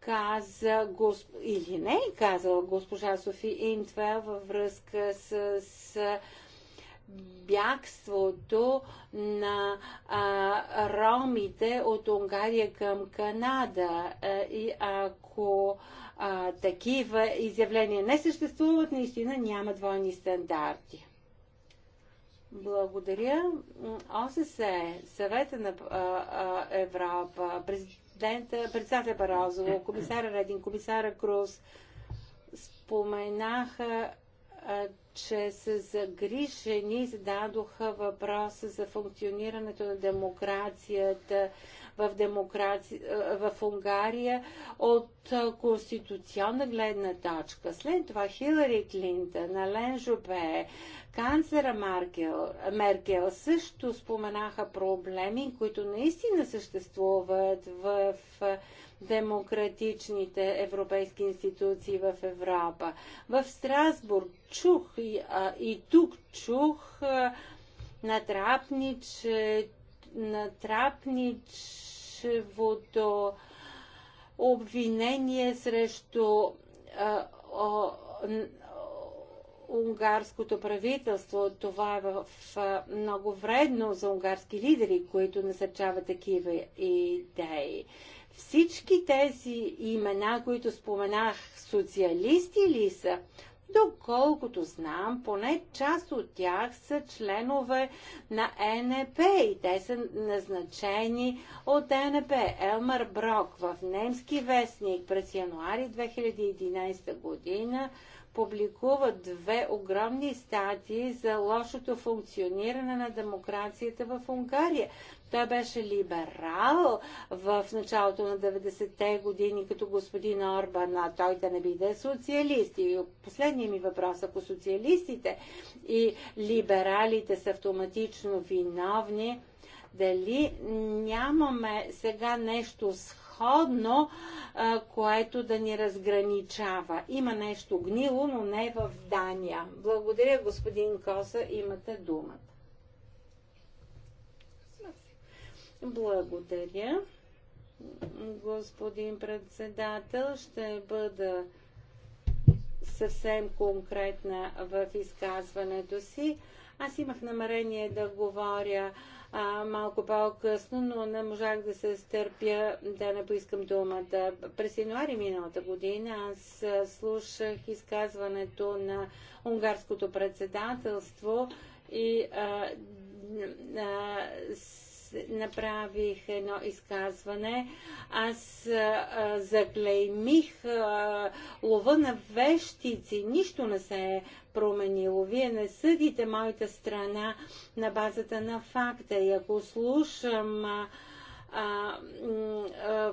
каза госп... или не е казала госпожа Софи Интвел във връзка с, с бягството на а, ромите от Унгария към Канада. А, и ако а, такива изявления не съществуват, наистина няма двойни стандарти. Благодаря. ОССЕ, съвета на а, а, Европа, президента, председателя Барозово, комисара Редин, комисара Круз споменаха а, че са загрижени, зададоха въпроса за функционирането на демокрацията в, демокраци... в Унгария от конституционна гледна точка. След това Хилари Клинтън, Ален Жупе, канцлера Маркел, Меркел също споменаха проблеми, които наистина съществуват в демократичните европейски институции в Европа. В Страсбург чух и, а, и тук чух натрапничевото обвинение срещу а, унгарското правителство. Това е в, в, много вредно за унгарски лидери, които насърчават такива идеи. Всички тези имена, които споменах, социалисти ли са? Доколкото знам, поне част от тях са членове на НП и те са назначени от НП. Елмар Брок в немски вестник през януари 2011 година публикува две огромни статии за лошото функциониране на демокрацията в Унгария. Той беше либерал в началото на 90-те години, като господин Орбан, а той да не биде социалист. И последният ми въпрос, ако социалистите и либералите са автоматично виновни, дали нямаме сега нещо сходно, което да ни разграничава. Има нещо гнило, но не в Дания. Благодаря, господин Коса, имате думата. Благодаря. Господин председател, ще бъда съвсем конкретна в изказването си. Аз имах намерение да говоря а, малко по-късно, но не можах да се стърпя да не поискам думата. През януари миналата година аз слушах изказването на унгарското председателство и а, а, направих едно изказване. Аз а, заклеймих а, лова на вещици. Нищо не се е променило. Вие не съдите моята страна на базата на факта. И ако слушам а, а, а,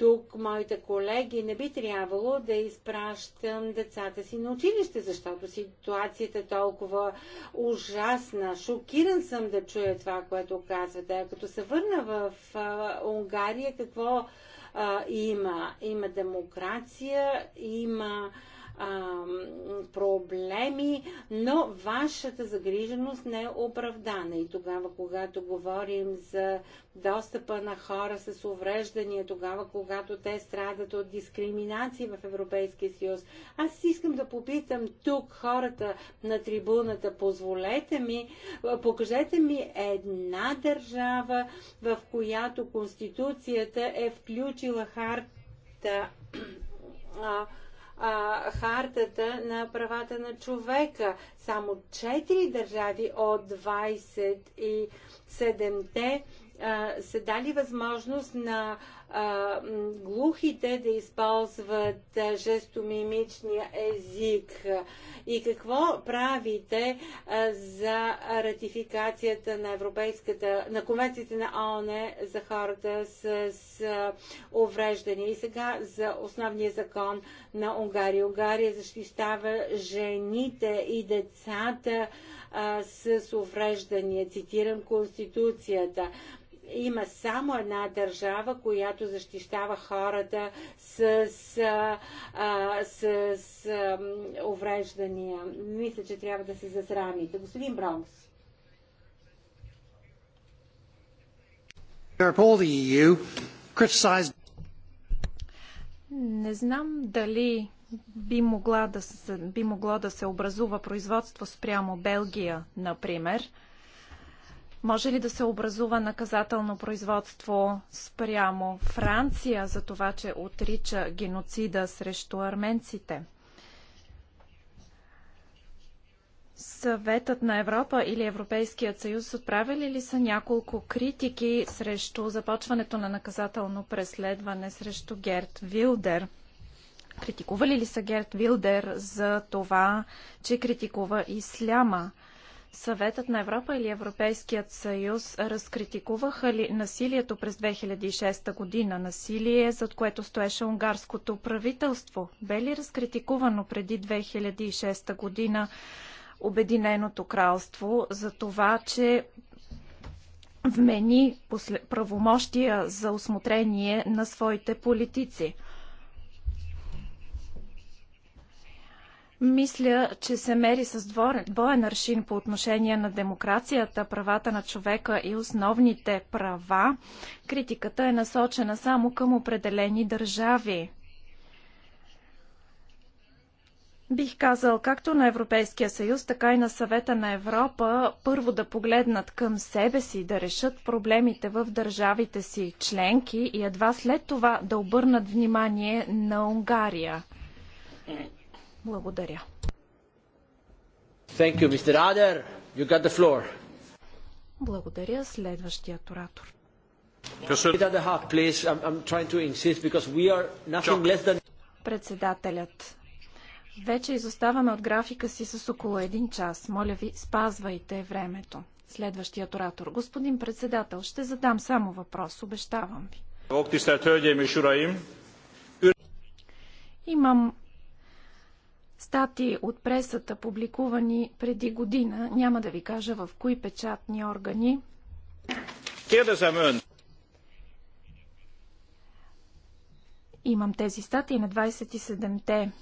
тук моите колеги, не би трябвало да изпращам децата си на училище, защото ситуацията е толкова ужасна. Шокиран съм да чуя това, което казвате. А като се върна в а, Унгария, какво а, има? Има демокрация, има проблеми, но вашата загриженост не е оправдана. И тогава, когато говорим за достъпа на хора с увреждания, тогава, когато те страдат от дискриминации в Европейския съюз, аз искам да попитам тук хората на трибуната, позволете ми, покажете ми една държава, в която Конституцията е включила харта а, хартата на правата на човека. Само 4 държави от 27-те са дали възможност на а, глухите да използват жестомимичния език. И какво правите а, за ратификацията на Европейската, на Конвенцията на ООН за хората с, с увреждания? И сега за основния закон на Унгария. Унгария защитава жените и децата а, с увреждания. Цитирам Конституцията има само една държава, която защищава хората с, с, а, с, с а, увреждания. Мисля, че трябва да се засрамите. Господин Бронкс. E Не знам дали би, могла да се, би могло да се образува производство спрямо Белгия, например може ли да се образува наказателно производство спрямо Франция за това, че отрича геноцида срещу арменците? Съветът на Европа или Европейският съюз отправили ли са няколко критики срещу започването на наказателно преследване срещу Герт Вилдер? Критикували ли са Герт Вилдер за това, че критикува исляма? Съветът на Европа или Европейският съюз разкритикуваха ли насилието през 2006 година? Насилие, зад което стоеше унгарското правителство. Бе ли разкритикувано преди 2006 година Обединеното кралство за това, че вмени правомощия за осмотрение на своите политици? Мисля, че се мери с двоен аршин по отношение на демокрацията, правата на човека и основните права. Критиката е насочена само към определени държави. Бих казал, както на Европейския съюз, така и на съвета на Европа, първо да погледнат към себе си, да решат проблемите в държавите си членки и едва след това да обърнат внимание на Унгария. Благодаря. Thank you, Mr. Ader. You got the floor. Благодаря. Следващият оратор. Председателят. Вече изоставаме от графика си с около един час. Моля ви, спазвайте времето. Следващият оратор. Господин председател, ще задам само въпрос. Обещавам ви. Имам статии от пресата, публикувани преди година, няма да ви кажа в кои печатни органи. Имам тези статии на 27-те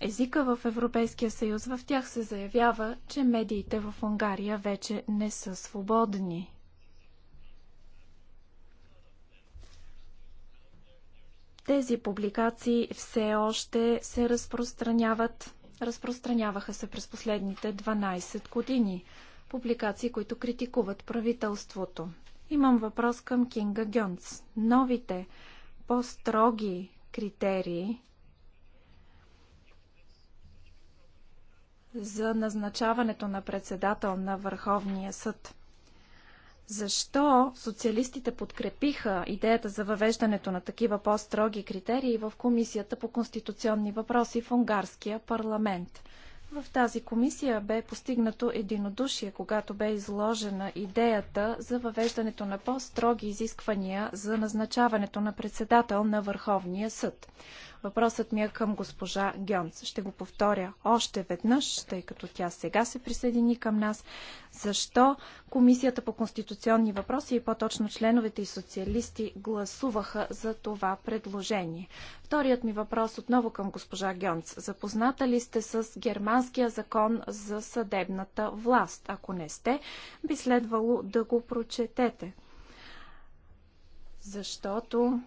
езика в Европейския съюз. В тях се заявява, че медиите в Унгария вече не са свободни. Тези публикации все още се разпространяват разпространяваха се през последните 12 години. Публикации, които критикуват правителството. Имам въпрос към Кинга Гьонс. Новите, по-строги критерии за назначаването на председател на Върховния съд – защо социалистите подкрепиха идеята за въвеждането на такива по-строги критерии в Комисията по конституционни въпроси в Унгарския парламент? В тази комисия бе постигнато единодушие, когато бе изложена идеята за въвеждането на по-строги изисквания за назначаването на председател на Върховния съд. Въпросът ми е към госпожа Гьонц. Ще го повторя още веднъж, тъй като тя сега се присъедини към нас. Защо Комисията по конституционни въпроси и по-точно членовете и социалисти гласуваха за това предложение? Вторият ми въпрос отново към госпожа Гьонц. Запозната ли сте с германския закон за съдебната власт? Ако не сте, би следвало да го прочетете. Защото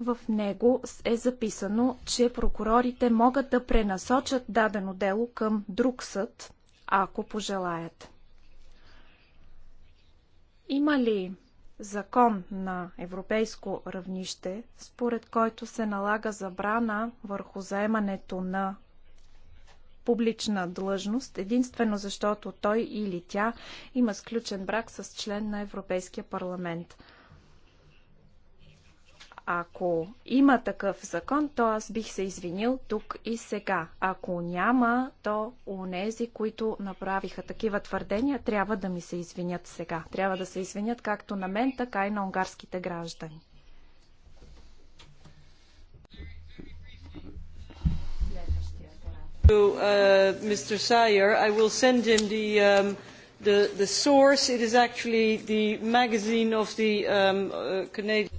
В него е записано, че прокурорите могат да пренасочат дадено дело към друг съд, ако пожелаят. Има ли закон на европейско равнище, според който се налага забрана върху заемането на публична длъжност, единствено защото той или тя има сключен брак с член на Европейския парламент. Ако има такъв закон, то аз бих се извинил тук и сега. Ако няма, то у нези, които направиха такива твърдения, трябва да ми се извинят сега. Трябва да се извинят както на мен, така и на унгарските граждани. To, uh, Mr. Sayer, I will send him the, um, the, the source. It is actually the magazine of the um, uh, Canadian.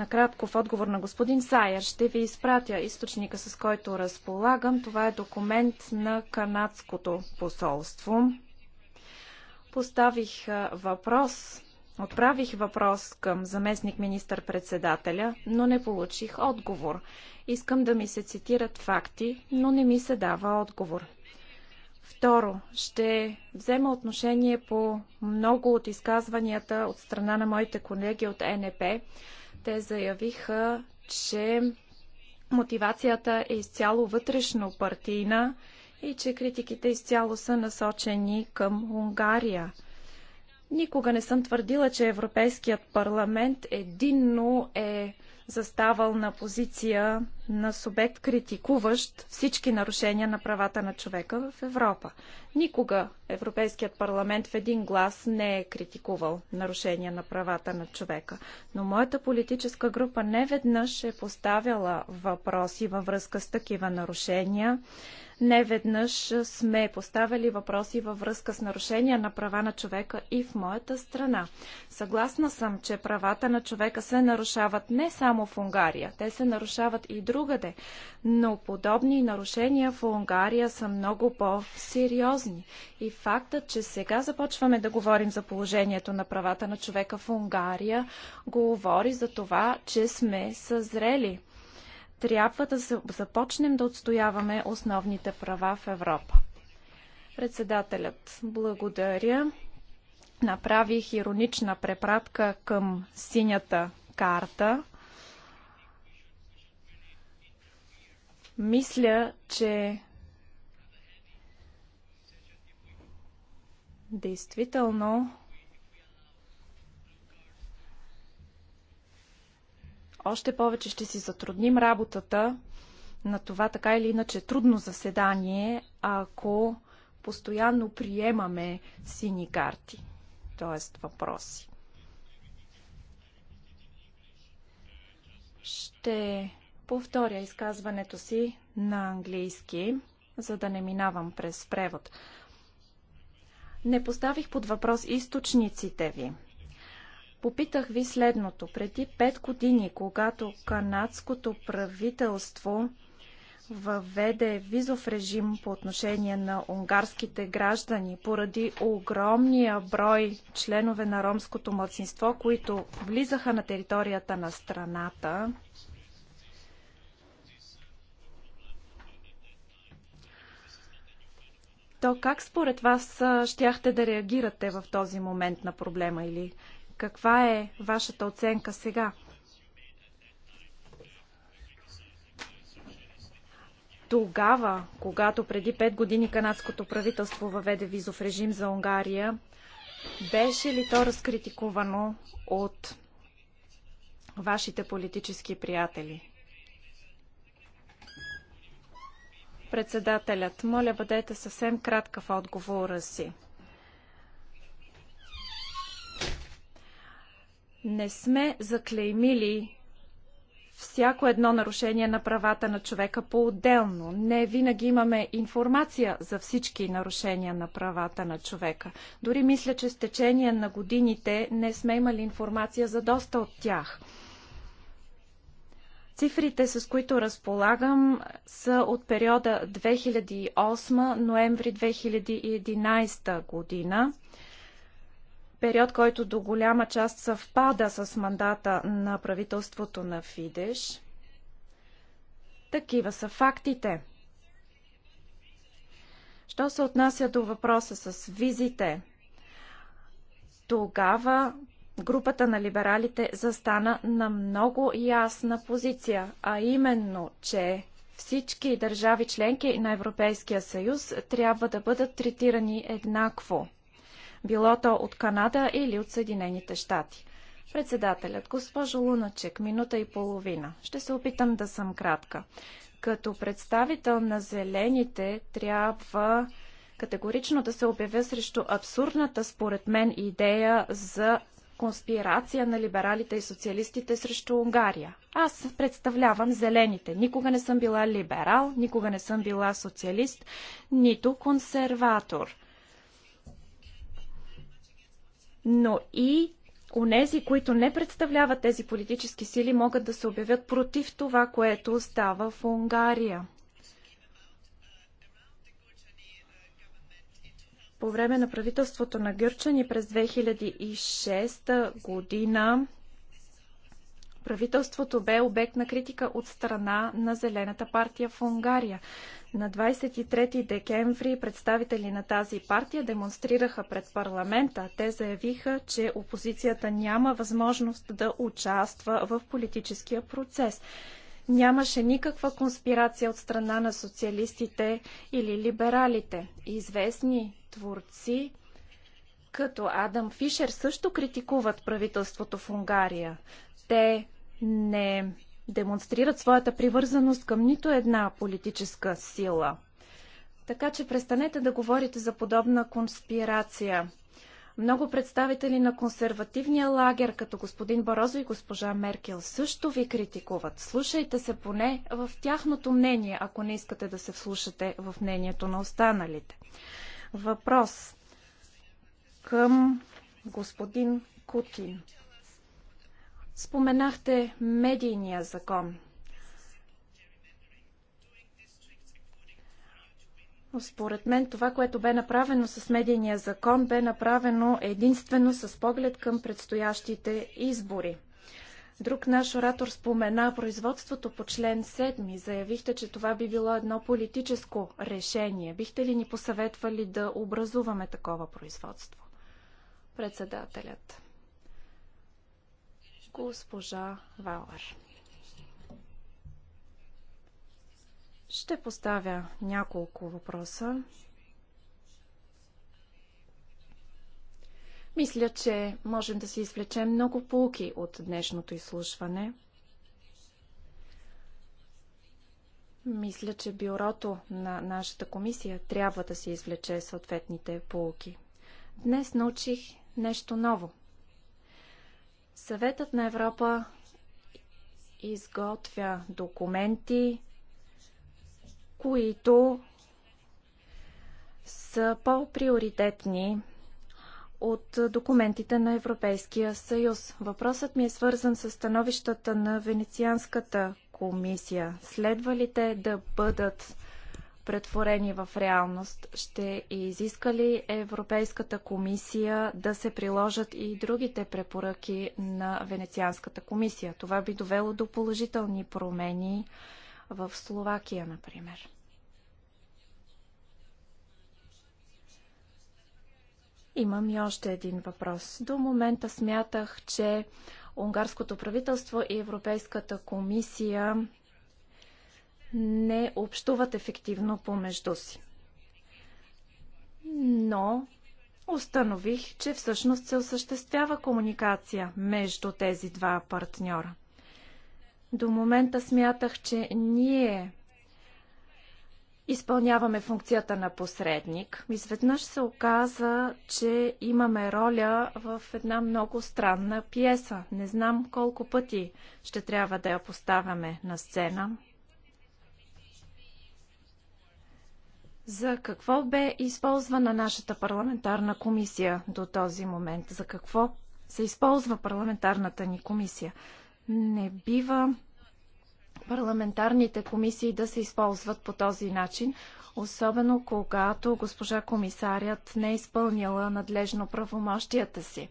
Накратко в отговор на господин Сайер ще ви изпратя източника, с който разполагам. Това е документ на канадското посолство. Поставих въпрос, отправих въпрос към заместник министър-председателя, но не получих отговор. Искам да ми се цитират факти, но не ми се дава отговор. Второ, ще взема отношение по много от изказванията от страна на моите колеги от НП, те заявиха, че мотивацията е изцяло вътрешно партийна и че критиките изцяло са насочени към Унгария. Никога не съм твърдила, че Европейският парламент единно е заставал на позиция на субект, критикуващ всички нарушения на правата на човека в Европа. Никога Европейският парламент в един глас не е критикувал нарушения на правата на човека. Но моята политическа група не веднъж е поставяла въпроси във връзка с такива нарушения. Не веднъж сме поставили въпроси във връзка с нарушения на права на човека и в моята страна. Съгласна съм, че правата на човека се нарушават не само в Унгария, те се нарушават и другаде. Но подобни нарушения в Унгария са много по-сериозни. И фактът, че сега започваме да говорим за положението на правата на човека в Унгария, говори за това, че сме съзрели. Трябва да започнем да отстояваме основните права в Европа. Председателят, благодаря. Направих иронична препратка към синята карта. Мисля, че действително още повече ще си затрудним работата на това така или иначе трудно заседание, ако постоянно приемаме сини карти, т.е. въпроси. Ще повторя изказването си на английски, за да не минавам през превод. Не поставих под въпрос източниците ви. Попитах ви следното. Преди пет години, когато канадското правителство въведе визов режим по отношение на унгарските граждани поради огромния брой членове на ромското младсинство, които влизаха на територията на страната, то как според вас щяхте да реагирате в този момент на проблема или каква е вашата оценка сега? Тогава, когато преди 5 години канадското правителство въведе визов режим за Унгария, беше ли то разкритиковано от вашите политически приятели? Председателят, моля бъдете съвсем кратка в отговора си. Не сме заклеймили всяко едно нарушение на правата на човека по-отделно. Не винаги имаме информация за всички нарушения на правата на човека. Дори мисля, че с течение на годините не сме имали информация за доста от тях. Цифрите, с които разполагам, са от периода 2008 ноември 2011 година. Период, който до голяма част съвпада с мандата на правителството на Фидеш. Такива са фактите. Що се отнася до въпроса с визите? Тогава групата на либералите застана на много ясна позиция, а именно, че всички държави членки на Европейския съюз трябва да бъдат третирани еднакво, било то от Канада или от Съединените щати. Председателят, госпожо Луначек, минута и половина. Ще се опитам да съм кратка. Като представител на зелените трябва категорично да се обявя срещу абсурдната, според мен, идея за конспирация на либералите и социалистите срещу Унгария. Аз представлявам зелените. Никога не съм била либерал, никога не съм била социалист, нито консерватор. Но и Онези, които не представляват тези политически сили, могат да се обявят против това, което става в Унгария. По време на правителството на Гърчани през 2006 година правителството бе обект на критика от страна на Зелената партия в Унгария. На 23 декември представители на тази партия демонстрираха пред парламента. Те заявиха, че опозицията няма възможност да участва в политическия процес. Нямаше никаква конспирация от страна на социалистите или либералите. Известни творци като Адам Фишер също критикуват правителството в Унгария. Те не демонстрират своята привързаност към нито една политическа сила. Така че престанете да говорите за подобна конспирация. Много представители на консервативния лагер, като господин Борозо и госпожа Меркел, също ви критикуват. Слушайте се поне в тяхното мнение, ако не искате да се вслушате в мнението на останалите. Въпрос към господин Кутин. Споменахте медийния закон. Но според мен това, което бе направено с медийния закон, бе направено единствено с поглед към предстоящите избори. Друг наш оратор спомена производството по член 7. Заявихте, че това би било едно политическо решение. Бихте ли ни посъветвали да образуваме такова производство? Председателят. Госпожа Вауер. Ще поставя няколко въпроса. Мисля, че можем да си извлечем много полки от днешното изслушване. Мисля, че бюрото на нашата комисия трябва да си извлече съответните полки. Днес научих нещо ново. Съветът на Европа изготвя документи, които са по-приоритетни от документите на Европейския съюз. Въпросът ми е свързан с становищата на Венецианската комисия. Следва ли те да бъдат претворени в реалност? Ще изиска ли Европейската комисия да се приложат и другите препоръки на Венецианската комисия? Това би довело до положителни промени в Словакия, например. Имам и още един въпрос. До момента смятах, че унгарското правителство и Европейската комисия не общуват ефективно помежду си. Но установих, че всъщност се осъществява комуникация между тези два партньора. До момента смятах, че ние изпълняваме функцията на посредник. Изведнъж се оказа, че имаме роля в една много странна пиеса. Не знам колко пъти ще трябва да я поставяме на сцена. За какво бе използвана нашата парламентарна комисия до този момент? За какво се използва парламентарната ни комисия? Не бива парламентарните комисии да се използват по този начин, особено когато госпожа комисарят не е изпълнила надлежно правомощията си.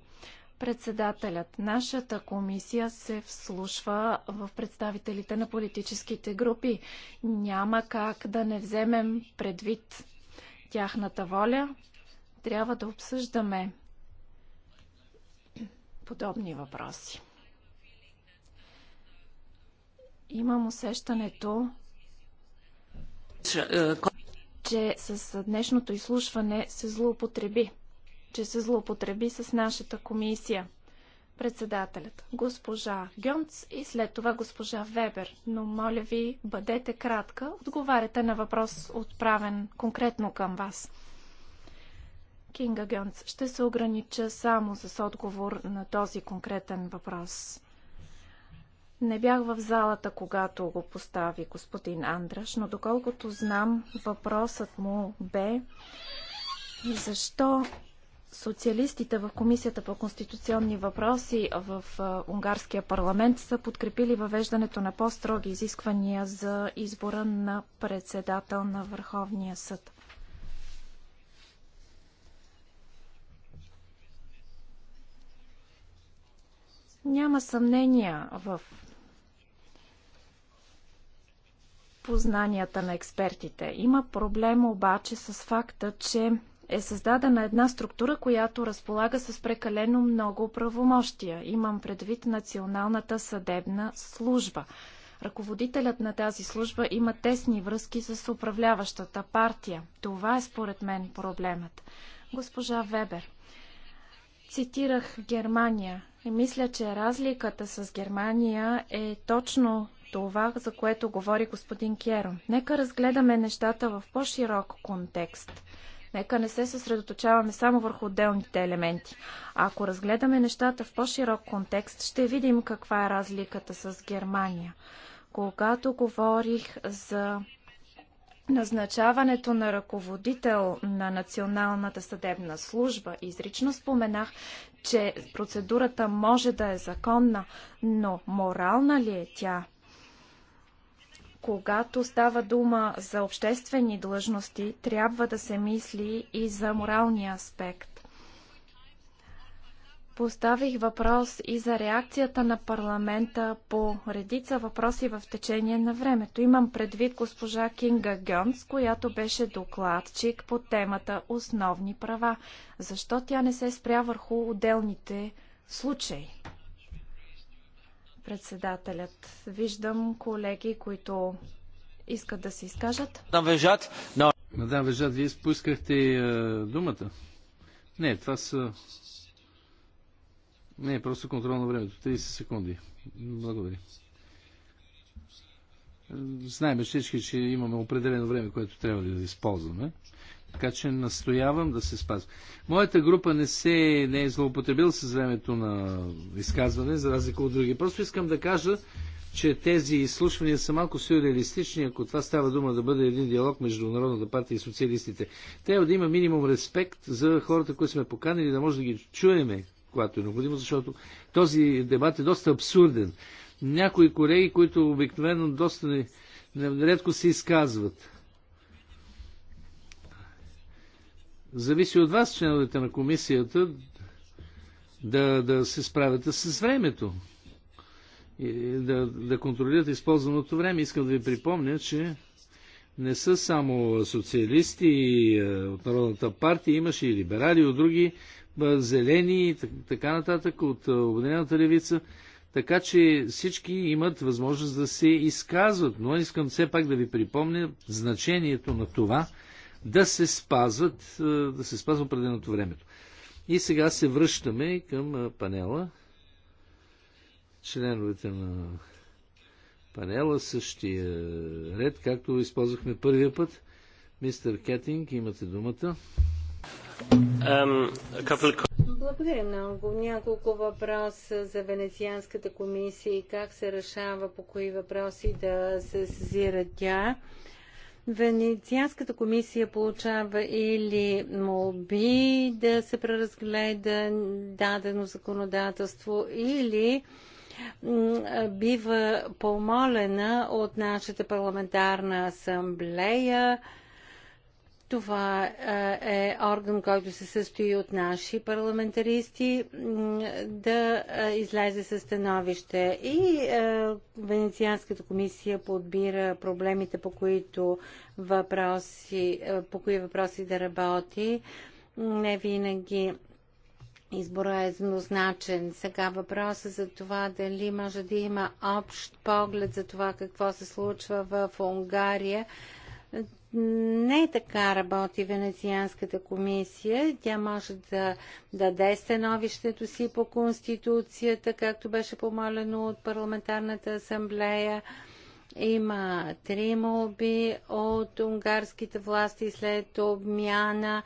Председателят, нашата комисия се вслушва в представителите на политическите групи. Няма как да не вземем предвид тяхната воля. Трябва да обсъждаме подобни въпроси. Имам усещането, е, че с днешното изслушване се злоупотреби. Че се злоупотреби с нашата комисия. Председателят, госпожа Гьонц и след това госпожа Вебер. Но моля ви, бъдете кратка, отговаряте на въпрос отправен конкретно към вас. Кинга Гьонц, ще се огранича само с отговор на този конкретен въпрос. Не бях в залата, когато го постави господин Андраш, но доколкото знам, въпросът му бе защо социалистите в Комисията по конституционни въпроси в Унгарския парламент са подкрепили въвеждането на по-строги изисквания за избора на председател на Върховния съд. Няма съмнения в познанията на експертите. Има проблем обаче с факта, че е създадена една структура, която разполага с прекалено много правомощия. Имам предвид Националната съдебна служба. Ръководителят на тази служба има тесни връзки с управляващата партия. Това е според мен проблемът. Госпожа Вебер, цитирах Германия. И мисля, че разликата с Германия е точно това, за което говори господин Керо. Нека разгледаме нещата в по-широк контекст. Нека не се съсредоточаваме само върху отделните елементи. А ако разгледаме нещата в по-широк контекст, ще видим каква е разликата с Германия. Когато говорих за назначаването на ръководител на Националната съдебна служба, изрично споменах, че процедурата може да е законна, но морална ли е тя? когато става дума за обществени длъжности, трябва да се мисли и за моралния аспект. Поставих въпрос и за реакцията на парламента по редица въпроси в течение на времето. Имам предвид госпожа Кинга Гьонс, която беше докладчик по темата Основни права. Защо тя не се спря върху отделните случаи? Председателят. Виждам колеги, които искат да се изкажат. Мадам Вежат, вие спускахте е, думата. Не, това са... Не, е просто контрол на времето. 30 секунди. Благодаря. Знаем всички, че имаме определено време, което трябва да използваме. Така че настоявам да се спазва. Моята група не, се, не е злоупотребила с времето на изказване, за разлика от други. Просто искам да кажа, че тези изслушвания са малко сюрреалистични, ако това става дума да бъде един диалог между Народната партия и социалистите. Трябва да има минимум респект за хората, които сме поканили, да може да ги чуеме, когато е необходимо, защото този дебат е доста абсурден. Някои колеги, които обикновено доста не, редко се изказват. Зависи от вас, членовете на комисията, да, да се справяте с времето и да, да контролирате използваното време. Искам да ви припомня, че не са само социалисти е, от Народната партия, имаше и либерали от други, е, зелени и така нататък от е, Обединената левица. Така че всички имат възможност да се изказват, но искам все пак да ви припомня значението на това, да се спазват, да се спазва определеното времето. И сега се връщаме към панела. Членовете на панела същия ред, както използвахме първия път. Мистер Кетинг, имате думата. Благодаря много. Няколко въпроса за Венецианската комисия и как се решава по кои въпроси да се сезира тя. Венецианската комисия получава или молби да се преразгледа дадено законодателство, или бива помолена от нашата парламентарна асамблея това е орган, който се състои от наши парламентаристи да излезе със становище. И Венецианската комисия подбира проблемите, по които въпроси, по кои въпроси да работи. Не винаги избора е еднозначен. Сега въпроса за това дали може да има общ поглед за това какво се случва в Унгария не е така работи Венецианската комисия. Тя може да даде становището си по Конституцията, както беше помолено от Парламентарната асамблея. Има три молби от унгарските власти след обмяна,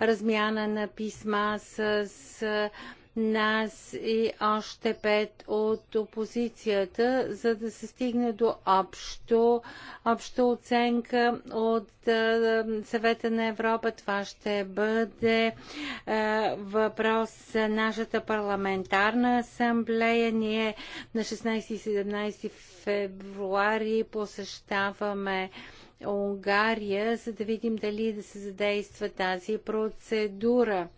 размяна на писма с нас и още пет от опозицията, за да се стигне до общо, обща оценка от съвета на Европа. Това ще бъде въпрос за нашата парламентарна асамблея. Ние на 16 и 17 февруари посещаваме Унгария, за да видим дали да се задейства тази процедура.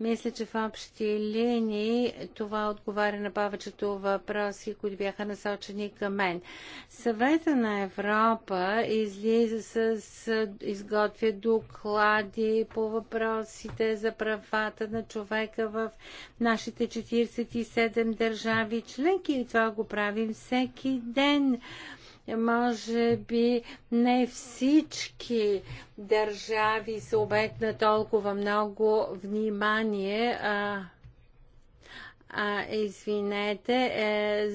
Мисля, че в общи линии това отговаря на повечето въпроси, които бяха насочени към мен. Съвета на Европа излиза с изготвя доклади по въпросите за правата на човека в нашите 47 държави членки и това го правим всеки ден може би не всички държави са обект на толкова много внимание. А, а, извинете, е, е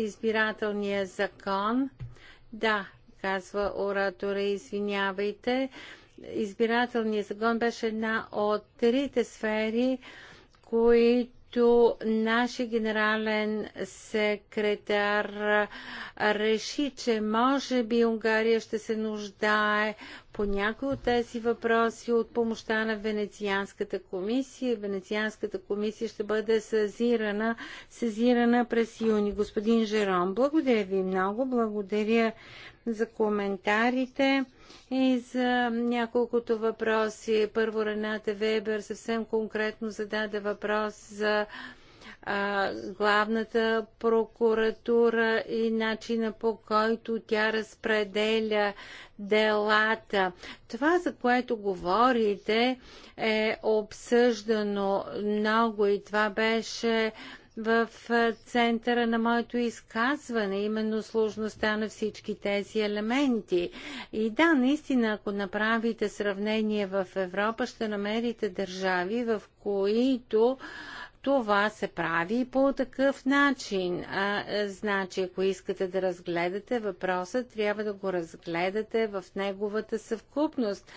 избирателния закон. Да, казва оратора, извинявайте. Избирателният закон беше една от трите сфери, които който нашия генерален секретар реши, че може би Унгария ще се нуждае по някои от тези въпроси от помощта на Венецианската комисия. Венецианската комисия ще бъде сезирана, сезирана през юни. Господин Жером, благодаря ви много. Благодаря за коментарите и за няколкото въпроси. Първо Рената Вебер съвсем конкретно зададе въпрос за а, главната прокуратура и начина по който тя разпределя делата. Това, за което говорите, е обсъждано много и това беше в центъра на моето изказване, именно сложността на всички тези елементи. И да, наистина, ако направите сравнение в Европа, ще намерите държави, в които това се прави по такъв начин. А, значи, ако искате да разгледате въпроса, трябва да го разгледате в неговата съвкупност.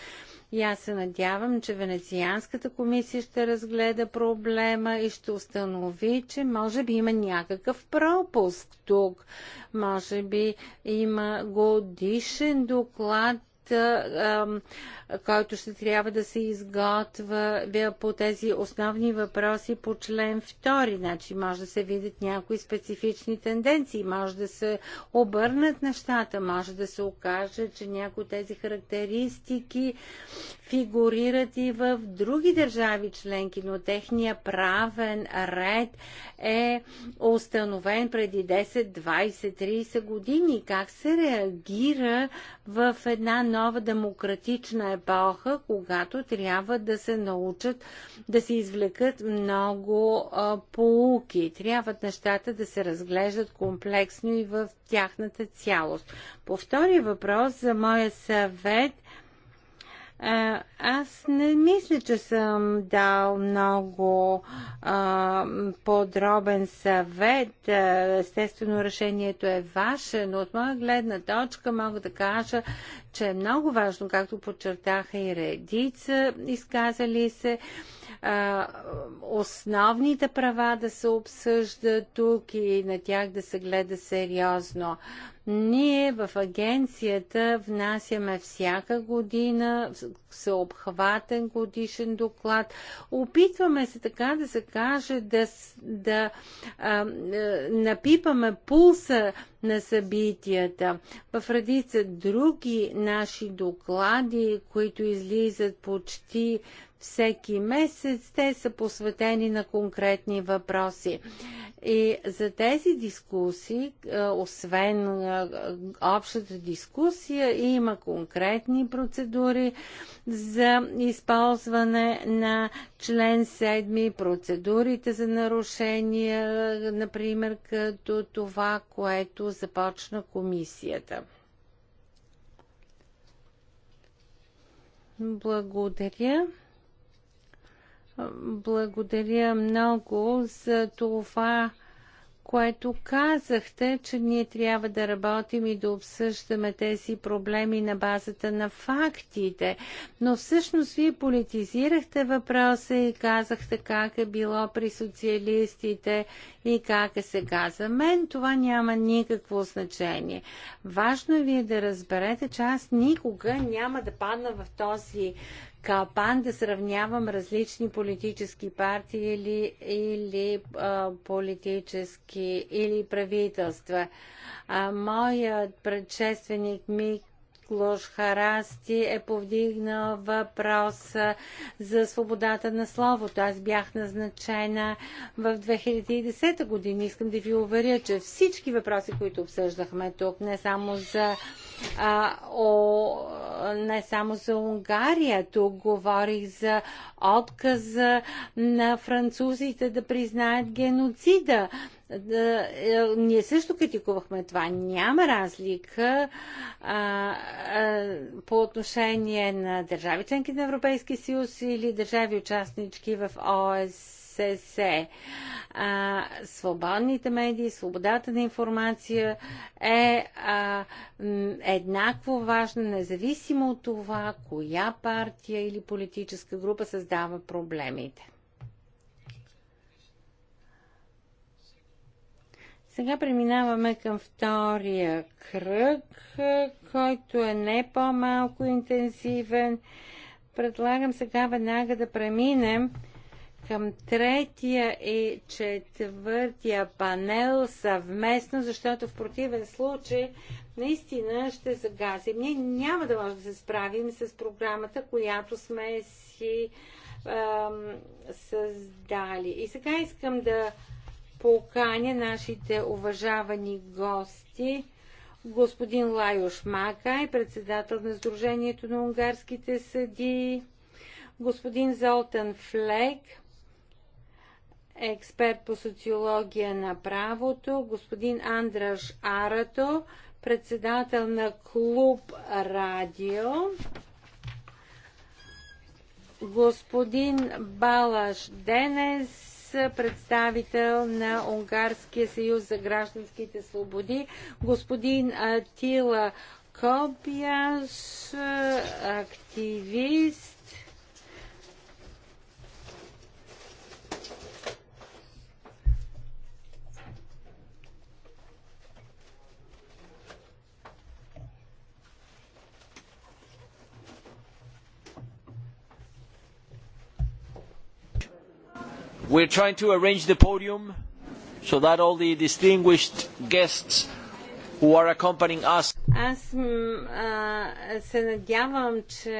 И аз се надявам, че Венецианската комисия ще разгледа проблема и ще установи, че може би има някакъв пропуск тук. Може би има годишен доклад който ще трябва да се изготвя по тези основни въпроси по член 2. Значи може да се видят някои специфични тенденции, може да се обърнат нещата, може да се окаже, че някои тези характеристики фигурират и в други държави членки, но техния правен ред е установен преди 10, 20, 30 години. Как се реагира в една нова демократична епоха, когато трябва да се научат да се извлекат много а, полуки. Трябват нещата да се разглеждат комплексно и в тяхната цялост. По втория въпрос за моя съвет аз не мисля, че съм дал много а, подробен съвет. Естествено, решението е ваше, но от моя гледна точка мога да кажа, че е много важно, както подчертаха и редица изказали се, а, основните права да се обсъждат тук и на тях да се гледа сериозно. Ние в агенцията внасяме всяка година всеобхватен годишен доклад. Опитваме се така да се каже да, да а, напипаме пулса на събитията. В редица други наши доклади, които излизат почти всеки месец. Те са посветени на конкретни въпроси. И за тези дискусии, освен общата дискусия, има конкретни процедури за използване на член 7, процедурите за нарушения, например, като това, което започна комисията. Благодаря. Благодаря много за това, което казахте, че ние трябва да работим и да обсъждаме тези проблеми на базата на фактите. Но всъщност вие политизирахте въпроса и казахте как е било при социалистите и как е сега. За мен това няма никакво значение. Важно е вие да разберете, че аз никога няма да падна в този капан да сравнявам различни политически партии или, или а, политически или правителства. А, моят предшественик Мик Клош Харасти е повдигнал въпроса за свободата на словото. Аз бях назначена в 2010 година. Искам да ви уверя, че всички въпроси, които обсъждахме тук, не само за а, о, не само за Унгария. Тук говорих за отказа на французите да признаят геноцида. Да, е, ние също критикувахме това. Няма разлика а, а, по отношение на държави членки на Европейския съюз или държави участнички в ОС е ССС. А, свободните медии, свободата на информация е а, еднакво важна, независимо от това, коя партия или политическа група създава проблемите. Сега преминаваме към втория кръг, който е не по-малко интензивен. Предлагам сега веднага да преминем към третия и четвъртия панел съвместно, защото в противен случай наистина ще загазим. Ние няма да можем да се справим с програмата, която сме си ем, създали. И сега искам да поканя нашите уважавани гости господин Лайош Макай, председател на Сдружението на унгарските съдии, господин Золтан Флек – експерт по социология на правото, господин Андраш Арато, председател на Клуб Радио, господин Балаш Денес, представител на Унгарския съюз за гражданските свободи, господин Атила Копияш, активист, We are trying to arrange the podium so that all the distinguished guests who are accompanying us. Аз а, се надявам, че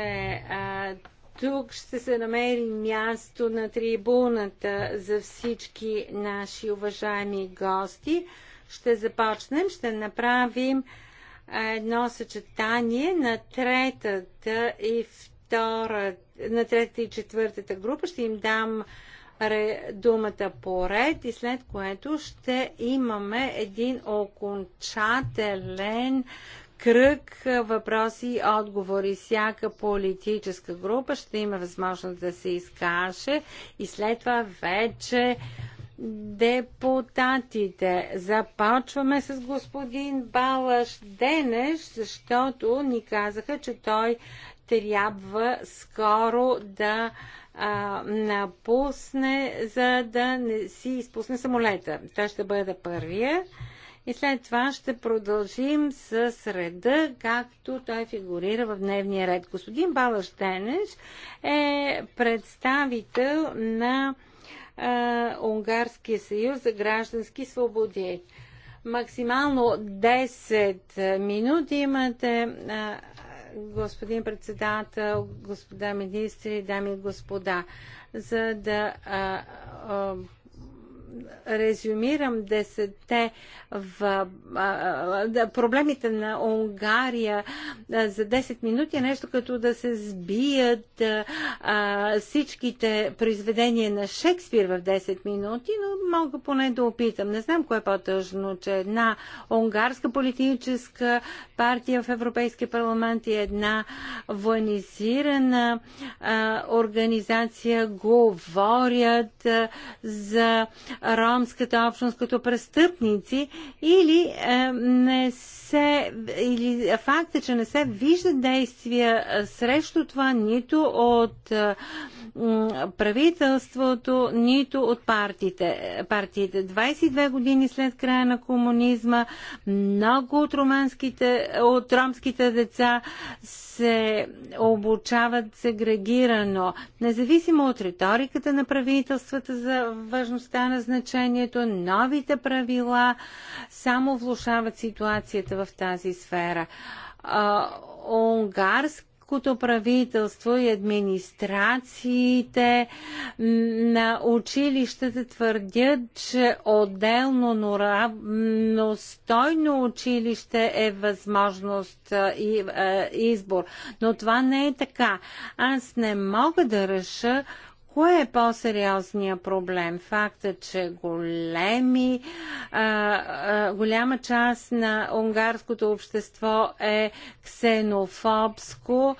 а, тук ще се намери място на трибуната за всички наши уважаеми гости. Ще започнем, ще направим едно съчетание на третата и втората, на третата и четвъртата група. Ще им дам а, думата поред и след което ще имаме един окончателен кръг въпроси и отговори. Всяка политическа група ще има възможност да се изкаже и след това вече депутатите. Започваме с господин Балаш Денеш, защото ни казаха, че той трябва скоро да а, напусне, за да не си изпусне самолета. Той ще бъде първия. И след това ще продължим с реда, както той фигурира в дневния ред. Господин Балаш Денеш е представител на а, Унгарския съюз за граждански свободи. Максимално 10 минути имате. А, господин председател, господа министри, дами и господа. За да а, а, резюмирам 10 в, а, да, проблемите на Унгария а, за 10 минути е нещо като да се сбият а, всичките произведения на Шекспир в 10 минути, но мога поне да опитам. Не знам кое е по-тъжно, че една унгарска политическа партия в Европейския парламент и една военизирана а, организация говорят а, за ромската общност като престъпници или, е, не се, или факта, че не се вижда действия е, срещу това нито от е, правителството, нито от партиите. партиите. 22 години след края на комунизма много от, от ромските деца се обучават сегрегирано, независимо от риториката на правителствата за важността на значението, новите правила само влушават ситуацията в тази сфера. А, унгарски турското правителство и администрациите на училищата твърдят, че отделно, но равностойно училище е възможност и избор. Но това не е така. Аз не мога да реша Кое е по-сериозният проблем? Факта, че големи, а, а, голяма част на унгарското общество е ксенофобско,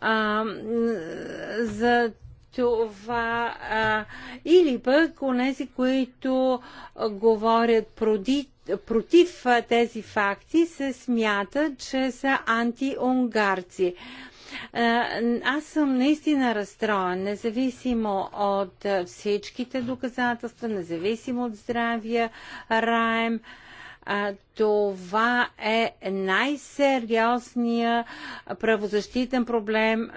а, за това а, или пък онези, които говорят проди, против тези факти, се смятат, че са антиунгарци. унгарци аз съм наистина разстроен, независимо от всичките доказателства, независимо от здравия раем. А, това е най-сериозният правозащитен проблем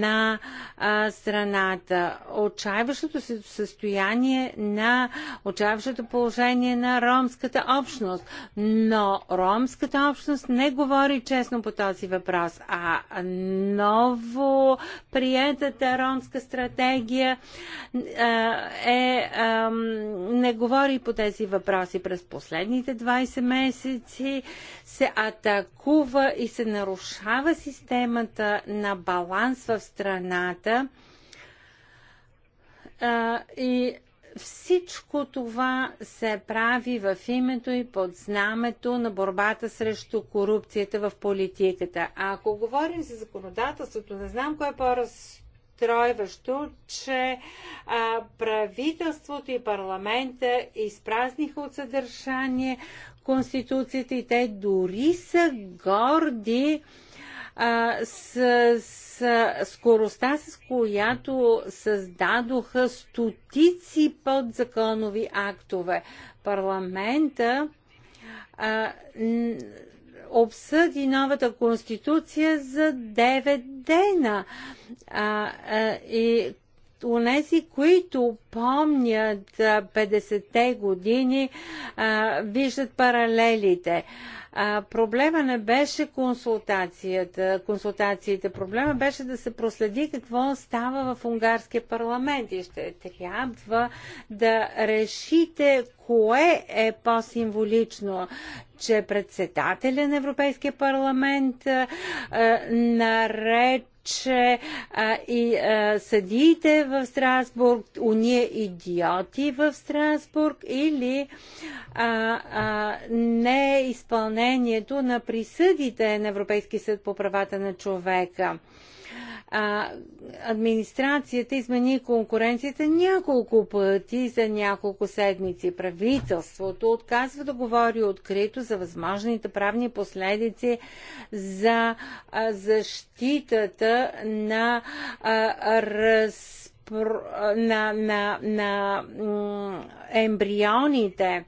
на а, страната. Отчаиващото се състояние на отчаиващото положение на ромската общност. Но ромската общност не говори честно по този въпрос, а ново приятата ромска стратегия а, е, а, не говори по тези въпроси през последните 20 12 месеци се атакува и се нарушава системата на баланс в страната. И всичко това се прави в името и под знамето на борбата срещу корупцията в политиката. А ако говорим за законодателството, не знам кое е по-раз разстройващо, че а, правителството и парламента изпразниха от съдържание Конституцията и те дори са горди а, с, с скоростта, с която създадоха стотици подзаконови актове. Парламента а, обсъди новата конституция за 9 дена. А, а, и Онези, които помнят 50-те години, а, виждат паралелите. А, проблема не беше консултацията, консултациите. Проблема беше да се проследи какво става в унгарския парламент и ще трябва да решите кое е по-символично че председателя на Европейския парламент а, наред че а, и а, съдиите в Страсбург, уния идиоти в Страсбург или а, а, не изпълнението на присъдите на Европейски съд по правата на човека а, администрацията измени конкуренцията няколко пъти за няколко седмици. Правителството отказва да говори открито за възможните правни последици за а, защитата на а, раз на, на, на ембрионите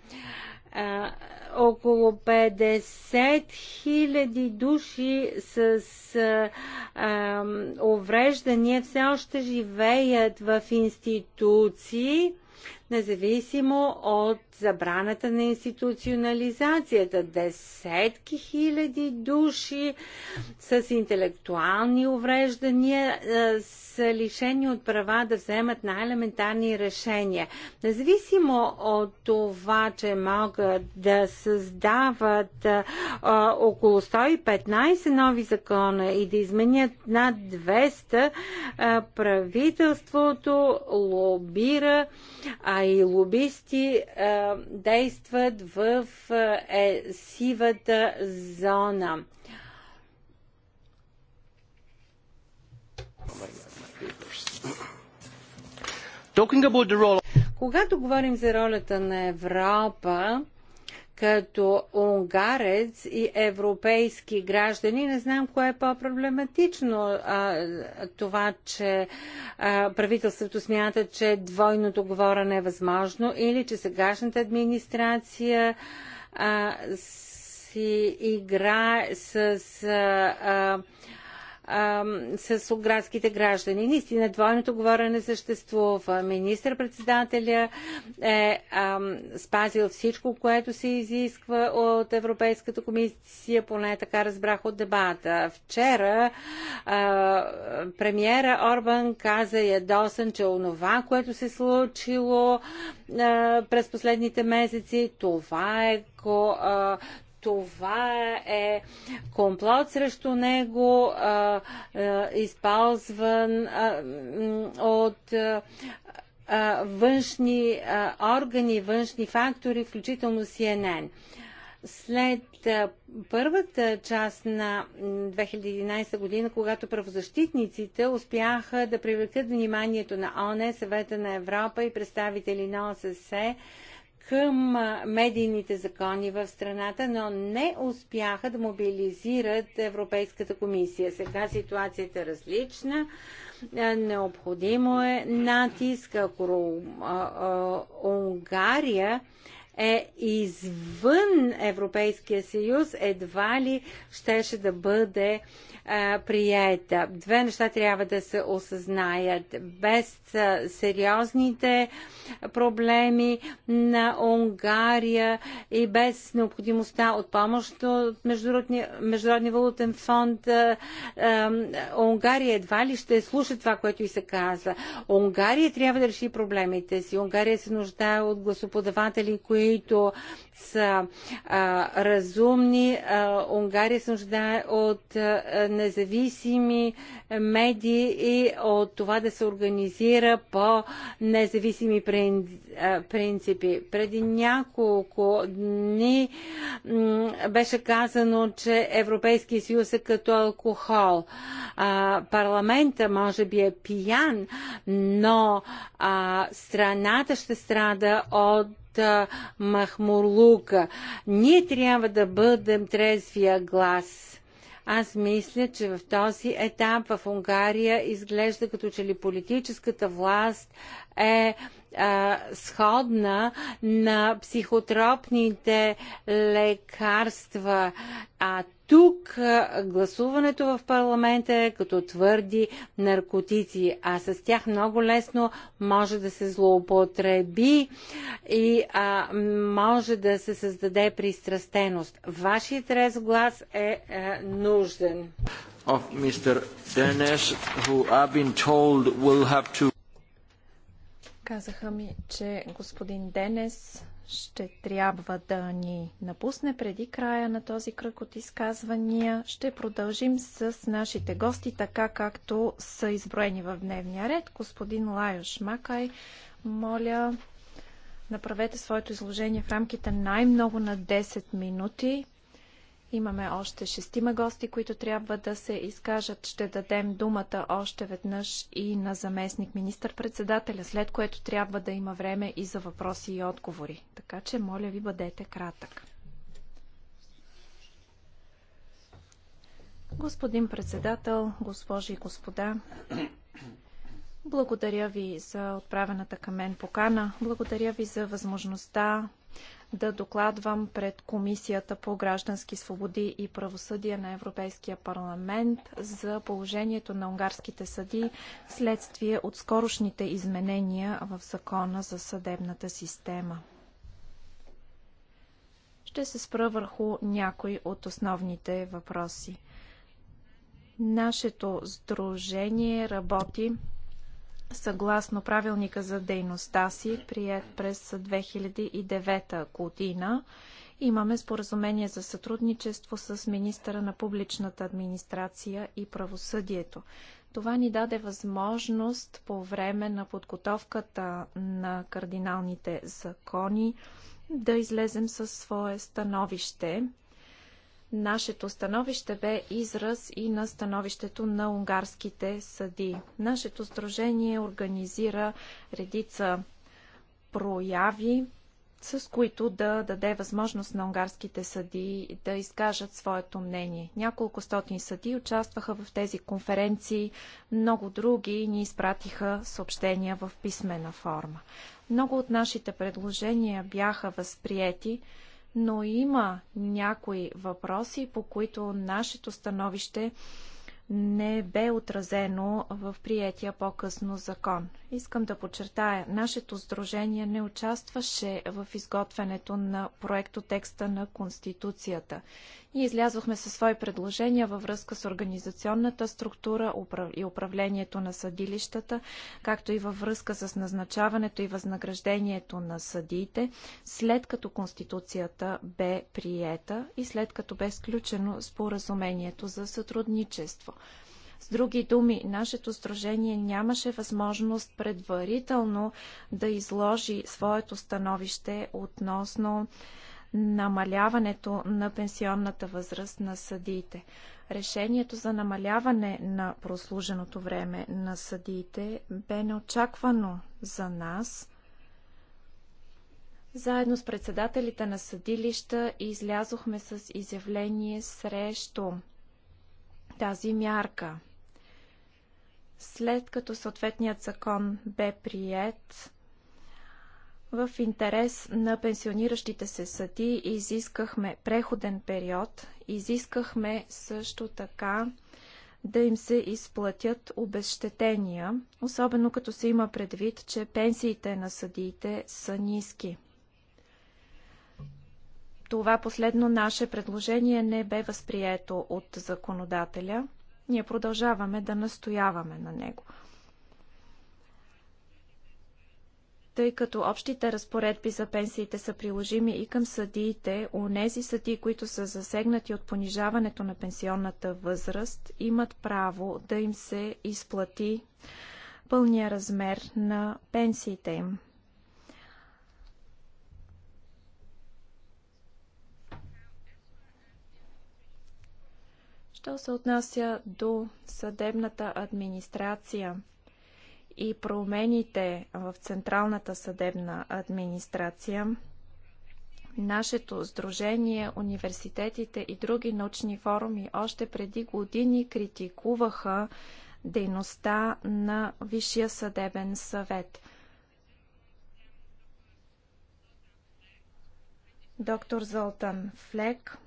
около 50 000 души с а, а, увреждания все още живеят в институции, независимо от забраната на институционализацията. Десетки хиляди души с интелектуални увреждания е, са лишени от права да вземат най-елементарни решения. Независимо от това, че могат да създават а, е, около 115 нови закона и да изменят над 200, а, е, правителството лобира а, и лобисти а, действат в а, е, сивата зона. Когато говорим за ролята на Европа, като унгарец и европейски граждани, не знам кое е по-проблематично. това, че а, правителството смята, че двойното говорене е възможно или че сегашната администрация а, си игра с. А, а, с градските граждани. Наистина двойното говорене съществува. Министр-председателя е а, спазил всичко, което се изисква от Европейската комисия, поне така разбрах от дебата. Вчера а, премиера Орбан каза ядосен, че онова, което се случило а, през последните месеци, това е, това е комплот срещу него, а, а, използван а, от външни органи, външни фактори, включително CNN. След първата част на 2011 година, когато правозащитниците успяха да привлекат вниманието на ОНЕ, Съвета на Европа и представители на ОССЕ, към медийните закони в страната, но не успяха да мобилизират Европейската комисия. Сега ситуацията е различна. Необходимо е натиск, ако Унгария е извън Европейския съюз, едва ли щеше да бъде приета. Две неща трябва да се осъзнаят. Без сериозните проблеми на Унгария и без необходимостта от помощ от Международния, Международния валутен фонд, Унгария едва ли ще слуша това, което и се каза. Унгария трябва да реши проблемите си. Унгария се нуждае от гласоподаватели, които са а, разумни. А, Унгария се нуждае от а, независими медии и от това да се организира по независими принципи. Преди няколко дни беше казано, че Европейския съюз е като алкохол. парламента може би е пиян, но страната ще страда от Махмурлука. Ние трябва да бъдем трезвия глас аз мисля, че в този етап в Унгария изглежда като че ли политическата власт е а, сходна на психотропните лекарства, а тук гласуването в парламента е като твърди наркотици, а с тях много лесно може да се злоупотреби и а, може да се създаде пристрастеност. Вашият разглас е е нужден. Of Mr. Dennis, who I've been told will have to... Казаха ми, че господин Денес ще трябва да ни напусне преди края на този кръг от изказвания. Ще продължим с нашите гости, така както са изброени в дневния ред. Господин Лайош Макай, моля, направете своето изложение в рамките най-много на 10 минути. Имаме още шестима гости, които трябва да се изкажат. Ще дадем думата още веднъж и на заместник министър-председателя, след което трябва да има време и за въпроси и отговори. Така че, моля ви, бъдете кратък. Господин председател, госпожи и господа, благодаря ви за отправената към мен покана. Благодаря ви за възможността да докладвам пред Комисията по граждански свободи и правосъдие на Европейския парламент за положението на унгарските съди следствие от скорошните изменения в закона за съдебната система. Ще се спра върху някои от основните въпроси. Нашето сдружение работи съгласно правилника за дейността си, прият през 2009 година. Имаме споразумение за сътрудничество с министъра на публичната администрация и правосъдието. Това ни даде възможност по време на подготовката на кардиналните закони да излезем със свое становище Нашето становище бе израз и на становището на унгарските съди. Нашето сдружение организира редица прояви, с които да даде възможност на унгарските съди да изкажат своето мнение. Няколко стотин съди участваха в тези конференции, много други ни изпратиха съобщения в писмена форма. Много от нашите предложения бяха възприети, но има някои въпроси, по които нашето становище не бе отразено в приятия по-късно закон. Искам да подчертая, нашето сдружение не участваше в изготвянето на проекто текста на Конституцията и излязохме със свои предложения във връзка с организационната структура и управлението на съдилищата, както и във връзка с назначаването и възнаграждението на съдиите, след като Конституцията бе приета и след като бе сключено споразумението за сътрудничество. С други думи, нашето сдружение нямаше възможност предварително да изложи своето становище относно намаляването на пенсионната възраст на съдиите. Решението за намаляване на прослуженото време на съдиите бе неочаквано за нас. Заедно с председателите на съдилища излязохме с изявление срещу тази мярка. След като съответният закон бе прият, в интерес на пенсиониращите се съди изискахме преходен период, изискахме също така да им се изплатят обещетения, особено като се има предвид, че пенсиите на съдиите са ниски. Това последно наше предложение не бе възприето от законодателя. Ние продължаваме да настояваме на него. тъй като общите разпоредби за пенсиите са приложими и към съдиите, нези съдии, които са засегнати от понижаването на пенсионната възраст, имат право да им се изплати пълния размер на пенсиите им. Що се отнася до съдебната администрация – и промените в Централната съдебна администрация, нашето сдружение, университетите и други научни форуми още преди години критикуваха дейността на Висшия съдебен съвет. Доктор Золтан Флек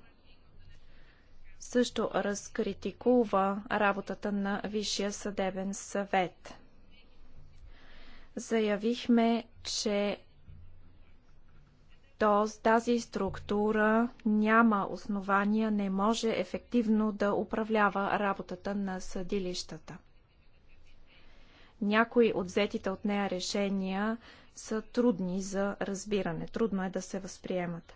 също разкритикува работата на Висшия съдебен съвет заявихме, че то тази структура няма основания, не може ефективно да управлява работата на съдилищата. Някои от взетите от нея решения са трудни за разбиране. Трудно е да се възприемат.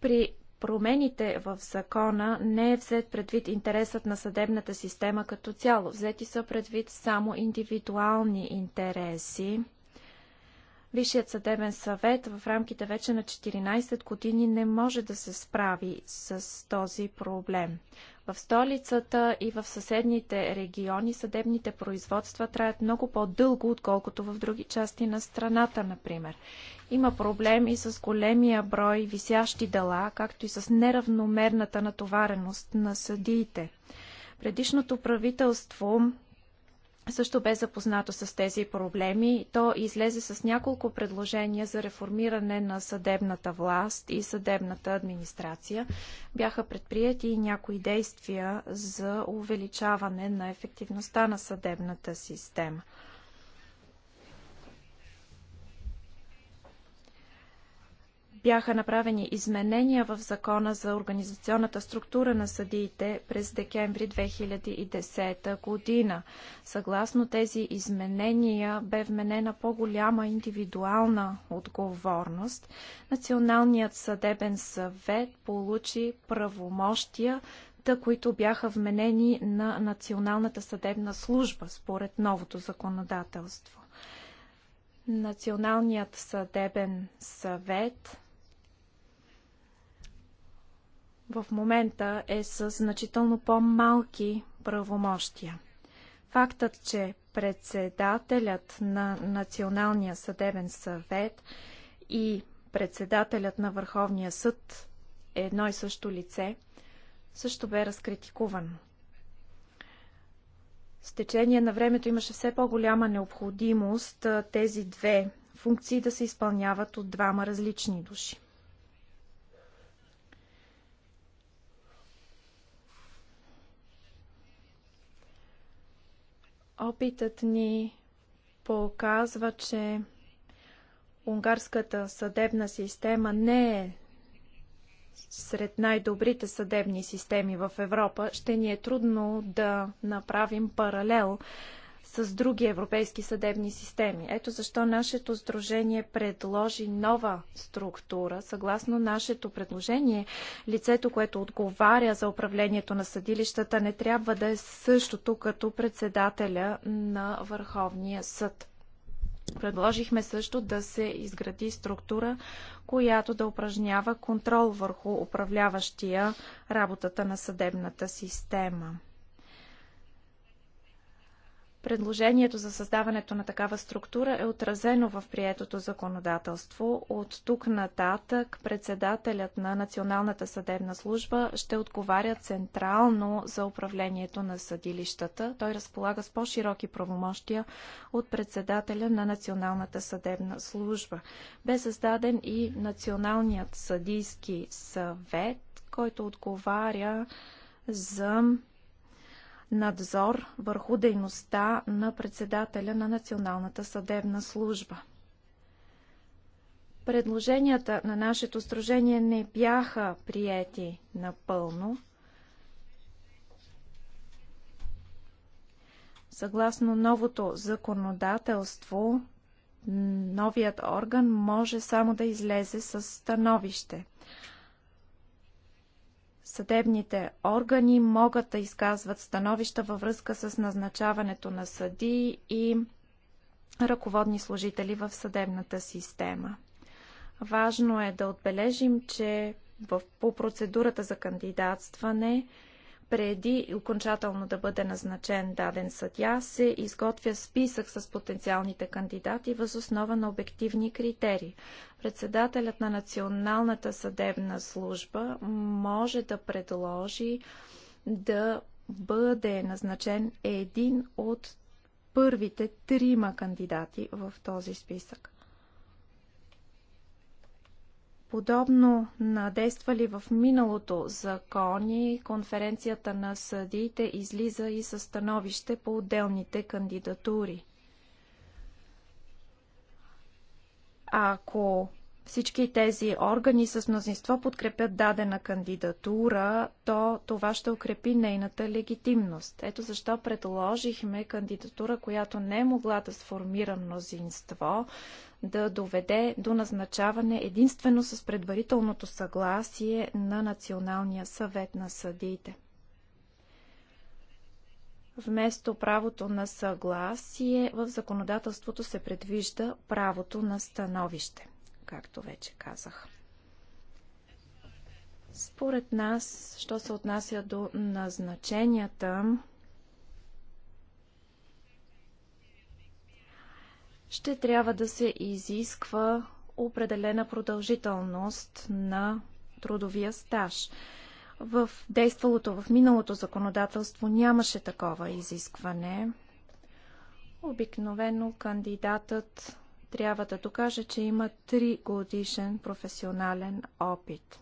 При промените в закона не е взет предвид интересът на съдебната система като цяло. Взети са предвид само индивидуални интереси. Висшият съдебен съвет в рамките вече на 14 години не може да се справи с този проблем. В столицата и в съседните региони съдебните производства траят много по-дълго, отколкото в други части на страната, например. Има проблеми с големия брой висящи дела, както и с неравномерната натовареност на съдиите. Предишното правителство също бе запознато с тези проблеми. То излезе с няколко предложения за реформиране на съдебната власт и съдебната администрация. Бяха предприяти и някои действия за увеличаване на ефективността на съдебната система. бяха направени изменения в закона за организационната структура на съдиите през декември 2010 година. Съгласно тези изменения бе вменена по-голяма индивидуална отговорност. Националният съдебен съвет получи правомощия, които бяха вменени на Националната съдебна служба според новото законодателство. Националният съдебен съвет в момента е с значително по-малки правомощия. Фактът, че председателят на Националния съдебен съвет и председателят на Върховния съд е едно и също лице, също бе разкритикуван. С течение на времето имаше все по-голяма необходимост тези две функции да се изпълняват от двама различни души. Опитът ни показва, че унгарската съдебна система не е сред най-добрите съдебни системи в Европа. Ще ни е трудно да направим паралел с други европейски съдебни системи. Ето защо нашето сдружение предложи нова структура. Съгласно нашето предложение, лицето, което отговаря за управлението на съдилищата, не трябва да е същото като председателя на Върховния съд. Предложихме също да се изгради структура, която да упражнява контрол върху управляващия работата на съдебната система. Предложението за създаването на такава структура е отразено в приетото законодателство. От тук нататък председателят на Националната съдебна служба ще отговаря централно за управлението на съдилищата. Той разполага с по-широки правомощия от председателя на Националната съдебна служба. Бе създаден и Националният съдийски съвет, който отговаря за надзор върху дейността на председателя на Националната съдебна служба. Предложенията на нашето сдружение не бяха приети напълно. Съгласно новото законодателство, новият орган може само да излезе с становище съдебните органи могат да изказват становища във връзка с назначаването на съди и ръководни служители в съдебната система. Важно е да отбележим, че в, по процедурата за кандидатстване преди окончателно да бъде назначен даден съдя, се изготвя списък с потенциалните кандидати въз основа на обективни критерии. Председателят на Националната съдебна служба може да предложи да бъде назначен един от първите трима кандидати в този списък. Подобно на действали в миналото закони, конференцията на съдиите излиза и със становище по отделните кандидатури. Ако всички тези органи с мнозинство подкрепят дадена кандидатура, то това ще укрепи нейната легитимност. Ето защо предложихме кандидатура, която не е могла да сформира мнозинство, да доведе до назначаване единствено с предварителното съгласие на Националния съвет на съдиите. Вместо правото на съгласие в законодателството се предвижда правото на становище, както вече казах. Според нас, що се отнася до назначенията, ще трябва да се изисква определена продължителност на трудовия стаж. В действалото в миналото законодателство нямаше такова изискване. Обикновено кандидатът трябва да докаже, че има 3 годишен професионален опит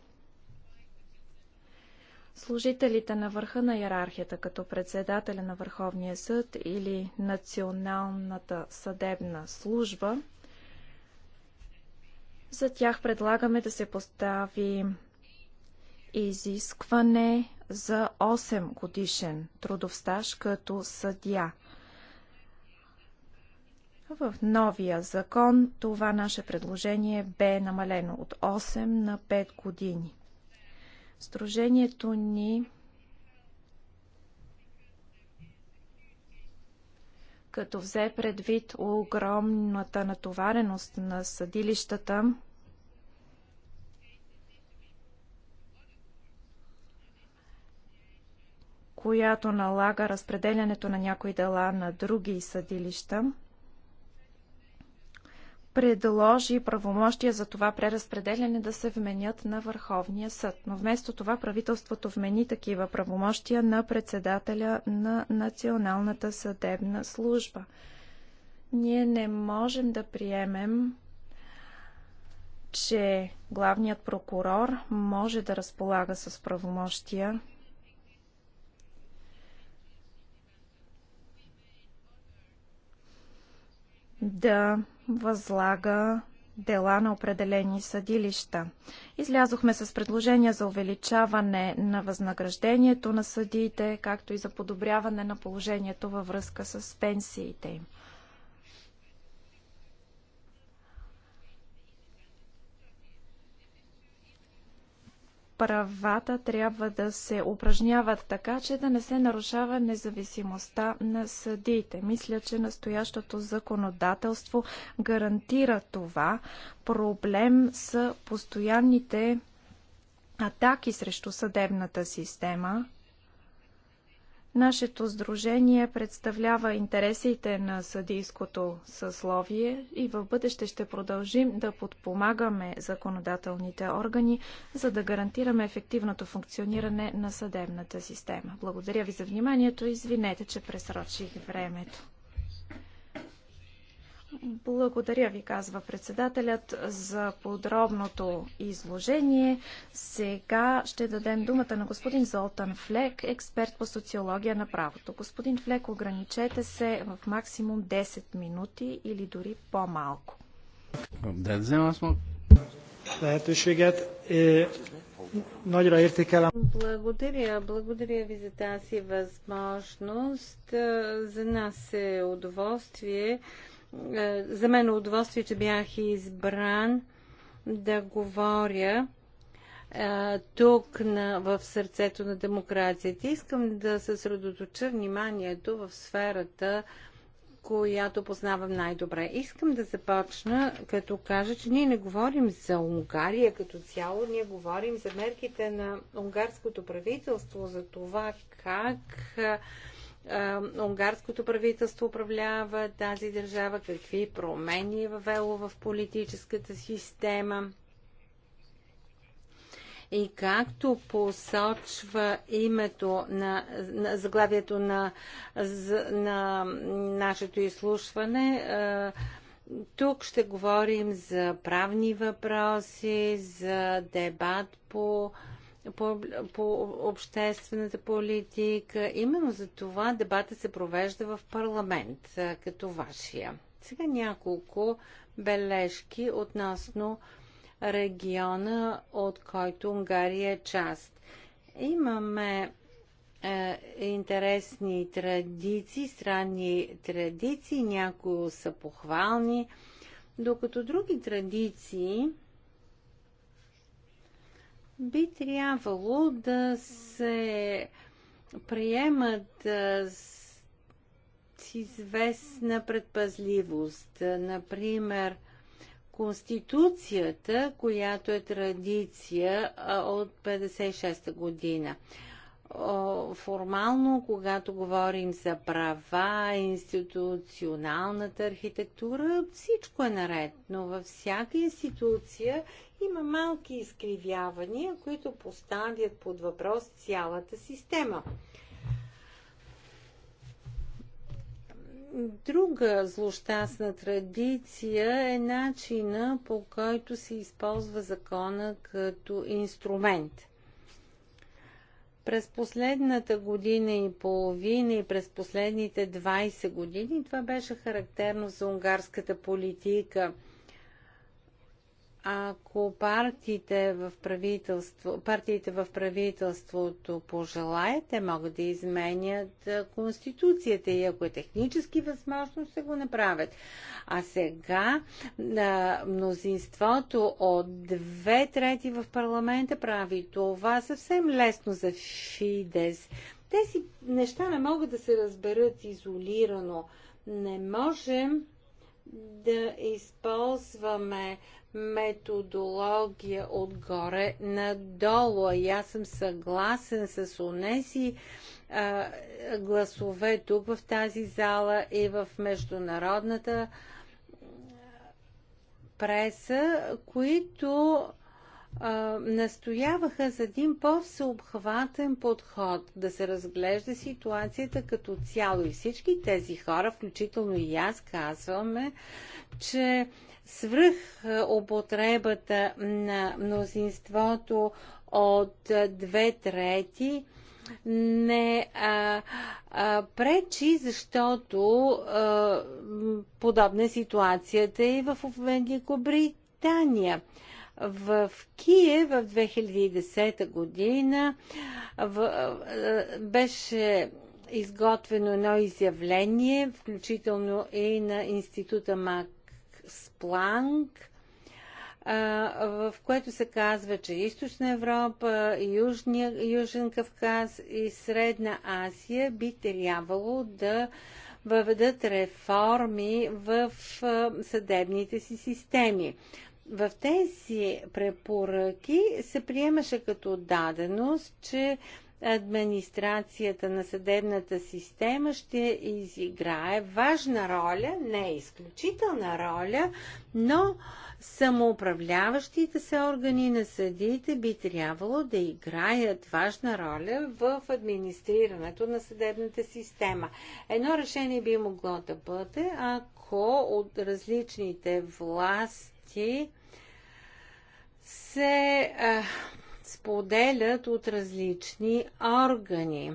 служителите на върха на иерархията, като председателя на Върховния съд или Националната съдебна служба, за тях предлагаме да се постави изискване за 8 годишен трудов стаж като съдия. В новия закон това наше предложение бе намалено от 8 на 5 години. Сдружението ни като взе предвид огромната натовареност на съдилищата, която налага разпределянето на някои дела на други съдилища, предложи правомощия за това преразпределяне да се вменят на Върховния съд. Но вместо това правителството вмени такива правомощия на председателя на Националната съдебна служба. Ние не можем да приемем, че главният прокурор може да разполага с правомощия да възлага дела на определени съдилища. Излязохме с предложения за увеличаване на възнаграждението на съдиите, както и за подобряване на положението във връзка с пенсиите им. правата трябва да се упражняват така, че да не се нарушава независимостта на съдиите. Мисля, че настоящото законодателство гарантира това. Проблем са постоянните атаки срещу съдебната система, Нашето сдружение представлява интересите на съдийското съсловие и в бъдеще ще продължим да подпомагаме законодателните органи, за да гарантираме ефективното функциониране на съдебната система. Благодаря ви за вниманието и извинете, че пресрочих времето. Благодаря ви, казва председателят, за подробното изложение. Сега ще дадем думата на господин Золтан Флек, експерт по социология на правото. Господин Флек, ограничете се в максимум 10 минути или дори по-малко. Е, благодаря, благодаря ви за тази възможност. Е, за нас е удоволствие е, за мен е удоволствие, че бях избран да говоря е, тук на, в сърцето на демокрацията. Искам да съсредоточа вниманието в сферата, която познавам най-добре. Искам да започна като кажа, че ние не говорим за Унгария като цяло, ние говорим за мерките на унгарското правителство, за това как е, унгарското правителство управлява тази държава, какви промени е въвело в политическата система. И както посочва името на, на заглавието на, на нашето изслушване, тук ще говорим за правни въпроси, за дебат по а, по, по обществената политика. Именно за това дебата се провежда в парламент, като вашия. Сега няколко бележки относно региона, от който Унгария е част. Имаме е, интересни традиции, странни традиции, някои са похвални, докато други традиции би трябвало да се приемат с известна предпазливост. Например, Конституцията, която е традиция от 56-та година. Формално, когато говорим за права, институционалната архитектура, всичко е наред, но във всяка институция има малки изкривявания, които поставят под въпрос цялата система. Друга злощастна традиция е начина по който се използва закона като инструмент – през последната година и половина и през последните 20 години това беше характерно за унгарската политика ако партиите в, правителство, партиите в правителството пожелаят, те могат да изменят конституцията и ако е технически възможно, ще го направят. А сега мнозинството от две трети в парламента прави това съвсем лесно за Фидес. Тези неща не могат да се разберат изолирано. Не можем да използваме методология отгоре надолу. И аз съм съгласен с унеси а, гласове тук в тази зала и в международната преса, които а, настояваха за един по-всеобхватен подход, да се разглежда ситуацията като цяло. И всички тези хора, включително и аз, казваме, че свръх употребата на мнозинството от две трети не а, а, пречи, защото а, подобна е ситуацията е и в Великобритания. В Киев в 2010 година в, беше изготвено едно изявление, включително и на института Макс Планк, в което се казва, че Източна Европа, Южния, Южен Кавказ и Средна Азия би трябвало да въведат реформи в съдебните си системи в тези препоръки се приемаше като даденост, че администрацията на съдебната система ще изиграе важна роля, не изключителна роля, но самоуправляващите се органи на съдиите би трябвало да играят важна роля в администрирането на съдебната система. Едно решение би могло да бъде, ако от различните власти ценности се е, споделят от различни органи.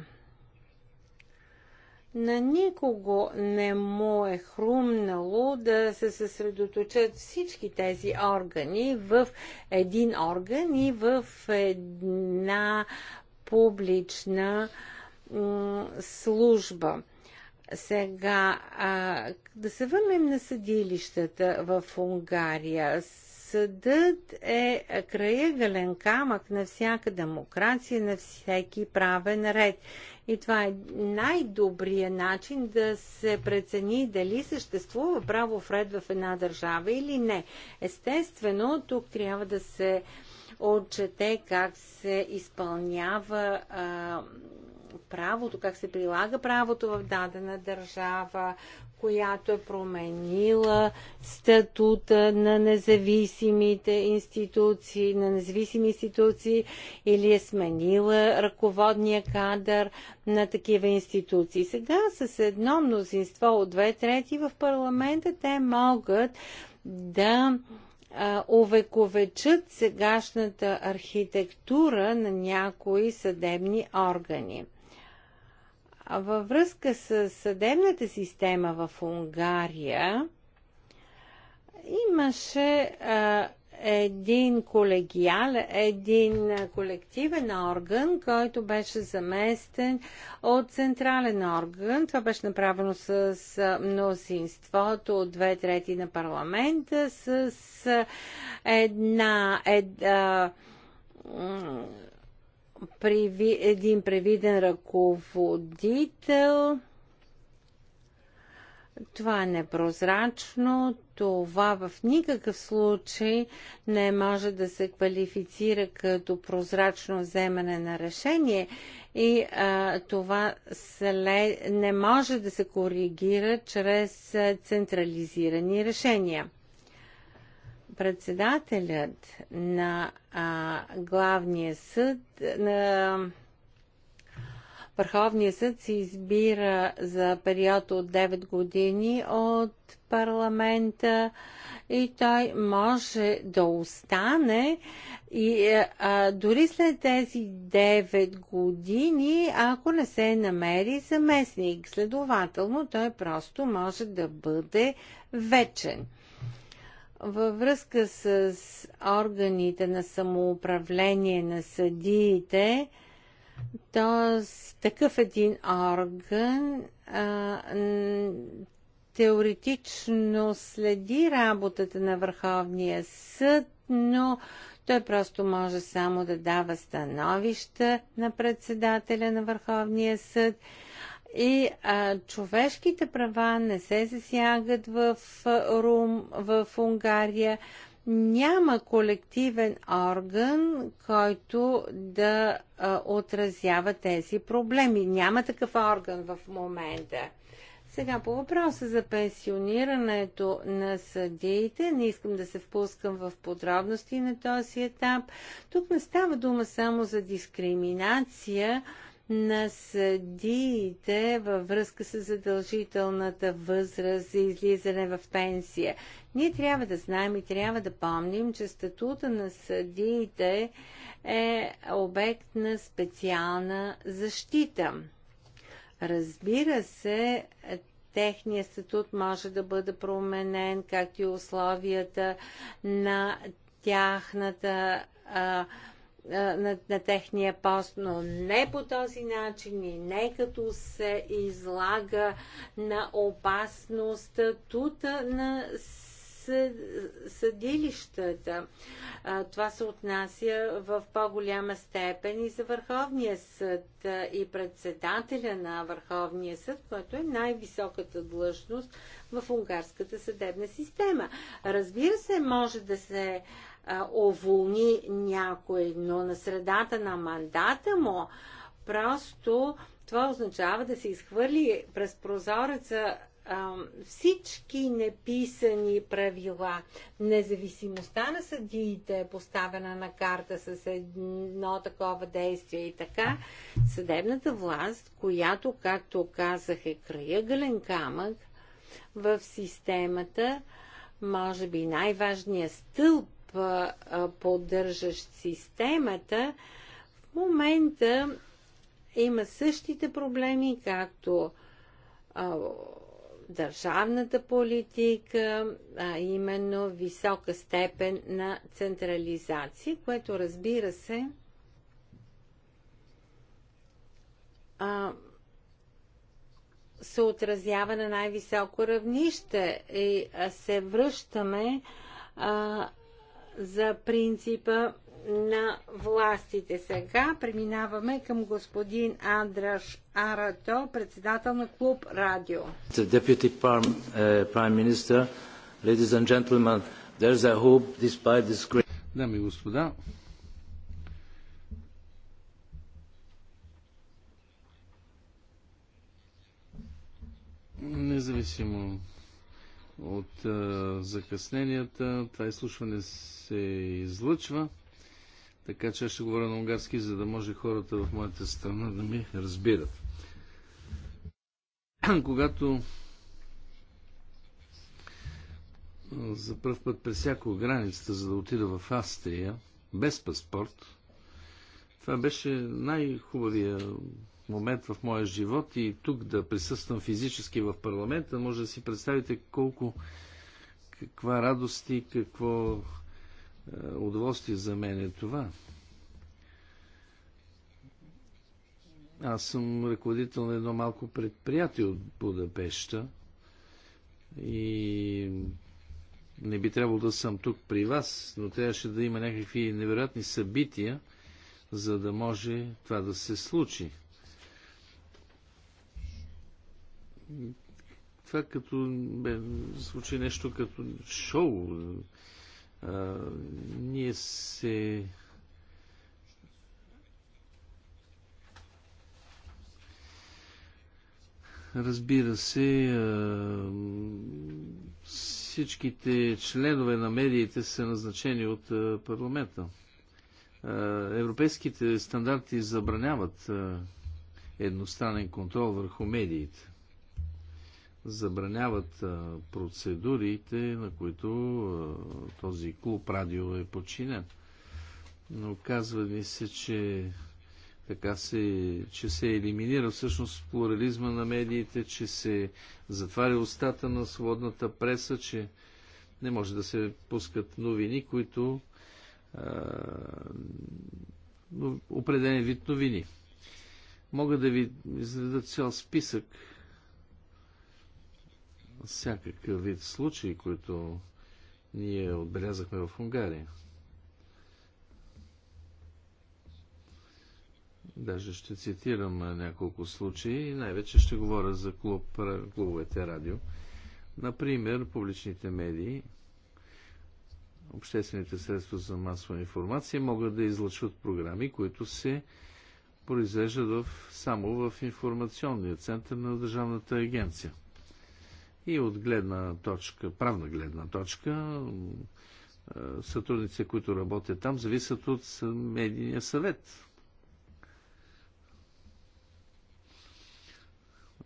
На никого не му е хрумнало да се съсредоточат всички тези органи в един орган и в една публична служба. Сега, а, да се върнем на съдилищата в Унгария. Съдът е краегален камък на всяка демокрация, на всеки правен ред. И това е най-добрият начин да се прецени дали съществува право в ред в една държава или не. Естествено, тук трябва да се отчете как се изпълнява а, правото, как се прилага правото в дадена държава, която е променила статута на независимите институции, на независими институции или е сменила ръководния кадър на такива институции. Сега с едно мнозинство от две трети в парламента те могат да увековечат сегашната архитектура на някои съдебни органи. Във връзка с съдебната система в Унгария имаше а, един колегиал, един колективен орган, който беше заместен от централен орган. Това беше направено с мнозинството от две трети на парламента, с една ед, а, един превиден ръководител. Това е непрозрачно, това в никакъв случай не може да се квалифицира като прозрачно вземане на решение и а, това след, не може да се коригира чрез централизирани решения председателят на а, главния съд, на Върховния съд се избира за период от 9 години от парламента и той може да остане и е, а, дори след тези 9 години, ако не се намери заместник. Следователно, той просто може да бъде вечен. Във връзка с органите на самоуправление на съдиите, т.е. такъв един орган а, теоретично следи работата на Върховния съд, но той просто може само да дава становища на председателя на Върховния съд и а, човешките права не се засягат в, Рум, в Унгария. Няма колективен орган, който да а, отразява тези проблеми. Няма такъв орган в момента. Сега по въпроса за пенсионирането на съдиите, не искам да се впускам в подробности на този етап. Тук не става дума само за дискриминация, на съдиите във връзка с задължителната възраст за излизане в пенсия. Ние трябва да знаем и трябва да помним, че статута на съдиите е обект на специална защита. Разбира се, техният статут може да бъде променен, както и условията на тяхната а, на, на техния пост, но не по този начин и не като се излага на опасност тут на съдилищата. Това се отнася в по-голяма степен и за Върховния съд и председателя на Върховния съд, който е най-високата длъжност в унгарската съдебна система. Разбира се, може да се оволни някой, но на средата на мандата му просто това означава да се изхвърли през прозореца всички неписани правила. Независимостта на съдиите е поставена на карта с едно такова действие и така. Съдебната власт, която, както казах, е краягален камък в системата, може би най-важният стълб поддържащ системата, в момента има същите проблеми, както а, държавната политика, а именно висока степен на централизация, което разбира се а, се отразява на най-високо равнище и се връщаме а, за принципа на властите. Сега преминаваме към господин Андраш Арато, председател на Клуб Радио. Deputy uh, Prime Minister, ladies and gentlemen, there's a hope despite this great... Дами и господа, независимо от а, закъсненията. Това изслушване се излъчва, така че аз ще говоря на унгарски, за да може хората в моята страна да ми разбират. Когато за първ път пресяко границата, за да отида в Австрия, без паспорт, това беше най-хубавия момент в моя живот и тук да присъствам физически в парламента, може да си представите колко, каква радост и какво е, удоволствие за мен е това. Аз съм ръководител на едно малко предприятие от Будапешта и не би трябвало да съм тук при вас, но трябваше да има някакви невероятни събития, за да може това да се случи. това като бе, звучи нещо като шоу. А, ние се Разбира се, а, всичките членове на медиите са назначени от а, парламента. А, европейските стандарти забраняват едностранен контрол върху медиите забраняват процедурите, на които този клуб радио е подчинен. Но казва ни се, че така се, че се елиминира всъщност плурализма на медиите, че се затваря устата на свободната преса, че не може да се пускат новини, които а, определен вид новини. Мога да ви изведа цял списък всякакъв вид случаи, които ние отбелязахме в Унгария. Даже ще цитирам няколко случаи и най-вече ще говоря за клуб, клубовете радио. Например, публичните медии, обществените средства за масова информация могат да излъчват програми, които се произвеждат в, само в информационния център на Държавната агенция – и от гледна точка, правна гледна точка, сътрудници, които работят там, зависят от медийния съвет.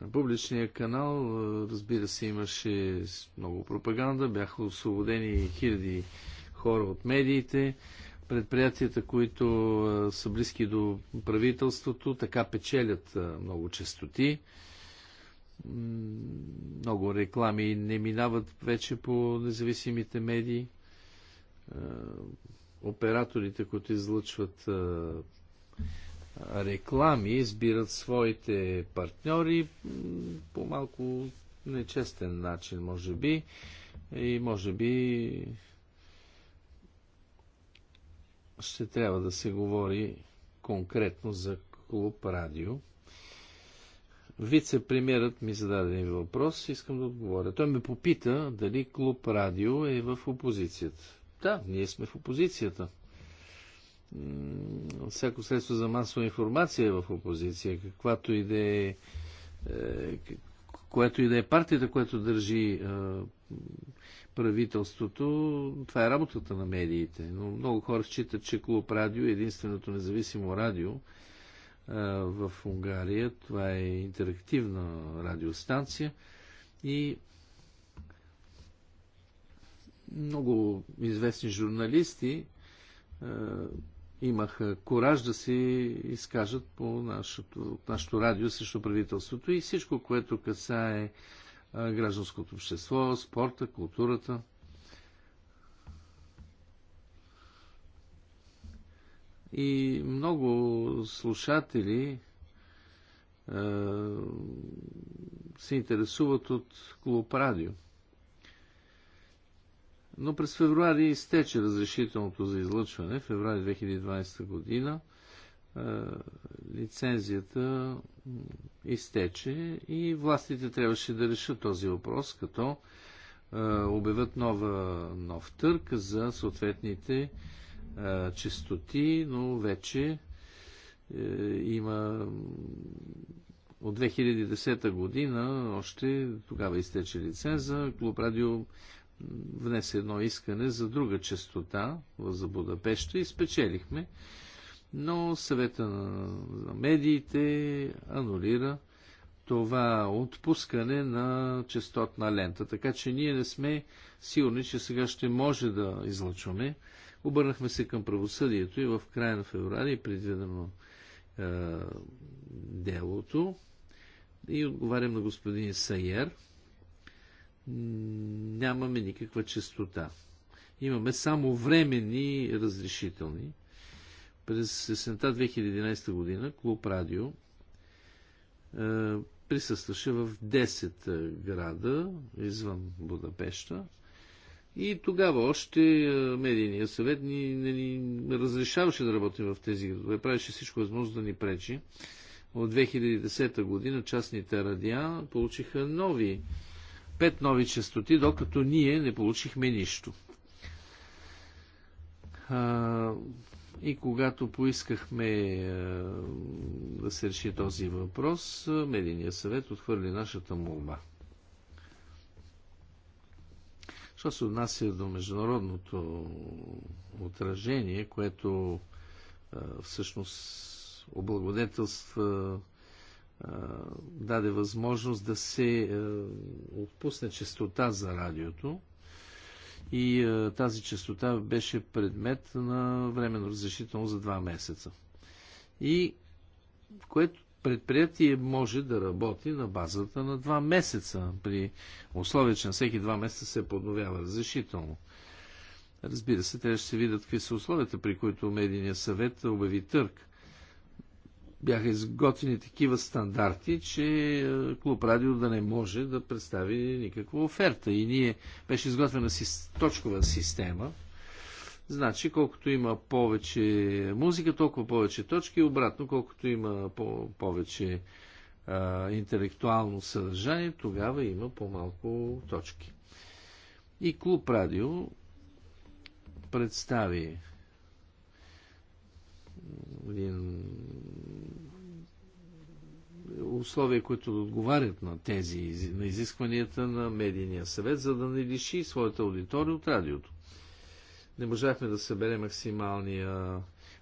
На публичния канал, разбира се, имаше много пропаганда, бяха освободени хиляди хора от медиите, предприятията, които са близки до правителството, така печелят много честоти много реклами не минават вече по независимите медии. Операторите, които излъчват реклами, избират своите партньори по малко нечестен начин, може би. И може би ще трябва да се говори конкретно за клуб радио. Вице-премьерът ми зададе един въпрос, искам да отговоря. Той ме попита дали Клуб Радио е в опозицията. Да, ние сме в опозицията. Всяко средство за масова информация е в опозиция, каквато и да е, е което и да е партията, която държи е, правителството, това е работата на медиите. Но много хора считат, че Клуб Радио е единственото независимо радио, в Унгария. Това е интерактивна радиостанция и много известни журналисти имаха кораж да се изкажат по нашото, нашото радио срещу правителството и всичко, което касае гражданското общество, спорта, културата – И много слушатели е, се интересуват от Клуб Радио. Но през февруари изтече разрешителното за излъчване, февруари 2020 година. Е, лицензията изтече и властите трябваше да решат този въпрос, като е, обявят нова, нов търк за съответните Честоти, чистоти, но вече е, има от 2010 година още тогава изтече лиценза. Клуб Радио внесе едно искане за друга частота за Будапеща и спечелихме. Но съвета на, на медиите анулира това отпускане на частотна лента. Така че ние не сме сигурни, че сега ще може да излъчваме Обърнахме се към правосъдието и в края на феврали е предвидено е, делото. И отговарям на господин Сайер. Нямаме никаква чистота. Имаме само временни разрешителни. През есента 2011 година Клуб Радио е, присъстваше в 10 града извън Будапешта и тогава още медийния съвет ни, нали, не ни разрешаваше да работим в тези градове. Правеше всичко възможно да ни пречи. От 2010 година частните радиа получиха нови, пет нови частоти, докато ние не получихме нищо. А, и когато поискахме а, да се реши този въпрос, Медийният съвет отхвърли нашата молба. Що се отнася до международното отражение, което всъщност облагодетелства даде възможност да се отпусне частота за радиото. И тази частота беше предмет на временно разрешително за два месеца. И което предприятие може да работи на базата на два месеца, при условие, че на всеки два месеца се подновява разрешително. Разбира се, трябва да се видят какви са условията, при които медийния съвет обяви търк. Бяха изготвени такива стандарти, че е, Клуб Радио да не може да представи никаква оферта. И ние беше изготвена си, точкова система, Значи, колкото има повече музика, толкова повече точки, обратно, колкото има по- повече а, интелектуално съдържание, тогава има по-малко точки. И Клуб Радио представи един условия, които отговарят на тези, на изискванията на медийния съвет, за да не лиши своята аудитория от радиото не можахме да съберем максималния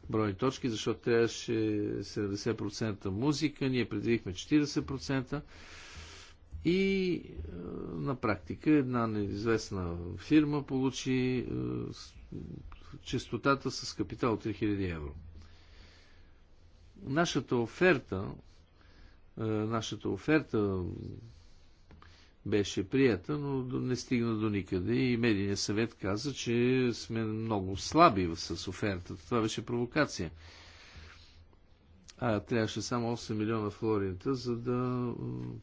брой точки, защото трябваше 70% музика, ние предвидихме 40%. И е, на практика една неизвестна фирма получи е, честотата с капитал 3000 евро. Нашата оферта, е, нашата оферта беше прията, но не стигна до никъде и медийният съвет каза, че сме много слаби с офертата. Това беше провокация. А трябваше само 8 милиона флоринта, за да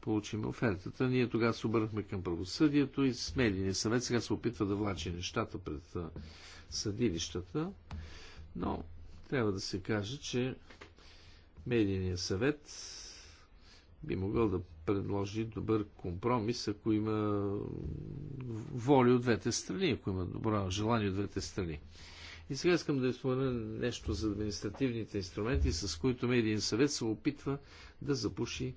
получим офертата. Ние тогава се обърнахме към правосъдието и с медийния съвет сега се опитва да влачи нещата пред съдилищата. Но трябва да се каже, че медийният съвет би могъл да предложи добър компромис, ако има воля от двете страни, ако има добро желание от двете страни. И сега искам да изпомена нещо за административните инструменти, с които медиен съвет се опитва да запуши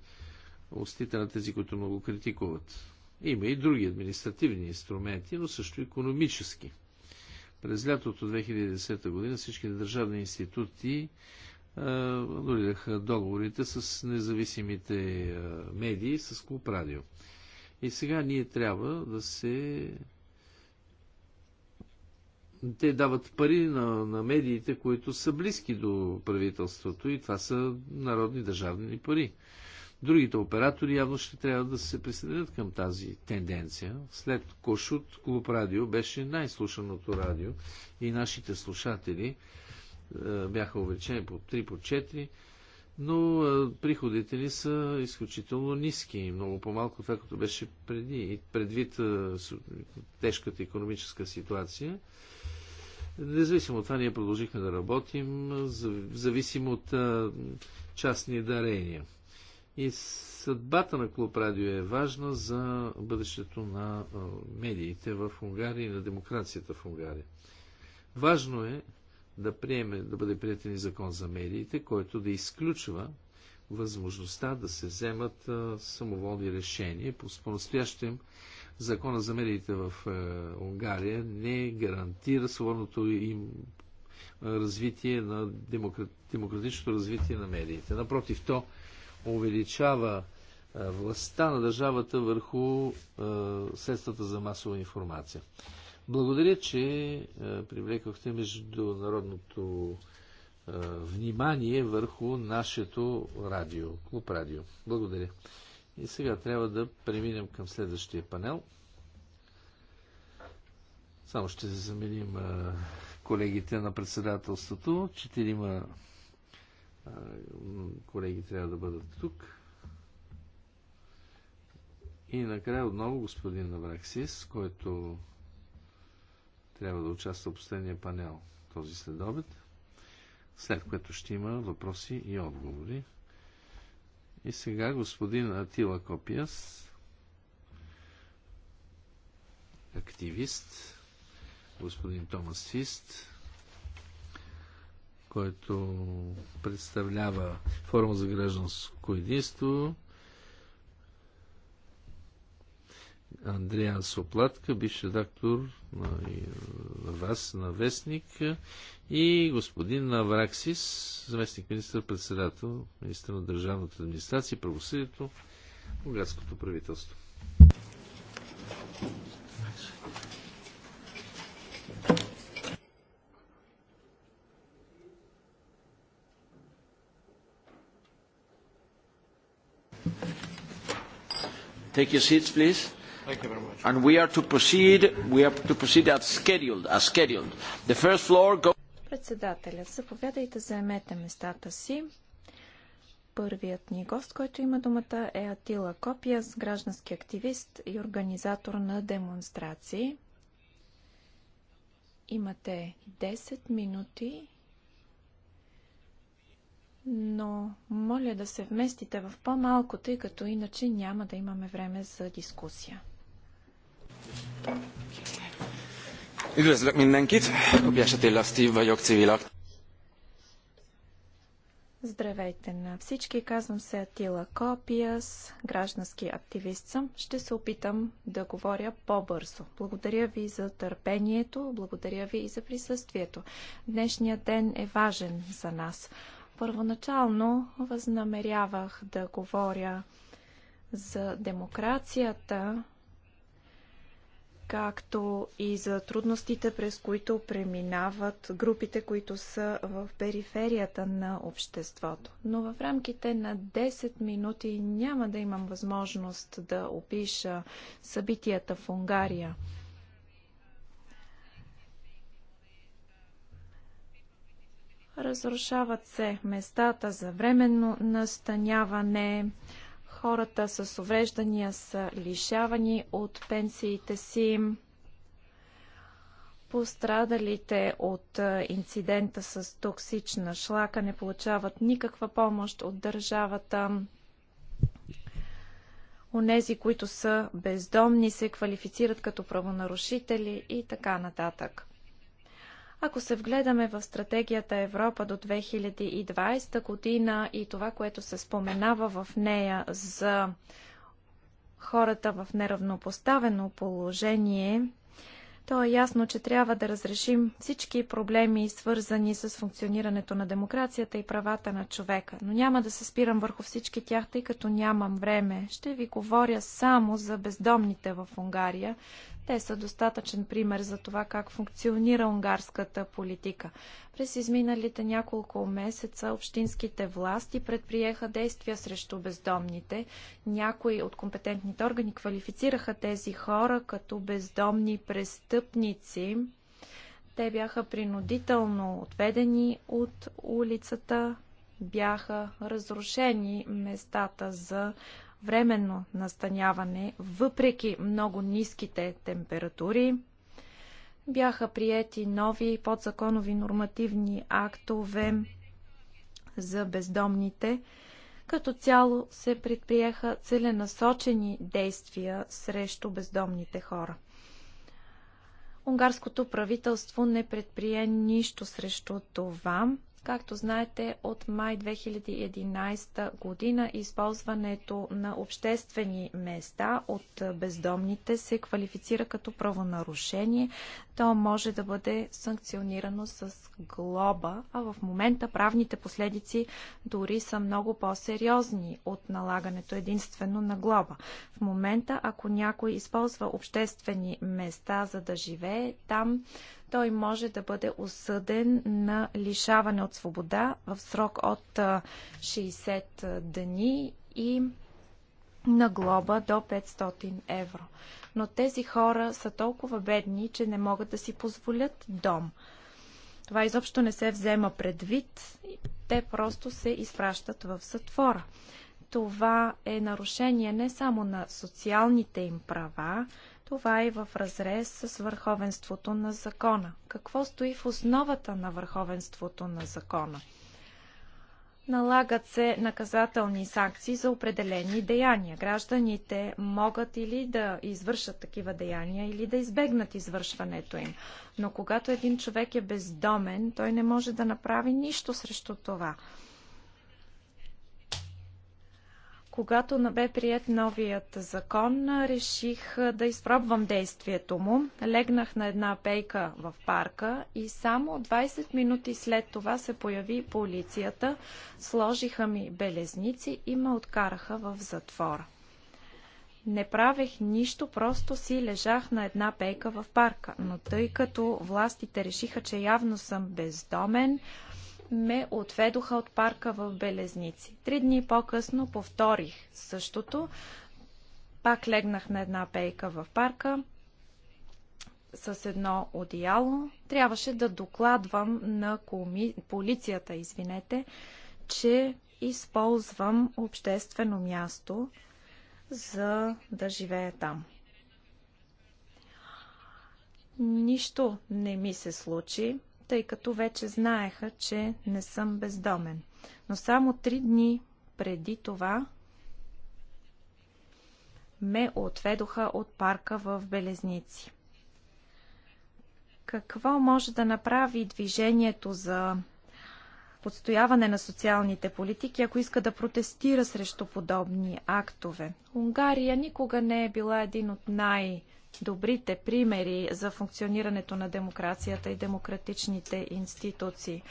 устите на тези, които много критикуват. Има и други административни инструменти, но също економически. През лятото 2010 година всички държавни институти анулираха е, договорите с независимите е, медии, с Клуб Радио. И сега ние трябва да се... Те дават пари на, на медиите, които са близки до правителството и това са народни държавни пари. Другите оператори явно ще трябва да се присъединят към тази тенденция. След Кошут Клуб Радио беше най-слушаното радио и нашите слушатели е, бяха увеличени по 3, по 4, но е, приходите ни са изключително ниски, много по-малко това, като беше преди. И предвид е, тежката економическа ситуация, независимо от това, ние продължихме да работим, зависимо от частни дарения. И съдбата на Клуб Радио е важна за бъдещето на медиите в Унгария и на демокрацията в Унгария. Важно е да, приеме, да бъде приятен закон за медиите, който да изключва възможността да се вземат самоволни решения. По, настоящем закона за медиите в е, Унгария не гарантира свободното им развитие на демократ, демократичното развитие на медиите. Напротив, то увеличава е, властта на държавата върху е, средствата за масова информация. Благодаря, че привлекохте международното внимание върху нашето радио, клуб радио. Благодаря. И сега трябва да преминем към следващия панел. Само ще заменим колегите на председателството. Четирима колеги трябва да бъдат тук. И накрая отново господин Навраксис, който трябва да участва в последния панел този следобед, след което ще има въпроси и отговори. И сега господин Атила Копиас, активист, господин Томас Фист, който представлява форма за гражданско единство, Андриан Соплатка, бивш редактор на, на вас, на Вестник и господин Навраксис, заместник министър-председател, министър на държавната администрация и правосъдието, Българското правителство. Take your seats, please. Thank you very much. And we are to proceed, we are to proceed as scheduled, as scheduled. The first floor go... Председателя, заповядайте, заемете местата си. Първият ни гост, който има думата е Атила Копиас, граждански активист и организатор на демонстрации. Имате 10 минути но моля да се вместите в по-малко, тъй като иначе няма да имаме време за дискусия. Üdvözlök mindenkit! Kopjás Attila Steve vagyok, civilak. Здравейте на всички, казвам се Атила Копиас, граждански активист съм. Ще се опитам да говоря по-бързо. Благодаря ви за търпението, благодаря ви и за присъствието. Днешният ден е важен за нас. Първоначално възнамерявах да говоря за демокрацията както и за трудностите, през които преминават групите, които са в периферията на обществото. Но в рамките на 10 минути няма да имам възможност да опиша събитията в Унгария. Разрушават се местата за временно настаняване, Хората с увреждания са лишавани от пенсиите си. Пострадалите от инцидента с токсична шлака не получават никаква помощ от държавата. Онези, които са бездомни, се квалифицират като правонарушители и така нататък. Ако се вгледаме в стратегията Европа до 2020 година и това, което се споменава в нея за хората в неравнопоставено положение, то е ясно, че трябва да разрешим всички проблеми, свързани с функционирането на демокрацията и правата на човека. Но няма да се спирам върху всички тях, тъй като нямам време. Ще ви говоря само за бездомните в Унгария, те са достатъчен пример за това как функционира унгарската политика. През изминалите няколко месеца общинските власти предприеха действия срещу бездомните. Някои от компетентните органи квалифицираха тези хора като бездомни престъпници. Те бяха принудително отведени от улицата, бяха разрушени местата за временно настаняване, въпреки много ниските температури. Бяха приети нови подзаконови нормативни актове за бездомните. Като цяло се предприеха целенасочени действия срещу бездомните хора. Унгарското правителство не предприе нищо срещу това. Както знаете, от май 2011 година използването на обществени места от бездомните се квалифицира като правонарушение. То може да бъде санкционирано с глоба, а в момента правните последици дори са много по-сериозни от налагането единствено на глоба. В момента, ако някой използва обществени места за да живее, там той може да бъде осъден на лишаване от свобода в срок от 60 дни и на глоба до 500 евро. Но тези хора са толкова бедни, че не могат да си позволят дом. Това изобщо не се взема предвид. Те просто се изпращат в затвора. Това е нарушение не само на социалните им права, това е в разрез с върховенството на закона. Какво стои в основата на върховенството на закона? Налагат се наказателни санкции за определени деяния. Гражданите могат или да извършат такива деяния, или да избегнат извършването им. Но когато един човек е бездомен, той не може да направи нищо срещу това. Когато бе прият новият закон, реших да изпробвам действието му. Легнах на една пейка в парка и само 20 минути след това се появи полицията, сложиха ми белезници и ме откараха в затвора. Не правех нищо, просто си лежах на една пейка в парка. Но тъй като властите решиха, че явно съм бездомен, ме отведоха от парка в Белезници. Три дни по-късно повторих същото. Пак легнах на една пейка в парка с едно одеяло. Трябваше да докладвам на коми... полицията, извинете, че използвам обществено място, за да живея там. Нищо не ми се случи тъй като вече знаеха, че не съм бездомен. Но само три дни преди това ме отведоха от парка в Белезници. Какво може да направи движението за подстояване на социалните политики, ако иска да протестира срещу подобни актове? Унгария никога не е била един от най- добрите примери за функционирането на демокрацията и демократичните институции.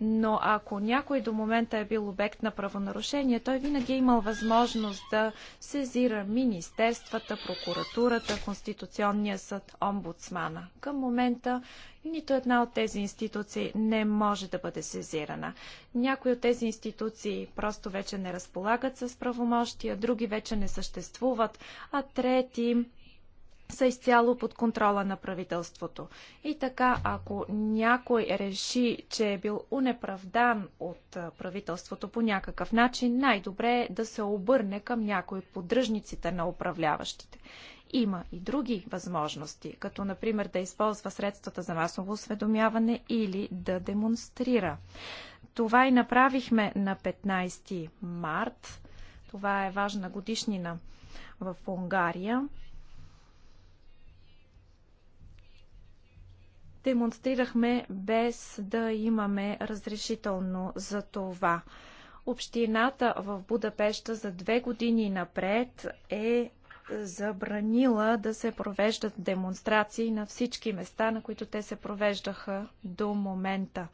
Но ако някой до момента е бил обект на правонарушение, той винаги е имал възможност да сезира министерствата, прокуратурата, Конституционния съд, омбудсмана. Към момента нито една от тези институции не може да бъде сезирана. Някои от тези институции просто вече не разполагат с правомощия, други вече не съществуват, а трети са изцяло под контрола на правителството. И така, ако някой реши, че е бил унеправдан от правителството по някакъв начин, най-добре е да се обърне към някой от поддръжниците на управляващите. Има и други възможности, като например да използва средствата за масово осведомяване или да демонстрира. Това и направихме на 15 март. Това е важна годишнина в Унгария. демонстрирахме без да имаме разрешително за това. Общината в Будапешта за две години напред е забранила да се провеждат демонстрации на всички места, на които те се провеждаха до момента.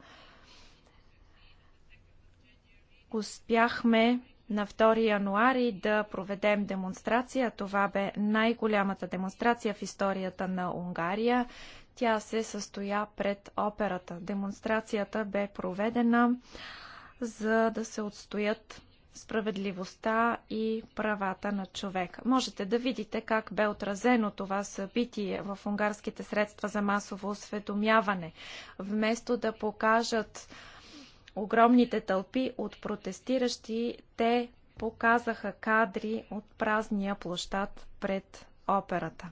Успяхме на 2 януари да проведем демонстрация. Това бе най-голямата демонстрация в историята на Унгария. Тя се състоя пред операта. Демонстрацията бе проведена за да се отстоят справедливостта и правата на човека. Можете да видите как бе отразено това събитие в унгарските средства за масово осведомяване. Вместо да покажат огромните тълпи от протестиращи, те показаха кадри от празния площад пред операта.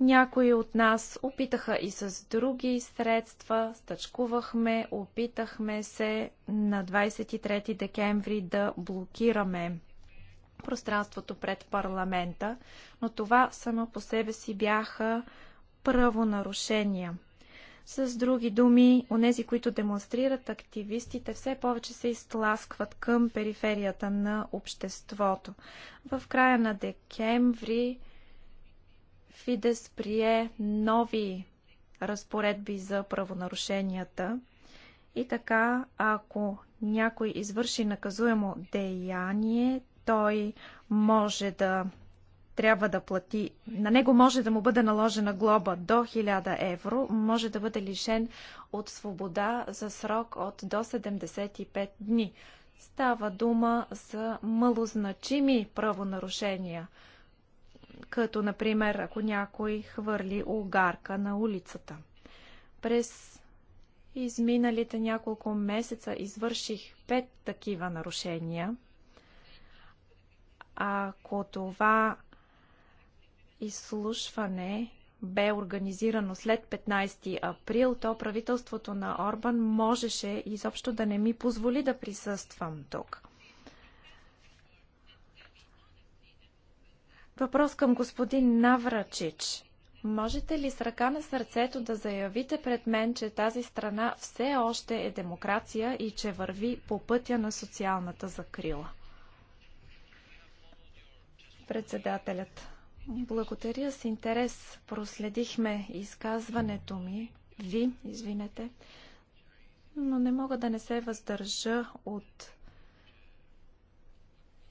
Някои от нас опитаха и с други средства, стъчкувахме, опитахме се на 23 декември да блокираме пространството пред парламента, но това само по себе си бяха правонарушения. С други думи, онези, които демонстрират активистите, все повече се изтласкват към периферията на обществото. В края на декември Фидес прие нови разпоредби за правонарушенията и така, ако някой извърши наказуемо деяние, той може да трябва да плати, на него може да му бъде наложена глоба до 1000 евро, може да бъде лишен от свобода за срок от до 75 дни. Става дума за малозначими правонарушения – като например ако някой хвърли огарка на улицата. През изминалите няколко месеца извърших пет такива нарушения. Ако това изслушване бе организирано след 15 април, то правителството на Орбан можеше изобщо да не ми позволи да присъствам тук. Въпрос към господин Наврачич. Можете ли с ръка на сърцето да заявите пред мен, че тази страна все още е демокрация и че върви по пътя на социалната закрила? Председателят. Благодаря с интерес. Проследихме изказването ми. Ви, извинете. Но не мога да не се въздържа от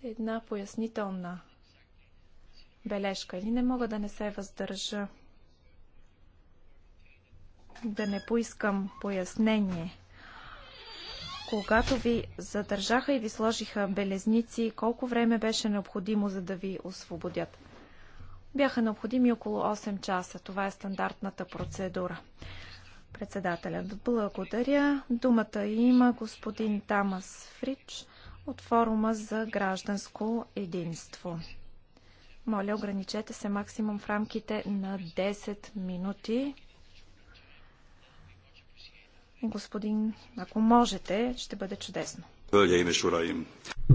една пояснителна бележка или не мога да не се въздържа да не поискам пояснение. Когато ви задържаха и ви сложиха белезници, колко време беше необходимо, за да ви освободят? Бяха необходими около 8 часа. Това е стандартната процедура. Председателят благодаря. Думата има господин Тамас Фрич от форума за гражданско единство. Моля, ограничете се максимум в рамките на 10 минути. Господин, ако можете, ще бъде чудесно.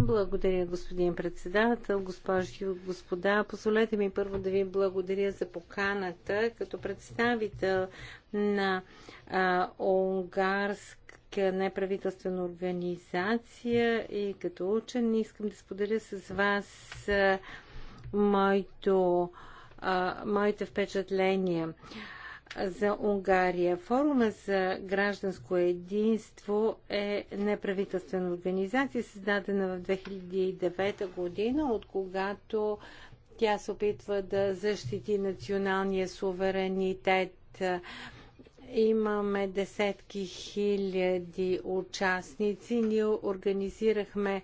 Благодаря, господин председател, госпожи и господа. Позволете ми първо да ви благодаря за поканата като представител на а, унгарска неправителствена организация и като учен. Искам да споделя с вас а, моето, а, моите впечатления за Унгария. Форума за гражданско единство е неправителствена организация, създадена в 2009 година, от когато тя се опитва да защити националния суверенитет. Имаме десетки хиляди участници. Ние организирахме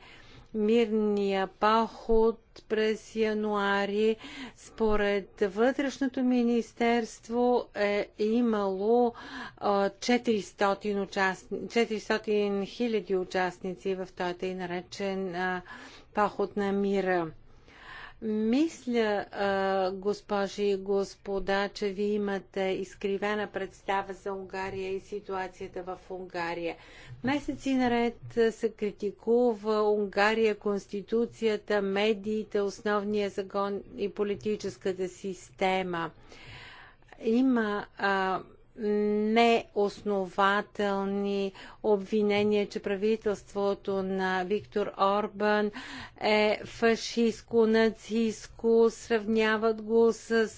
мирния поход през януари. Според Вътрешното министерство е имало 400 участни, 400 хиляди участници в този наречен поход на мира. Мисля, госпожи и господа, че ви имате изкривена представа за Унгария и ситуацията в Унгария. Месеци наред се критикува Унгария, конституцията, медиите, основния закон и политическата система. Има а, неоснователни обвинения, че правителството на Виктор Орбан е фашистско, нацистско, сравняват го с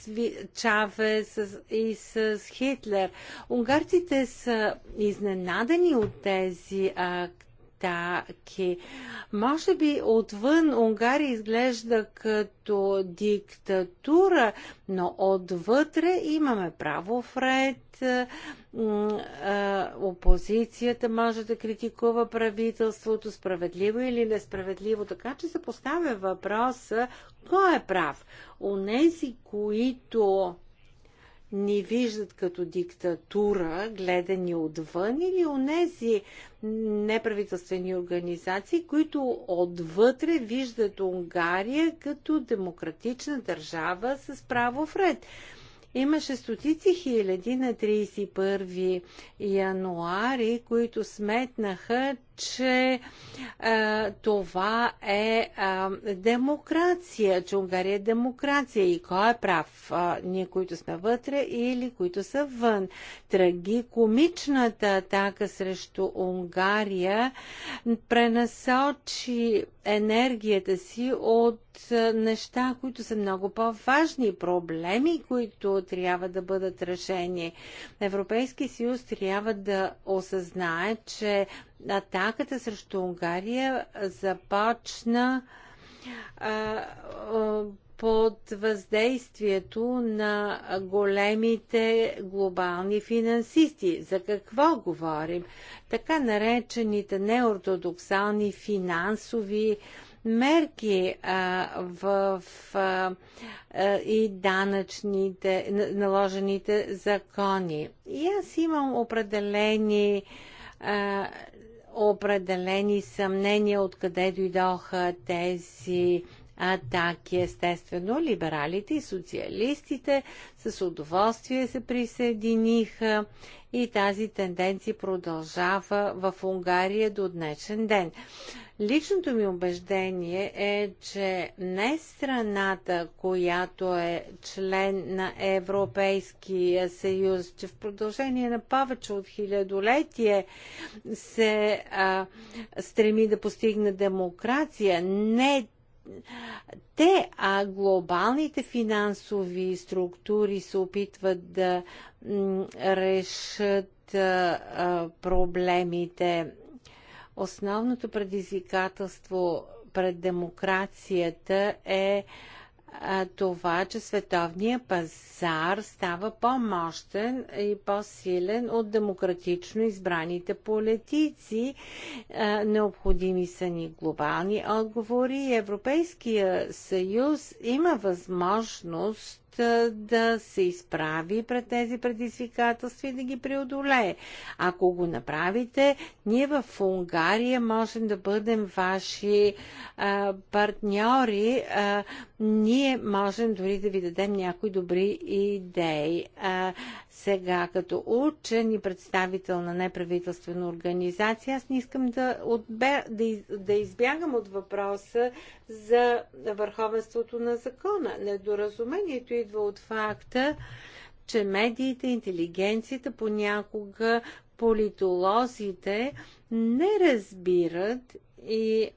Чаве и с Хитлер. Унгарците са изненадани от тези акции атаки. Може би отвън Унгария изглежда като диктатура, но отвътре имаме право в ред. Опозицията може да критикува правителството, справедливо или несправедливо, така че се поставя въпроса кой е прав. Онези, които ни виждат като диктатура, гледани отвън, или онези неправителствени организации, които отвътре виждат Унгария като демократична държава с право вред. Имаше стотици хиляди на 31 януари, които сметнаха, че а, е, това е а, е, демокрация, че Унгария е демокрация и кой е прав? А, е, ние, които сме вътре или които са вън. Трагикомичната атака срещу Унгария пренасочи енергията си от неща, които са много по-важни, проблеми, които трябва да бъдат решени. Европейски съюз трябва да осъзнае, че атаката срещу Унгария започна а, под въздействието на големите глобални финансисти. За какво говорим? Така наречените неортодоксални финансови мерки а, в а, и данъчните, наложените закони. И аз имам определени а, определени съмнения откъде дойдоха тези атаки. Естествено, либералите и социалистите с удоволствие се присъединиха и тази тенденция продължава в Унгария до днешен ден. Личното ми убеждение е, че не страната, която е член на Европейския съюз, че в продължение на повече от хилядолетие се а, стреми да постигне демокрация, не те, а глобалните финансови структури се опитват да решат а, проблемите. Основното предизвикателство пред демокрацията е а, това, че световният пазар става по-мощен и по-силен от демократично избраните политици. Необходими са ни глобални отговори. Европейския съюз има възможност е, да се изправи пред тези предизвикателства и да ги преодолее. Ако го направите, ние в Унгария можем да бъдем ваши а, е, партньори. А, е, ние можем дори да ви дадем някои добри идеи. А, сега, като учен и представител на неправителствена организация, аз не искам да, отбе, да, из, да избягам от въпроса за върховенството на закона. Недоразумението и идва от факта, че медиите, интелигенцията понякога политолозите не разбират и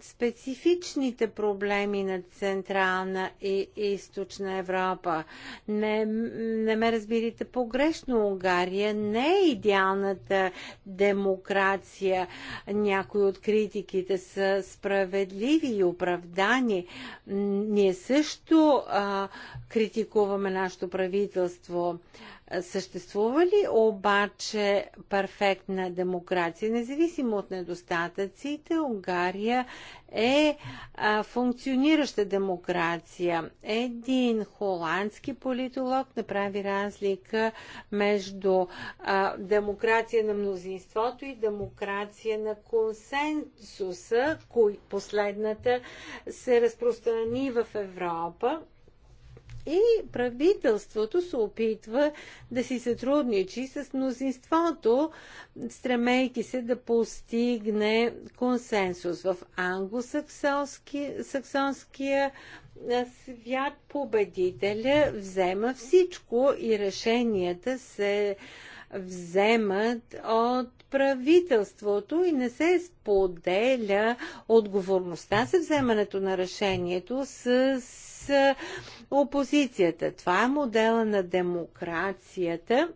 специфичните проблеми на Централна и Източна Европа. Не, не ме разбирайте погрешно, Унгария не е идеалната демокрация. Някои от критиките са справедливи и оправдани. Ние също а, критикуваме нашето правителство. А, Съществува ли обаче перфектна демокрация? Независимо от недостатъците, Унгария е а, функционираща демокрация. Един холандски политолог направи разлика между а, демокрация на мнозинството и демокрация на консенсуса, кой последната се разпространи в Европа и правителството се опитва да си сътрудничи с мнозинството, стремейки се да постигне консенсус. В англосаксонския свят победителя взема всичко и решенията се вземат от правителството и не се споделя отговорността за вземането на решението с опозицията. Това е модела на демокрацията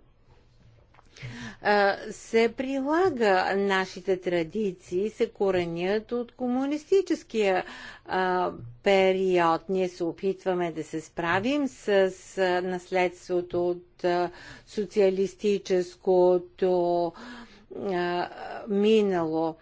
се прилага. Нашите традиции се коренят от комунистическия период. Ние се опитваме да се справим с наследството от социалистическото минало.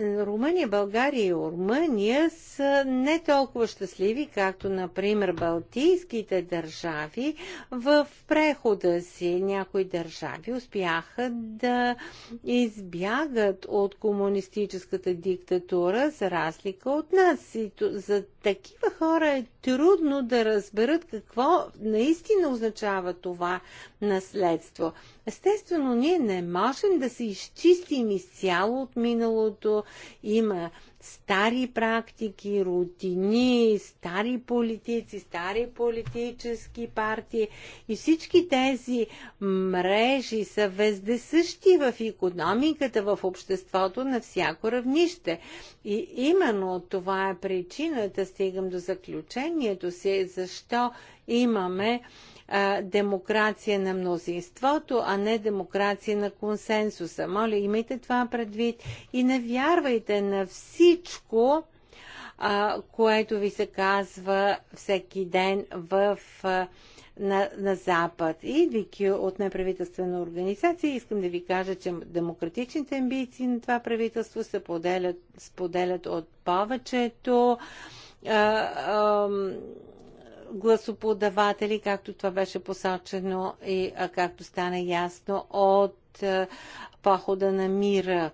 Румъния, България и Румъния са не толкова щастливи, както, например, балтийските държави в прехода си. Някои държави успяха да избягат от комунистическата диктатура, за разлика от нас. И за такива хора е трудно да разберат какво наистина означава това наследство. Естествено, ние не можем да се изчистим изцяло от миналото. Има стари практики, рутини, стари политици, стари политически партии и всички тези мрежи са вездесъщи в економиката, в обществото на всяко равнище. И именно това е причината, стигам до заключението си, защо имаме а, демокрация на мнозинството, а не демокрация на консенсуса. Моля, имайте това предвид и не вярвайте на всичко, а, което ви се казва всеки ден в. А, на, на Запад. И идвайки от неправителствена организация, искам да ви кажа, че демократичните амбиции на това правителство се поделят, споделят от повечето а, а, гласоподаватели, както това беше посочено и както стана ясно от похода на мира.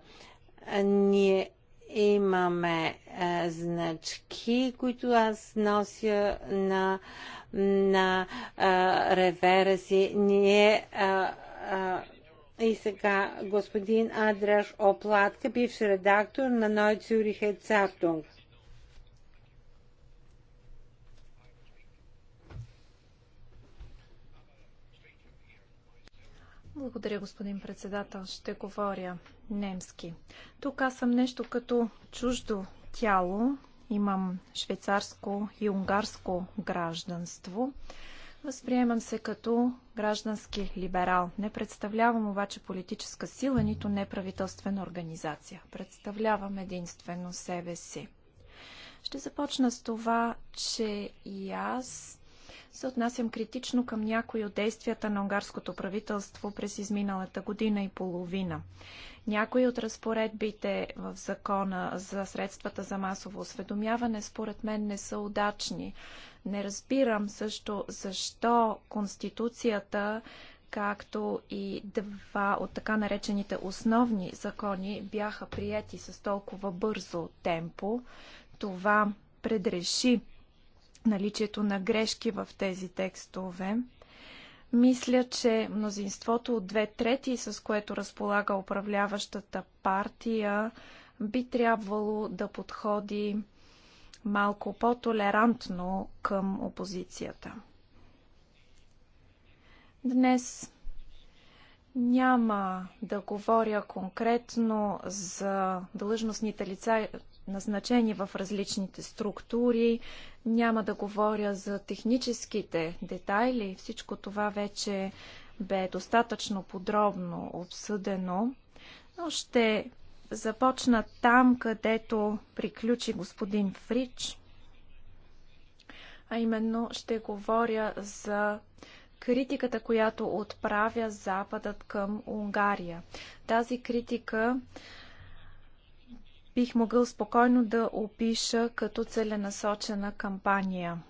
Ние имаме значки, които аз нося на, на ревера си. Ние и сега господин Адраш Оплатка, бивш редактор на Нойцюрихе Цартунг. Благодаря, господин председател. Ще говоря немски. Тук аз съм нещо като чуждо тяло. Имам швейцарско и унгарско гражданство. Възприемам се като граждански либерал. Не представлявам обаче политическа сила, нито неправителствена организация. Представлявам единствено себе си. Ще започна с това, че и аз се отнасям критично към някои от действията на унгарското правителство през изминалата година и половина. Някои от разпоредбите в закона за средствата за масово осведомяване според мен не са удачни. Не разбирам също защо Конституцията както и два от така наречените основни закони бяха приети с толкова бързо темпо. Това предреши наличието на грешки в тези текстове. Мисля, че мнозинството от две трети, с което разполага управляващата партия, би трябвало да подходи малко по-толерантно към опозицията. Днес няма да говоря конкретно за длъжностните лица, назначени в различните структури. Няма да говоря за техническите детайли. Всичко това вече бе достатъчно подробно обсъдено, но ще започна там, където приключи господин Фрич, а именно ще говоря за критиката, която отправя Западът към Унгария. Тази критика бих могъл спокойно да опиша като целенасочена кампания.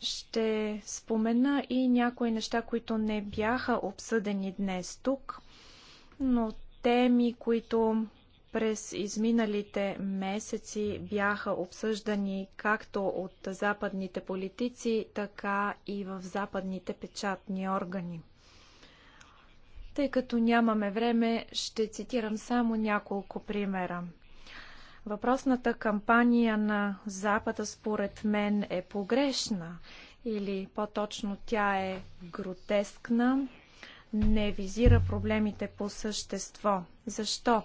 Ще спомена и някои неща, които не бяха обсъдени днес тук, но теми, които през изминалите месеци бяха обсъждани както от западните политици, така и в западните печатни органи. Тъй като нямаме време, ще цитирам само няколко примера. Въпросната кампания на Запада според мен е погрешна или по-точно тя е гротескна, не визира проблемите по същество. Защо?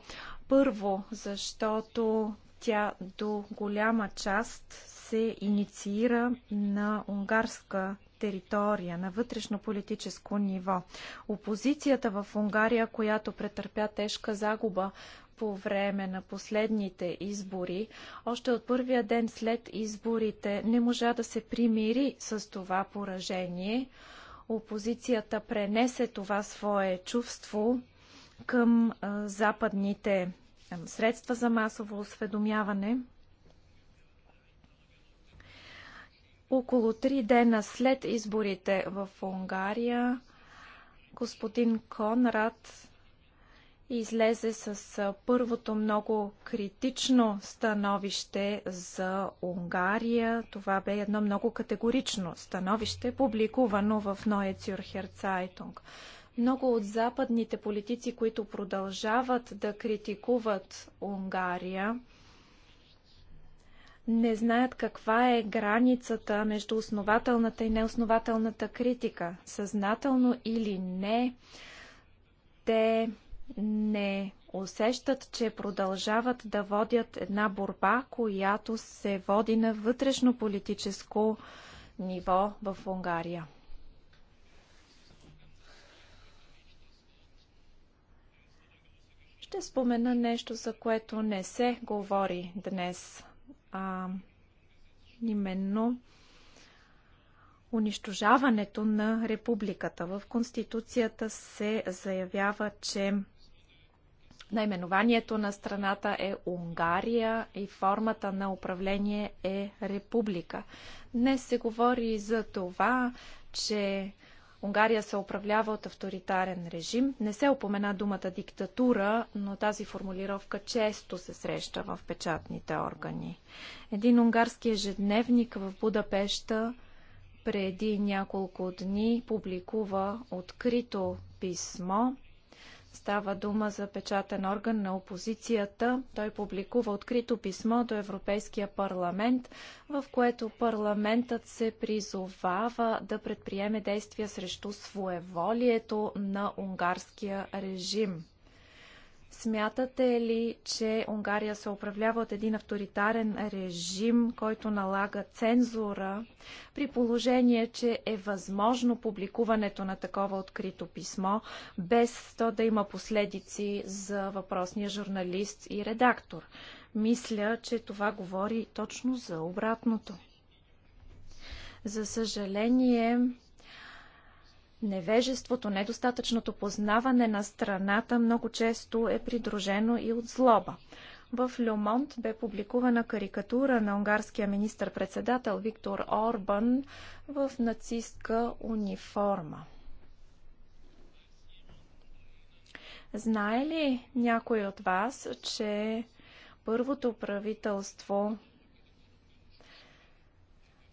Първо, защото тя до голяма част се инициира на унгарска територия, на вътрешно политическо ниво. Опозицията в Унгария, която претърпя тежка загуба по време на последните избори, още от първия ден след изборите не можа да се примири с това поражение. Опозицията пренесе това свое чувство към западните средства за масово осведомяване – Около три дена след изборите в Унгария, господин Конрад излезе с първото много критично становище за Унгария. Това бе едно много категорично становище, публикувано в ноя Цюрхер Цайтунг. Много от западните политици, които продължават да критикуват Унгария, не знаят каква е границата между основателната и неоснователната критика. Съзнателно или не, те не усещат, че продължават да водят една борба, която се води на вътрешно политическо ниво в Унгария. Ще спомена нещо, за което не се говори днес а именно унищожаването на републиката. В Конституцията се заявява, че наименованието на страната е Унгария и формата на управление е република. Днес се говори за това, че Унгария се управлява от авторитарен режим. Не се опомена думата диктатура, но тази формулировка често се среща в печатните органи. Един унгарски ежедневник в Будапешта преди няколко дни публикува открито писмо Става дума за печатен орган на опозицията. Той публикува открито писмо до Европейския парламент, в което парламентът се призовава да предприеме действия срещу своеволието на унгарския режим. Смятате ли, че Унгария се управлява от един авторитарен режим, който налага цензура, при положение, че е възможно публикуването на такова открито писмо, без то да има последици за въпросния журналист и редактор? Мисля, че това говори точно за обратното. За съжаление, Невежеството, недостатъчното познаване на страната много често е придружено и от злоба. В Люмонт бе публикувана карикатура на унгарския министр-председател Виктор Орбан в нацистка униформа. Знае ли някой от вас, че първото правителство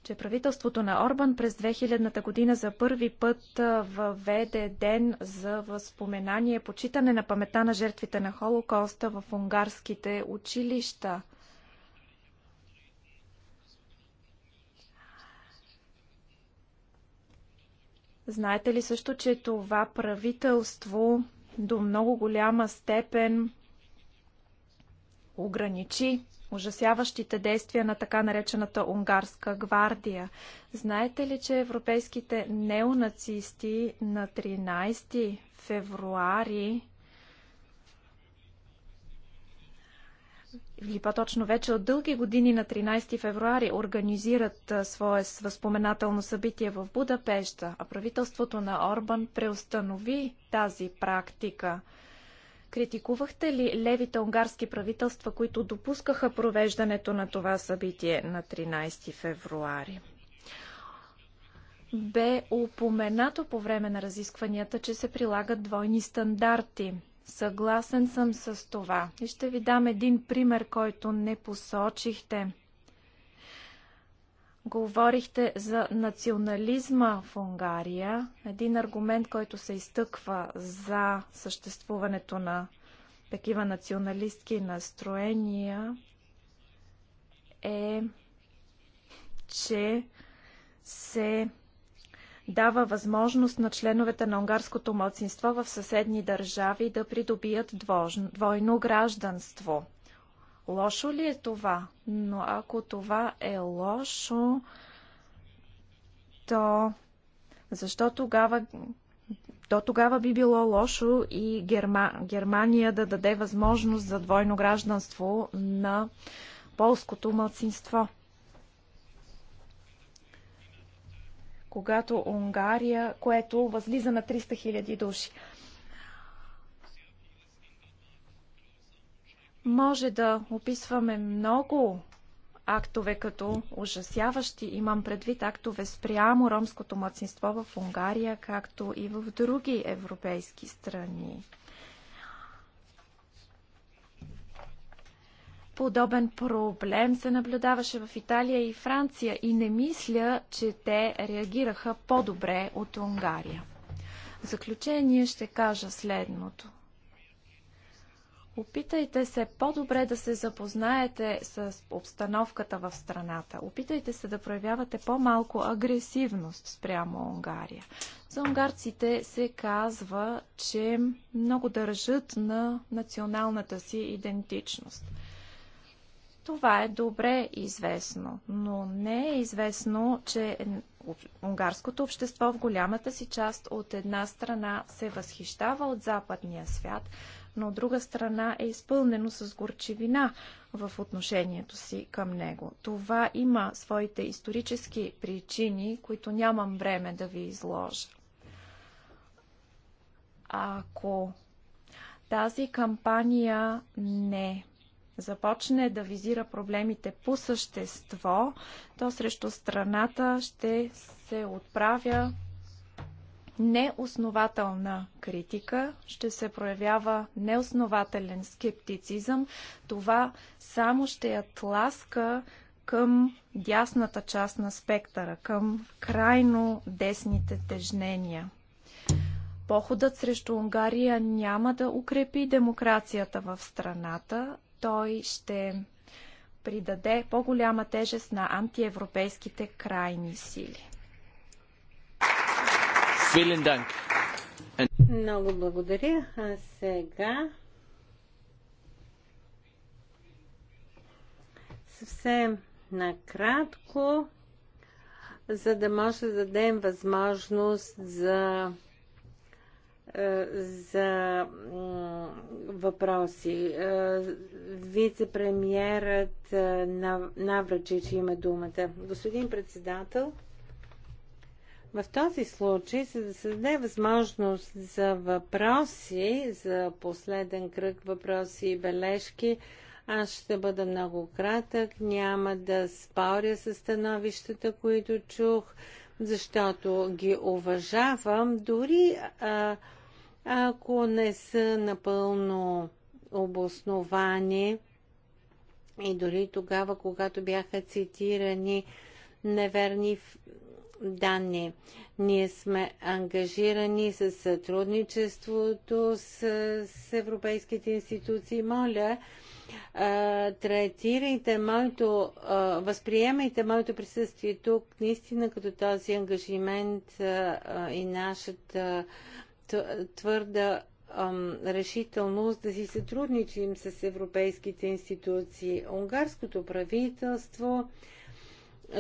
че правителството на Орбан през 2000 година за първи път въведе ден за възпоменание, почитане на памета на жертвите на Холокоста в унгарските училища. Знаете ли също, че това правителство до много голяма степен ограничи ужасяващите действия на така наречената унгарска гвардия. Знаете ли, че европейските неонацисти на 13 февруари или по-точно вече от дълги години на 13 февруари организират свое възпоменателно събитие в Будапеща, а правителството на Орбан преустанови тази практика – Критикувахте ли левите унгарски правителства, които допускаха провеждането на това събитие на 13 февруари? Бе упоменато по време на разискванията, че се прилагат двойни стандарти. Съгласен съм с това. И ще ви дам един пример, който не посочихте – Говорихте за национализма в Унгария. Един аргумент, който се изтъква за съществуването на такива националистки настроения е, че се дава възможност на членовете на унгарското младсинство в съседни държави да придобият двойно гражданство. Лошо ли е това? Но ако това е лошо, то защо тогава то тогава би било лошо и Герма... Германия да даде възможност за двойно гражданство на полското мълцинство. Когато Унгария, което възлиза на 300 000 души. Може да описваме много актове като ужасяващи. Имам предвид актове спрямо ромското младсинство в Унгария, както и в други европейски страни. Подобен проблем се наблюдаваше в Италия и Франция и не мисля, че те реагираха по-добре от Унгария. В заключение ще кажа следното. Опитайте се по-добре да се запознаете с обстановката в страната. Опитайте се да проявявате по-малко агресивност спрямо Унгария. За унгарците се казва, че много държат на националната си идентичност. Това е добре известно, но не е известно, че унгарското общество в голямата си част от една страна се възхищава от западния свят, но от друга страна е изпълнено с горчевина в отношението си към него. Това има своите исторически причини, които нямам време да ви изложа. Ако тази кампания не започне да визира проблемите по същество, то срещу страната ще се отправя неоснователна критика, ще се проявява неоснователен скептицизъм. Това само ще я е тласка към дясната част на спектъра, към крайно десните тежнения. Походът срещу Унгария няма да укрепи демокрацията в страната. Той ще придаде по-голяма тежест на антиевропейските крайни сили. Много благодаря. А сега съвсем накратко, за да може да дадем възможност за е, за въпроси. Е, Вице-премьерът е, Навръчич има думата. Господин председател, в този случай, за да се даде възможност за въпроси, за последен кръг въпроси и бележки, аз ще бъда много кратък, няма да споря с становищата, които чух, защото ги уважавам, дори а, ако не са напълно обосновани и дори тогава, когато бяха цитирани неверни данни. Ние сме ангажирани с сътрудничеството с, с европейските институции. Моля, третирайте моето, възприемайте моето присъствие тук наистина като този ангажимент и нашата твърда решителност да си сътрудничим с европейските институции. Унгарското правителство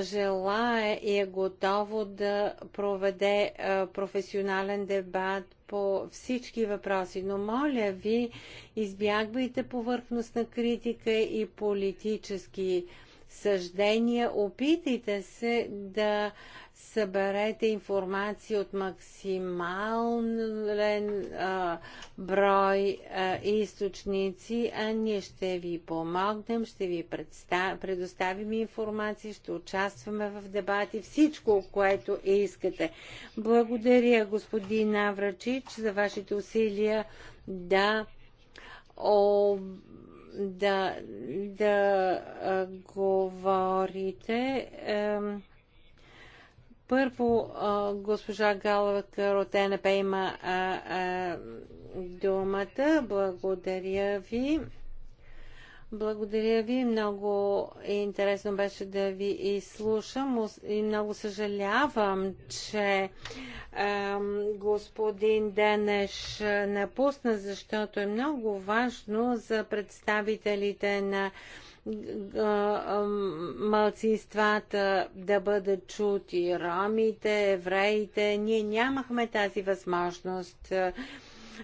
желае и е готово да проведе е, професионален дебат по всички въпроси. Но моля ви, избягвайте повърхностна критика и политически съждения. Опитайте се да съберете информация от максимален а, брой а, източници, а ние ще ви помогнем, ще ви предоставим информация, ще участваме в дебати, всичко, което искате. Благодаря, господин Наврачич, за вашите усилия да о, да, да а, говорите. А, първо, а, госпожа Галвакър от е НП има а, а, думата. Благодаря ви. Благодаря ви. Много е интересно беше да ви изслушам и много съжалявам, че ем, господин Денеш напусна, защото е много важно за представителите на малцинствата да бъдат чути, ромите, евреите. Ние нямахме тази възможност.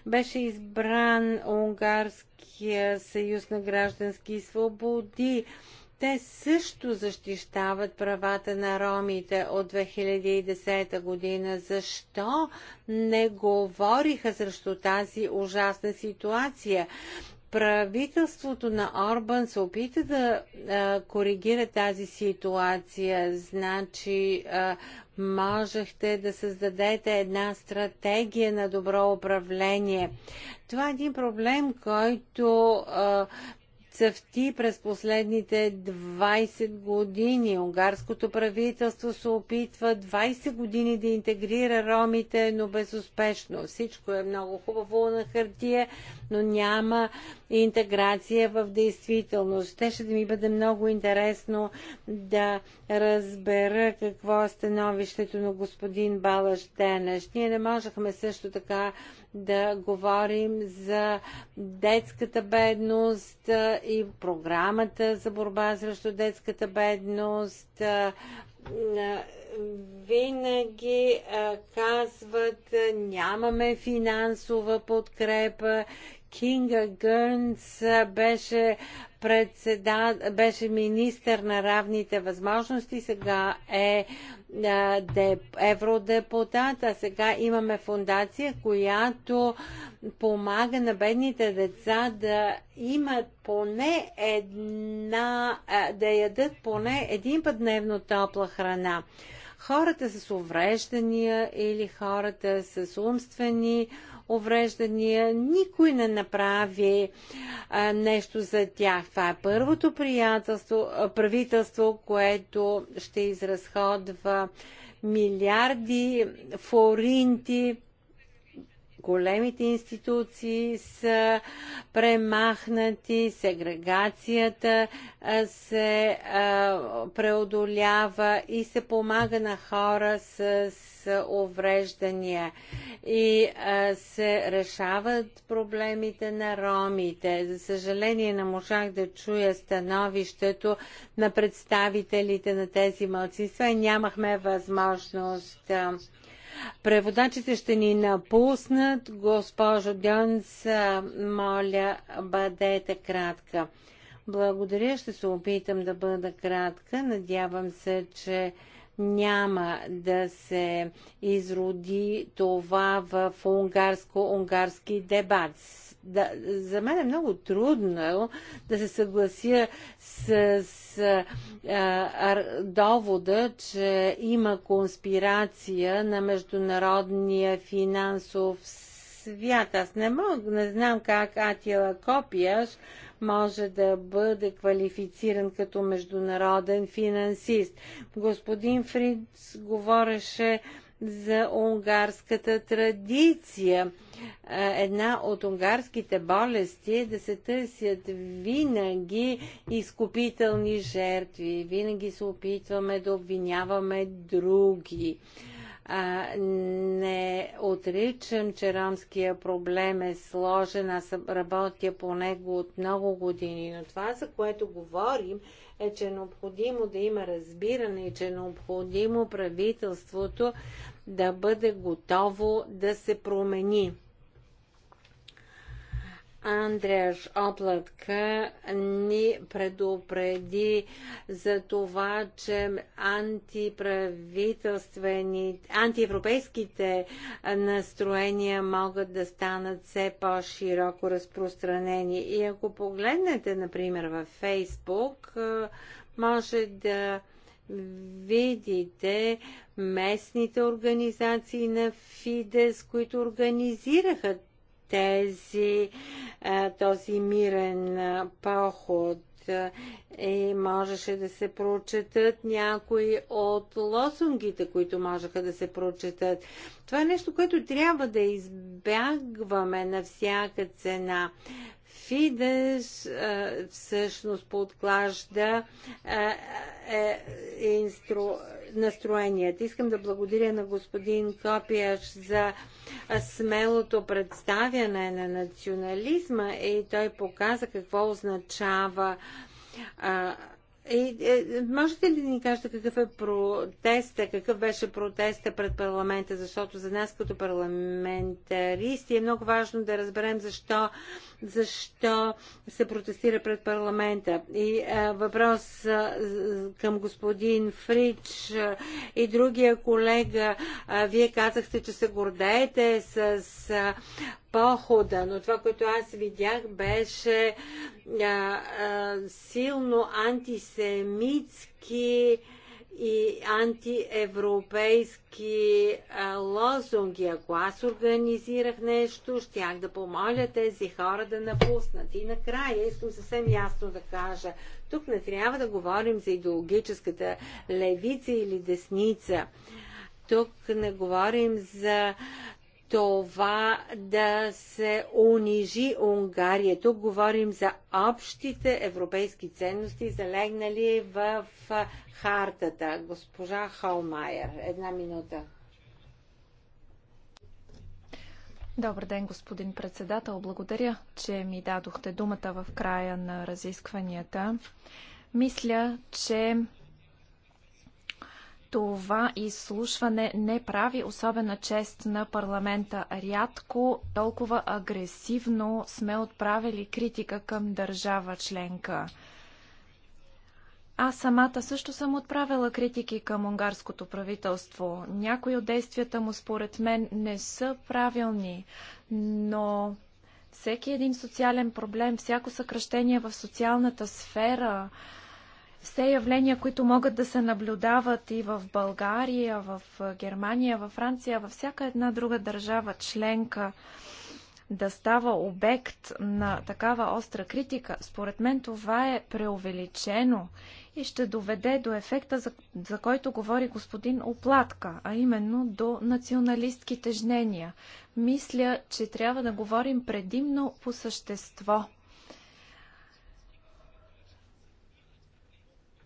Беше избран Унгарския съюз на граждански свободи. Те също защищават правата на ромите от 2010 година. Защо не говориха срещу тази ужасна ситуация? Правителството на Орбан се опита да а, коригира тази ситуация. Значи, а, можехте да създадете една стратегия на добро управление. Това е един проблем, който а, цъфти през последните 20 години. Унгарското правителство се опитва 20 години да интегрира ромите, но безуспешно. Всичко е много хубаво на хартия, но няма интеграция в действителност. Те да ми бъде много интересно да разбера какво е становището на господин Балаш Денеш. Ние не можехме също така да говорим за детската бедност и програмата за борба срещу детската бедност. Винаги казват, нямаме финансова подкрепа. Кинга Гърнс беше, председа... беше министър на равните възможности, сега е евродепутат, а сега имаме фундация, която помага на бедните деца да имат поне една, да ядат поне един път дневно топла храна. Хората с увреждания или хората с умствени увреждания. Никой не направи а, нещо за тях. Това е първото приятелство, правителство, което ще изразходва милиарди форинти големите институции са премахнати, сегрегацията се преодолява и се помага на хора с увреждания и се решават проблемите на ромите. За съжаление не можах да чуя становището на представителите на тези мълцинства. и нямахме възможност Преводачите ще ни напуснат. Госпожо Дьонс, моля, бъдете кратка. Благодаря, ще се опитам да бъда кратка. Надявам се, че няма да се изроди това в унгарско-унгарски дебат да, за мен е много трудно да се съглася с, с а, довода, че има конспирация на международния финансов свят. Аз не мога, не знам как Атила Копияш може да бъде квалифициран като международен финансист. Господин Фриц говореше за унгарската традиция. Една от унгарските болести е да се търсят винаги изкупителни жертви. Винаги се опитваме да обвиняваме други. А, не отричам, че ромския проблем е сложен. Аз работя по него от много години. Но това, за което говорим, е, че е необходимо да има разбиране и че е необходимо правителството да бъде готово да се промени. Андреаш Облатка ни предупреди за това, че антиправителствени, антиевропейските настроения могат да станат все по-широко разпространени. И ако погледнете, например, във Фейсбук, може да видите местните организации на Фидес, които организираха тези, този мирен поход и е, можеше да се прочетат някои от лозунгите, които можеха да се прочетат. Това е нещо, което трябва да избягваме на всяка цена. Фидес всъщност подклажда е, е, настроенията. Искам да благодаря на господин Копияш за смелото представяне на национализма и той показа какво означава а, и, е, можете ли да ни кажете какъв е протеста, какъв беше протеста пред парламента, защото за нас като парламентаристи е много важно да разберем защо, защо се протестира пред парламента. И е, въпрос е, към господин Фрич е, и другия колега, е, вие казахте, че се гордеете с е, похода, но това, което аз видях, беше а, а, силно антисемитски и антиевропейски а, лозунги. Ако аз организирах нещо, щях да помоля тези хора да напуснат. И накрая искам съвсем ясно да кажа, тук не трябва да говорим за идеологическата левица или десница. Тук не говорим за това да се унижи Унгария. Тук говорим за общите европейски ценности, залегнали в хартата. Госпожа Холмайер, една минута. Добър ден, господин председател. Благодаря, че ми дадохте думата в края на разискванията. Мисля, че това изслушване не прави особена чест на парламента. Рядко толкова агресивно сме отправили критика към държава членка. Аз самата също съм отправила критики към унгарското правителство. Някои от действията му според мен не са правилни, но всеки един социален проблем, всяко съкръщение в социалната сфера, все явления, които могат да се наблюдават и в България, в Германия, във Франция, във всяка една друга държава членка, да става обект на такава остра критика, според мен това е преувеличено и ще доведе до ефекта, за, за който говори господин Оплатка, а именно до националистки тежнения. Мисля, че трябва да говорим предимно по същество.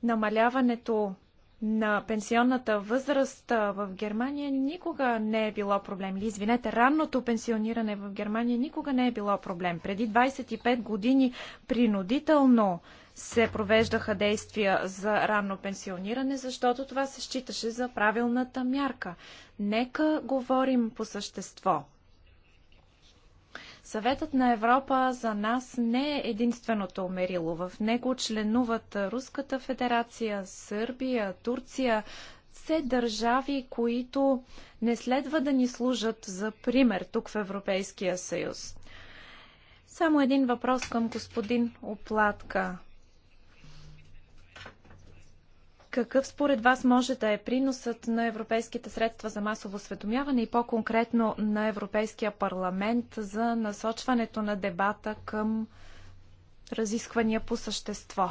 намаляването на пенсионната възраст в Германия никога не е било проблем. Или, извинете, ранното пенсиониране в Германия никога не е било проблем. Преди 25 години принудително се провеждаха действия за ранно пенсиониране, защото това се считаше за правилната мярка. Нека говорим по същество. Съветът на Европа за нас не е единственото умерило. В него членуват Руската федерация, Сърбия, Турция, все държави, които не следва да ни служат за пример тук в Европейския съюз. Само един въпрос към господин Оплатка. Какъв според вас може да е приносът на европейските средства за масово осведомяване и по-конкретно на Европейския парламент за насочването на дебата към разисквания по същество?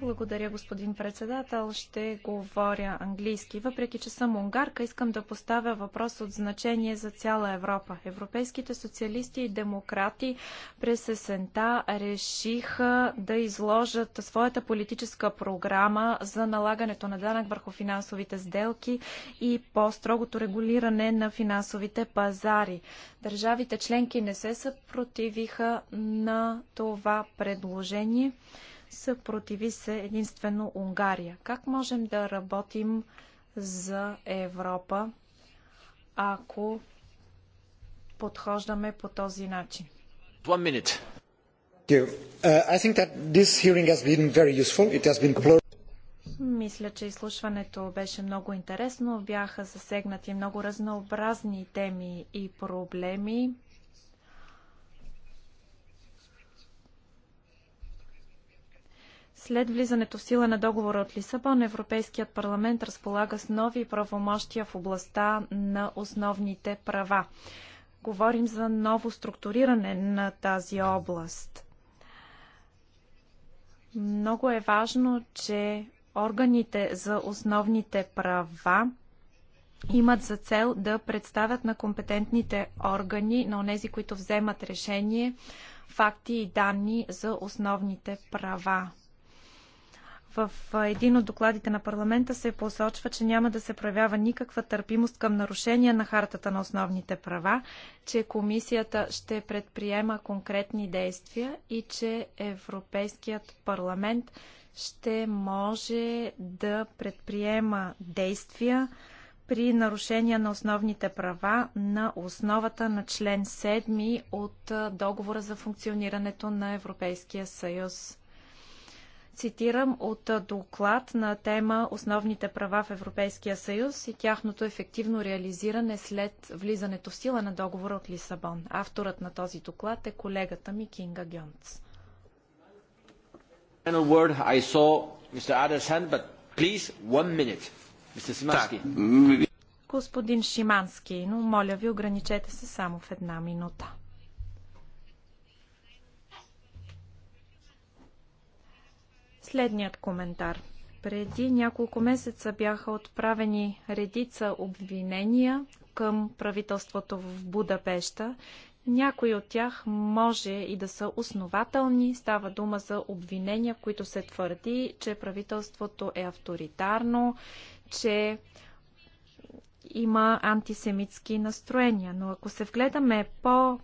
Благодаря, господин председател. Ще говоря английски. Въпреки, че съм унгарка, искам да поставя въпрос от значение за цяла Европа. Европейските социалисти и демократи през есента решиха да изложат своята политическа програма за налагането на данък върху финансовите сделки и по-строгото регулиране на финансовите пазари. Държавите членки не се съпротивиха на това предложение съпротиви се единствено Унгария. Как можем да работим за Европа, ако подхождаме по този начин? One minute. Uh, мисля, че изслушването беше много интересно. Бяха засегнати много разнообразни теми и проблеми. След влизането в сила на договора от Лисабон, Европейският парламент разполага с нови правомощия в областта на основните права. Говорим за ново структуриране на тази област. Много е важно, че органите за основните права имат за цел да представят на компетентните органи, на онези, които вземат решение, факти и данни за основните права. В един от докладите на парламента се посочва, че няма да се проявява никаква търпимост към нарушения на хартата на основните права, че комисията ще предприема конкретни действия и че Европейският парламент ще може да предприема действия при нарушения на основните права на основата на член 7 от договора за функционирането на Европейския съюз. Цитирам от доклад на тема Основните права в Европейския съюз и тяхното ефективно реализиране след влизането в сила на договора от Лисабон. Авторът на този доклад е колегата ми Кинга Гьонц. Господин Шимански, но моля ви, ограничете се само в една минута. следният коментар. Преди няколко месеца бяха отправени редица обвинения към правителството в Будапеща, Някои от тях може и да са основателни. Става дума за обвинения, в които се твърди, че правителството е авторитарно, че има антисемитски настроения. Но ако се вгледаме по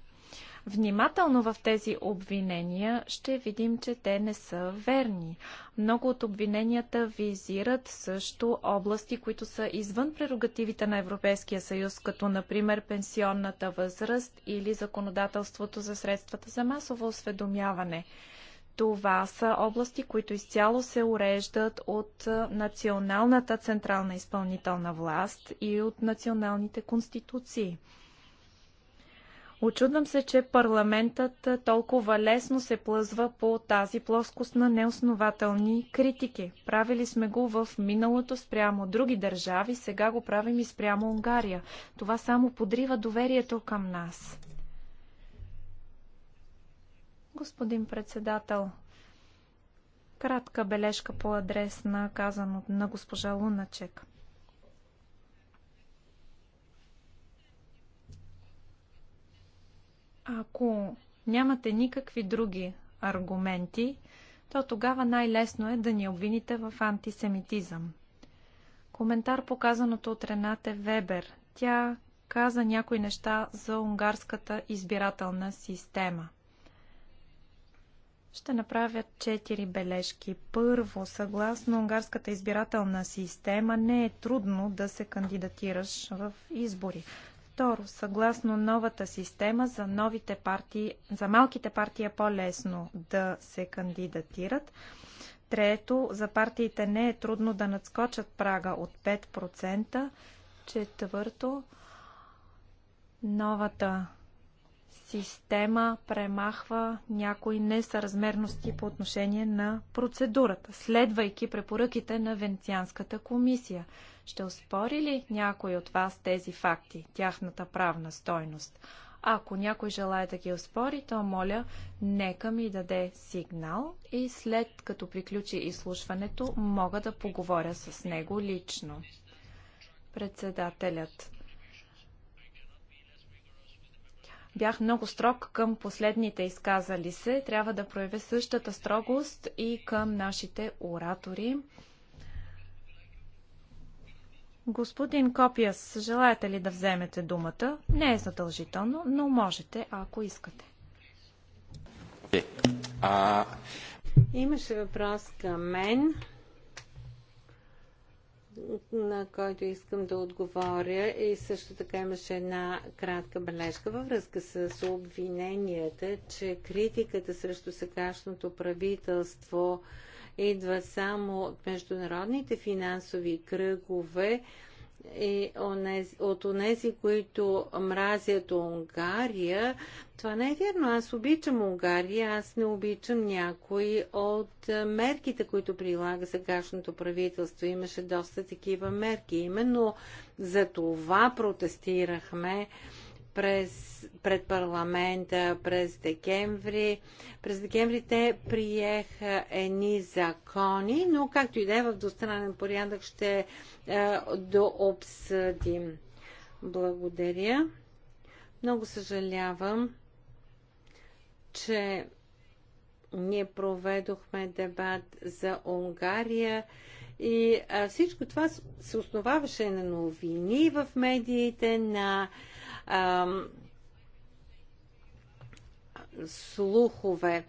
внимателно в тези обвинения, ще видим, че те не са верни. Много от обвиненията визират също области, които са извън прерогативите на Европейския съюз, като например пенсионната възраст или законодателството за средствата за масово осведомяване. Това са области, които изцяло се уреждат от националната централна изпълнителна власт и от националните конституции. Очудвам се, че парламентът толкова лесно се плъзва по тази плоскост на неоснователни критики. Правили сме го в миналото спрямо други държави, сега го правим и спрямо Унгария. Това само подрива доверието към нас. Господин председател, кратка бележка по адрес на казаното на госпожа Луначек. Ако нямате никакви други аргументи, то тогава най-лесно е да ни обвините в антисемитизъм. Коментар показаното от Ренате Вебер. Тя каза някои неща за унгарската избирателна система. Ще направя четири бележки. Първо, съгласно унгарската избирателна система не е трудно да се кандидатираш в избори. Второ, съгласно новата система за новите партии, за малките партии е по-лесно да се кандидатират. Трето, за партиите не е трудно да надскочат прага от 5%. Четвърто, новата система премахва някои несъразмерности по отношение на процедурата, следвайки препоръките на Венецианската комисия. Ще оспори ли някой от вас тези факти, тяхната правна стойност? Ако някой желая да ги оспори, то моля, нека ми даде сигнал и след като приключи изслушването, мога да поговоря с него лично. Председателят. Бях много строг към последните изказали се. Трябва да проявя същата строгост и към нашите оратори. Господин Копиас, желаете ли да вземете думата? Не е задължително, но можете, ако искате. Е, а... Имаше въпрос към мен, на който искам да отговоря и също така имаше една кратка бележка във връзка с обвиненията, че критиката срещу сегашното правителство Идва само от международните финансови кръгове и от онези, които мразят Унгария. Това не е вярно. Аз обичам Унгария, аз не обичам някои от мерките, които прилага сегашното правителство. Имаше доста такива мерки. Именно за това протестирахме през, пред парламента през декември. През декември те приеха едни закони, но както и да е в двустранен порядък ще е, дообсъдим. Благодаря. Много съжалявам, че ние проведохме дебат за Унгария и а, всичко това се основаваше на новини в медиите, на а, слухове.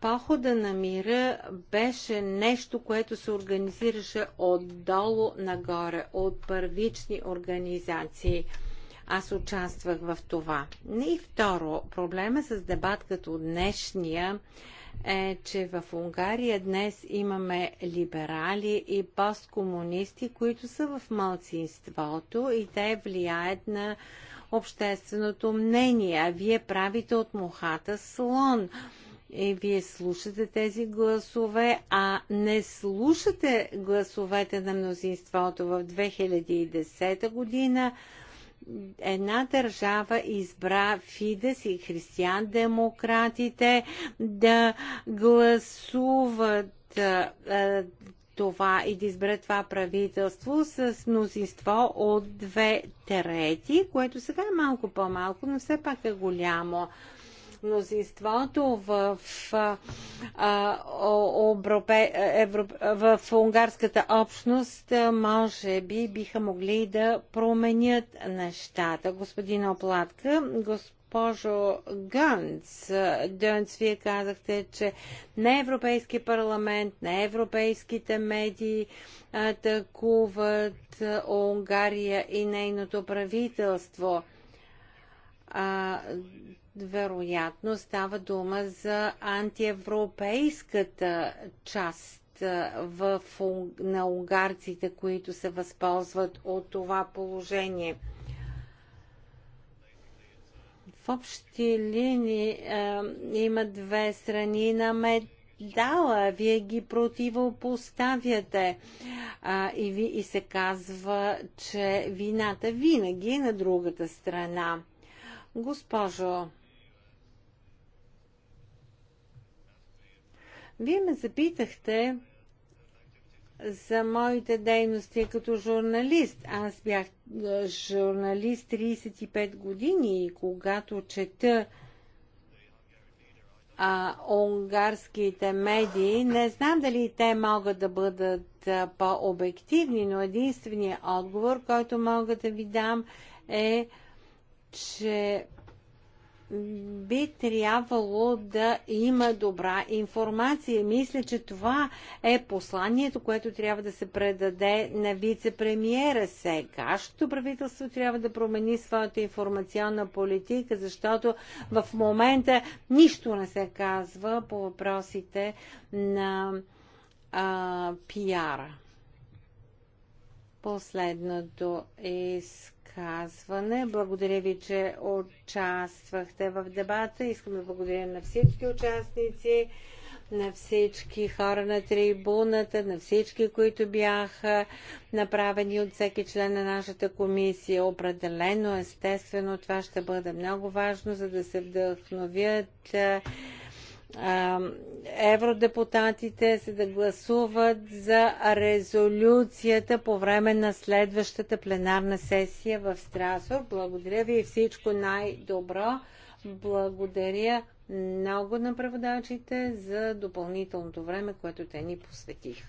Похода на мира беше нещо, което се организираше отдолу нагоре, от първични организации. Аз участвах в това. И второ, проблема с дебат като днешния е, че в Унгария днес имаме либерали и посткомунисти, които са в малцинството и те влияят на общественото мнение. А вие правите от мухата слон. И вие слушате тези гласове, а не слушате гласовете на мнозинството в 2010 година една държава избра Фидес и християн-демократите да гласуват това и да избере това правителство с мнозинство от две трети, което сега е малко по-малко, но все пак е голямо мнозинството в, в, в унгарската общност може би биха могли да променят нещата. Господин Оплатка, господин госпожо Гънц. Дънц, вие казахте, че не Европейски парламент, не европейските медии атакуват Унгария и нейното правителство. А, вероятно става дума за антиевропейската част в, на унгарците, които се възползват от това положение. В общи линии е, има две страни на медала. Вие ги противопоставяте е, и, ви, и се казва, че вината винаги е на другата страна. Госпожо Вие ме запитахте за моите дейности като журналист. Аз бях журналист 35 години и когато чета а, унгарските медии, не знам дали те могат да бъдат по-обективни, но единственият отговор, който мога да ви дам е, че би трябвало да има добра информация. Мисля, че това е посланието, което трябва да се предаде на вице-премьера. Ащото правителство трябва да промени своята информационна политика, защото в момента нищо не се казва по въпросите на а, пиара. Последното изказване изказване. Благодаря ви, че участвахте в дебата. Искам да благодаря на всички участници, на всички хора на трибуната, на всички, които бяха направени от всеки член на нашата комисия. Определено, естествено, това ще бъде много важно, за да се вдъхновят евродепутатите, за да гласуват за резолюцията по време на следващата пленарна сесия в Страсбург. Благодаря ви и всичко най-добро. Благодаря много на преводачите за допълнителното време, което те ни посветиха.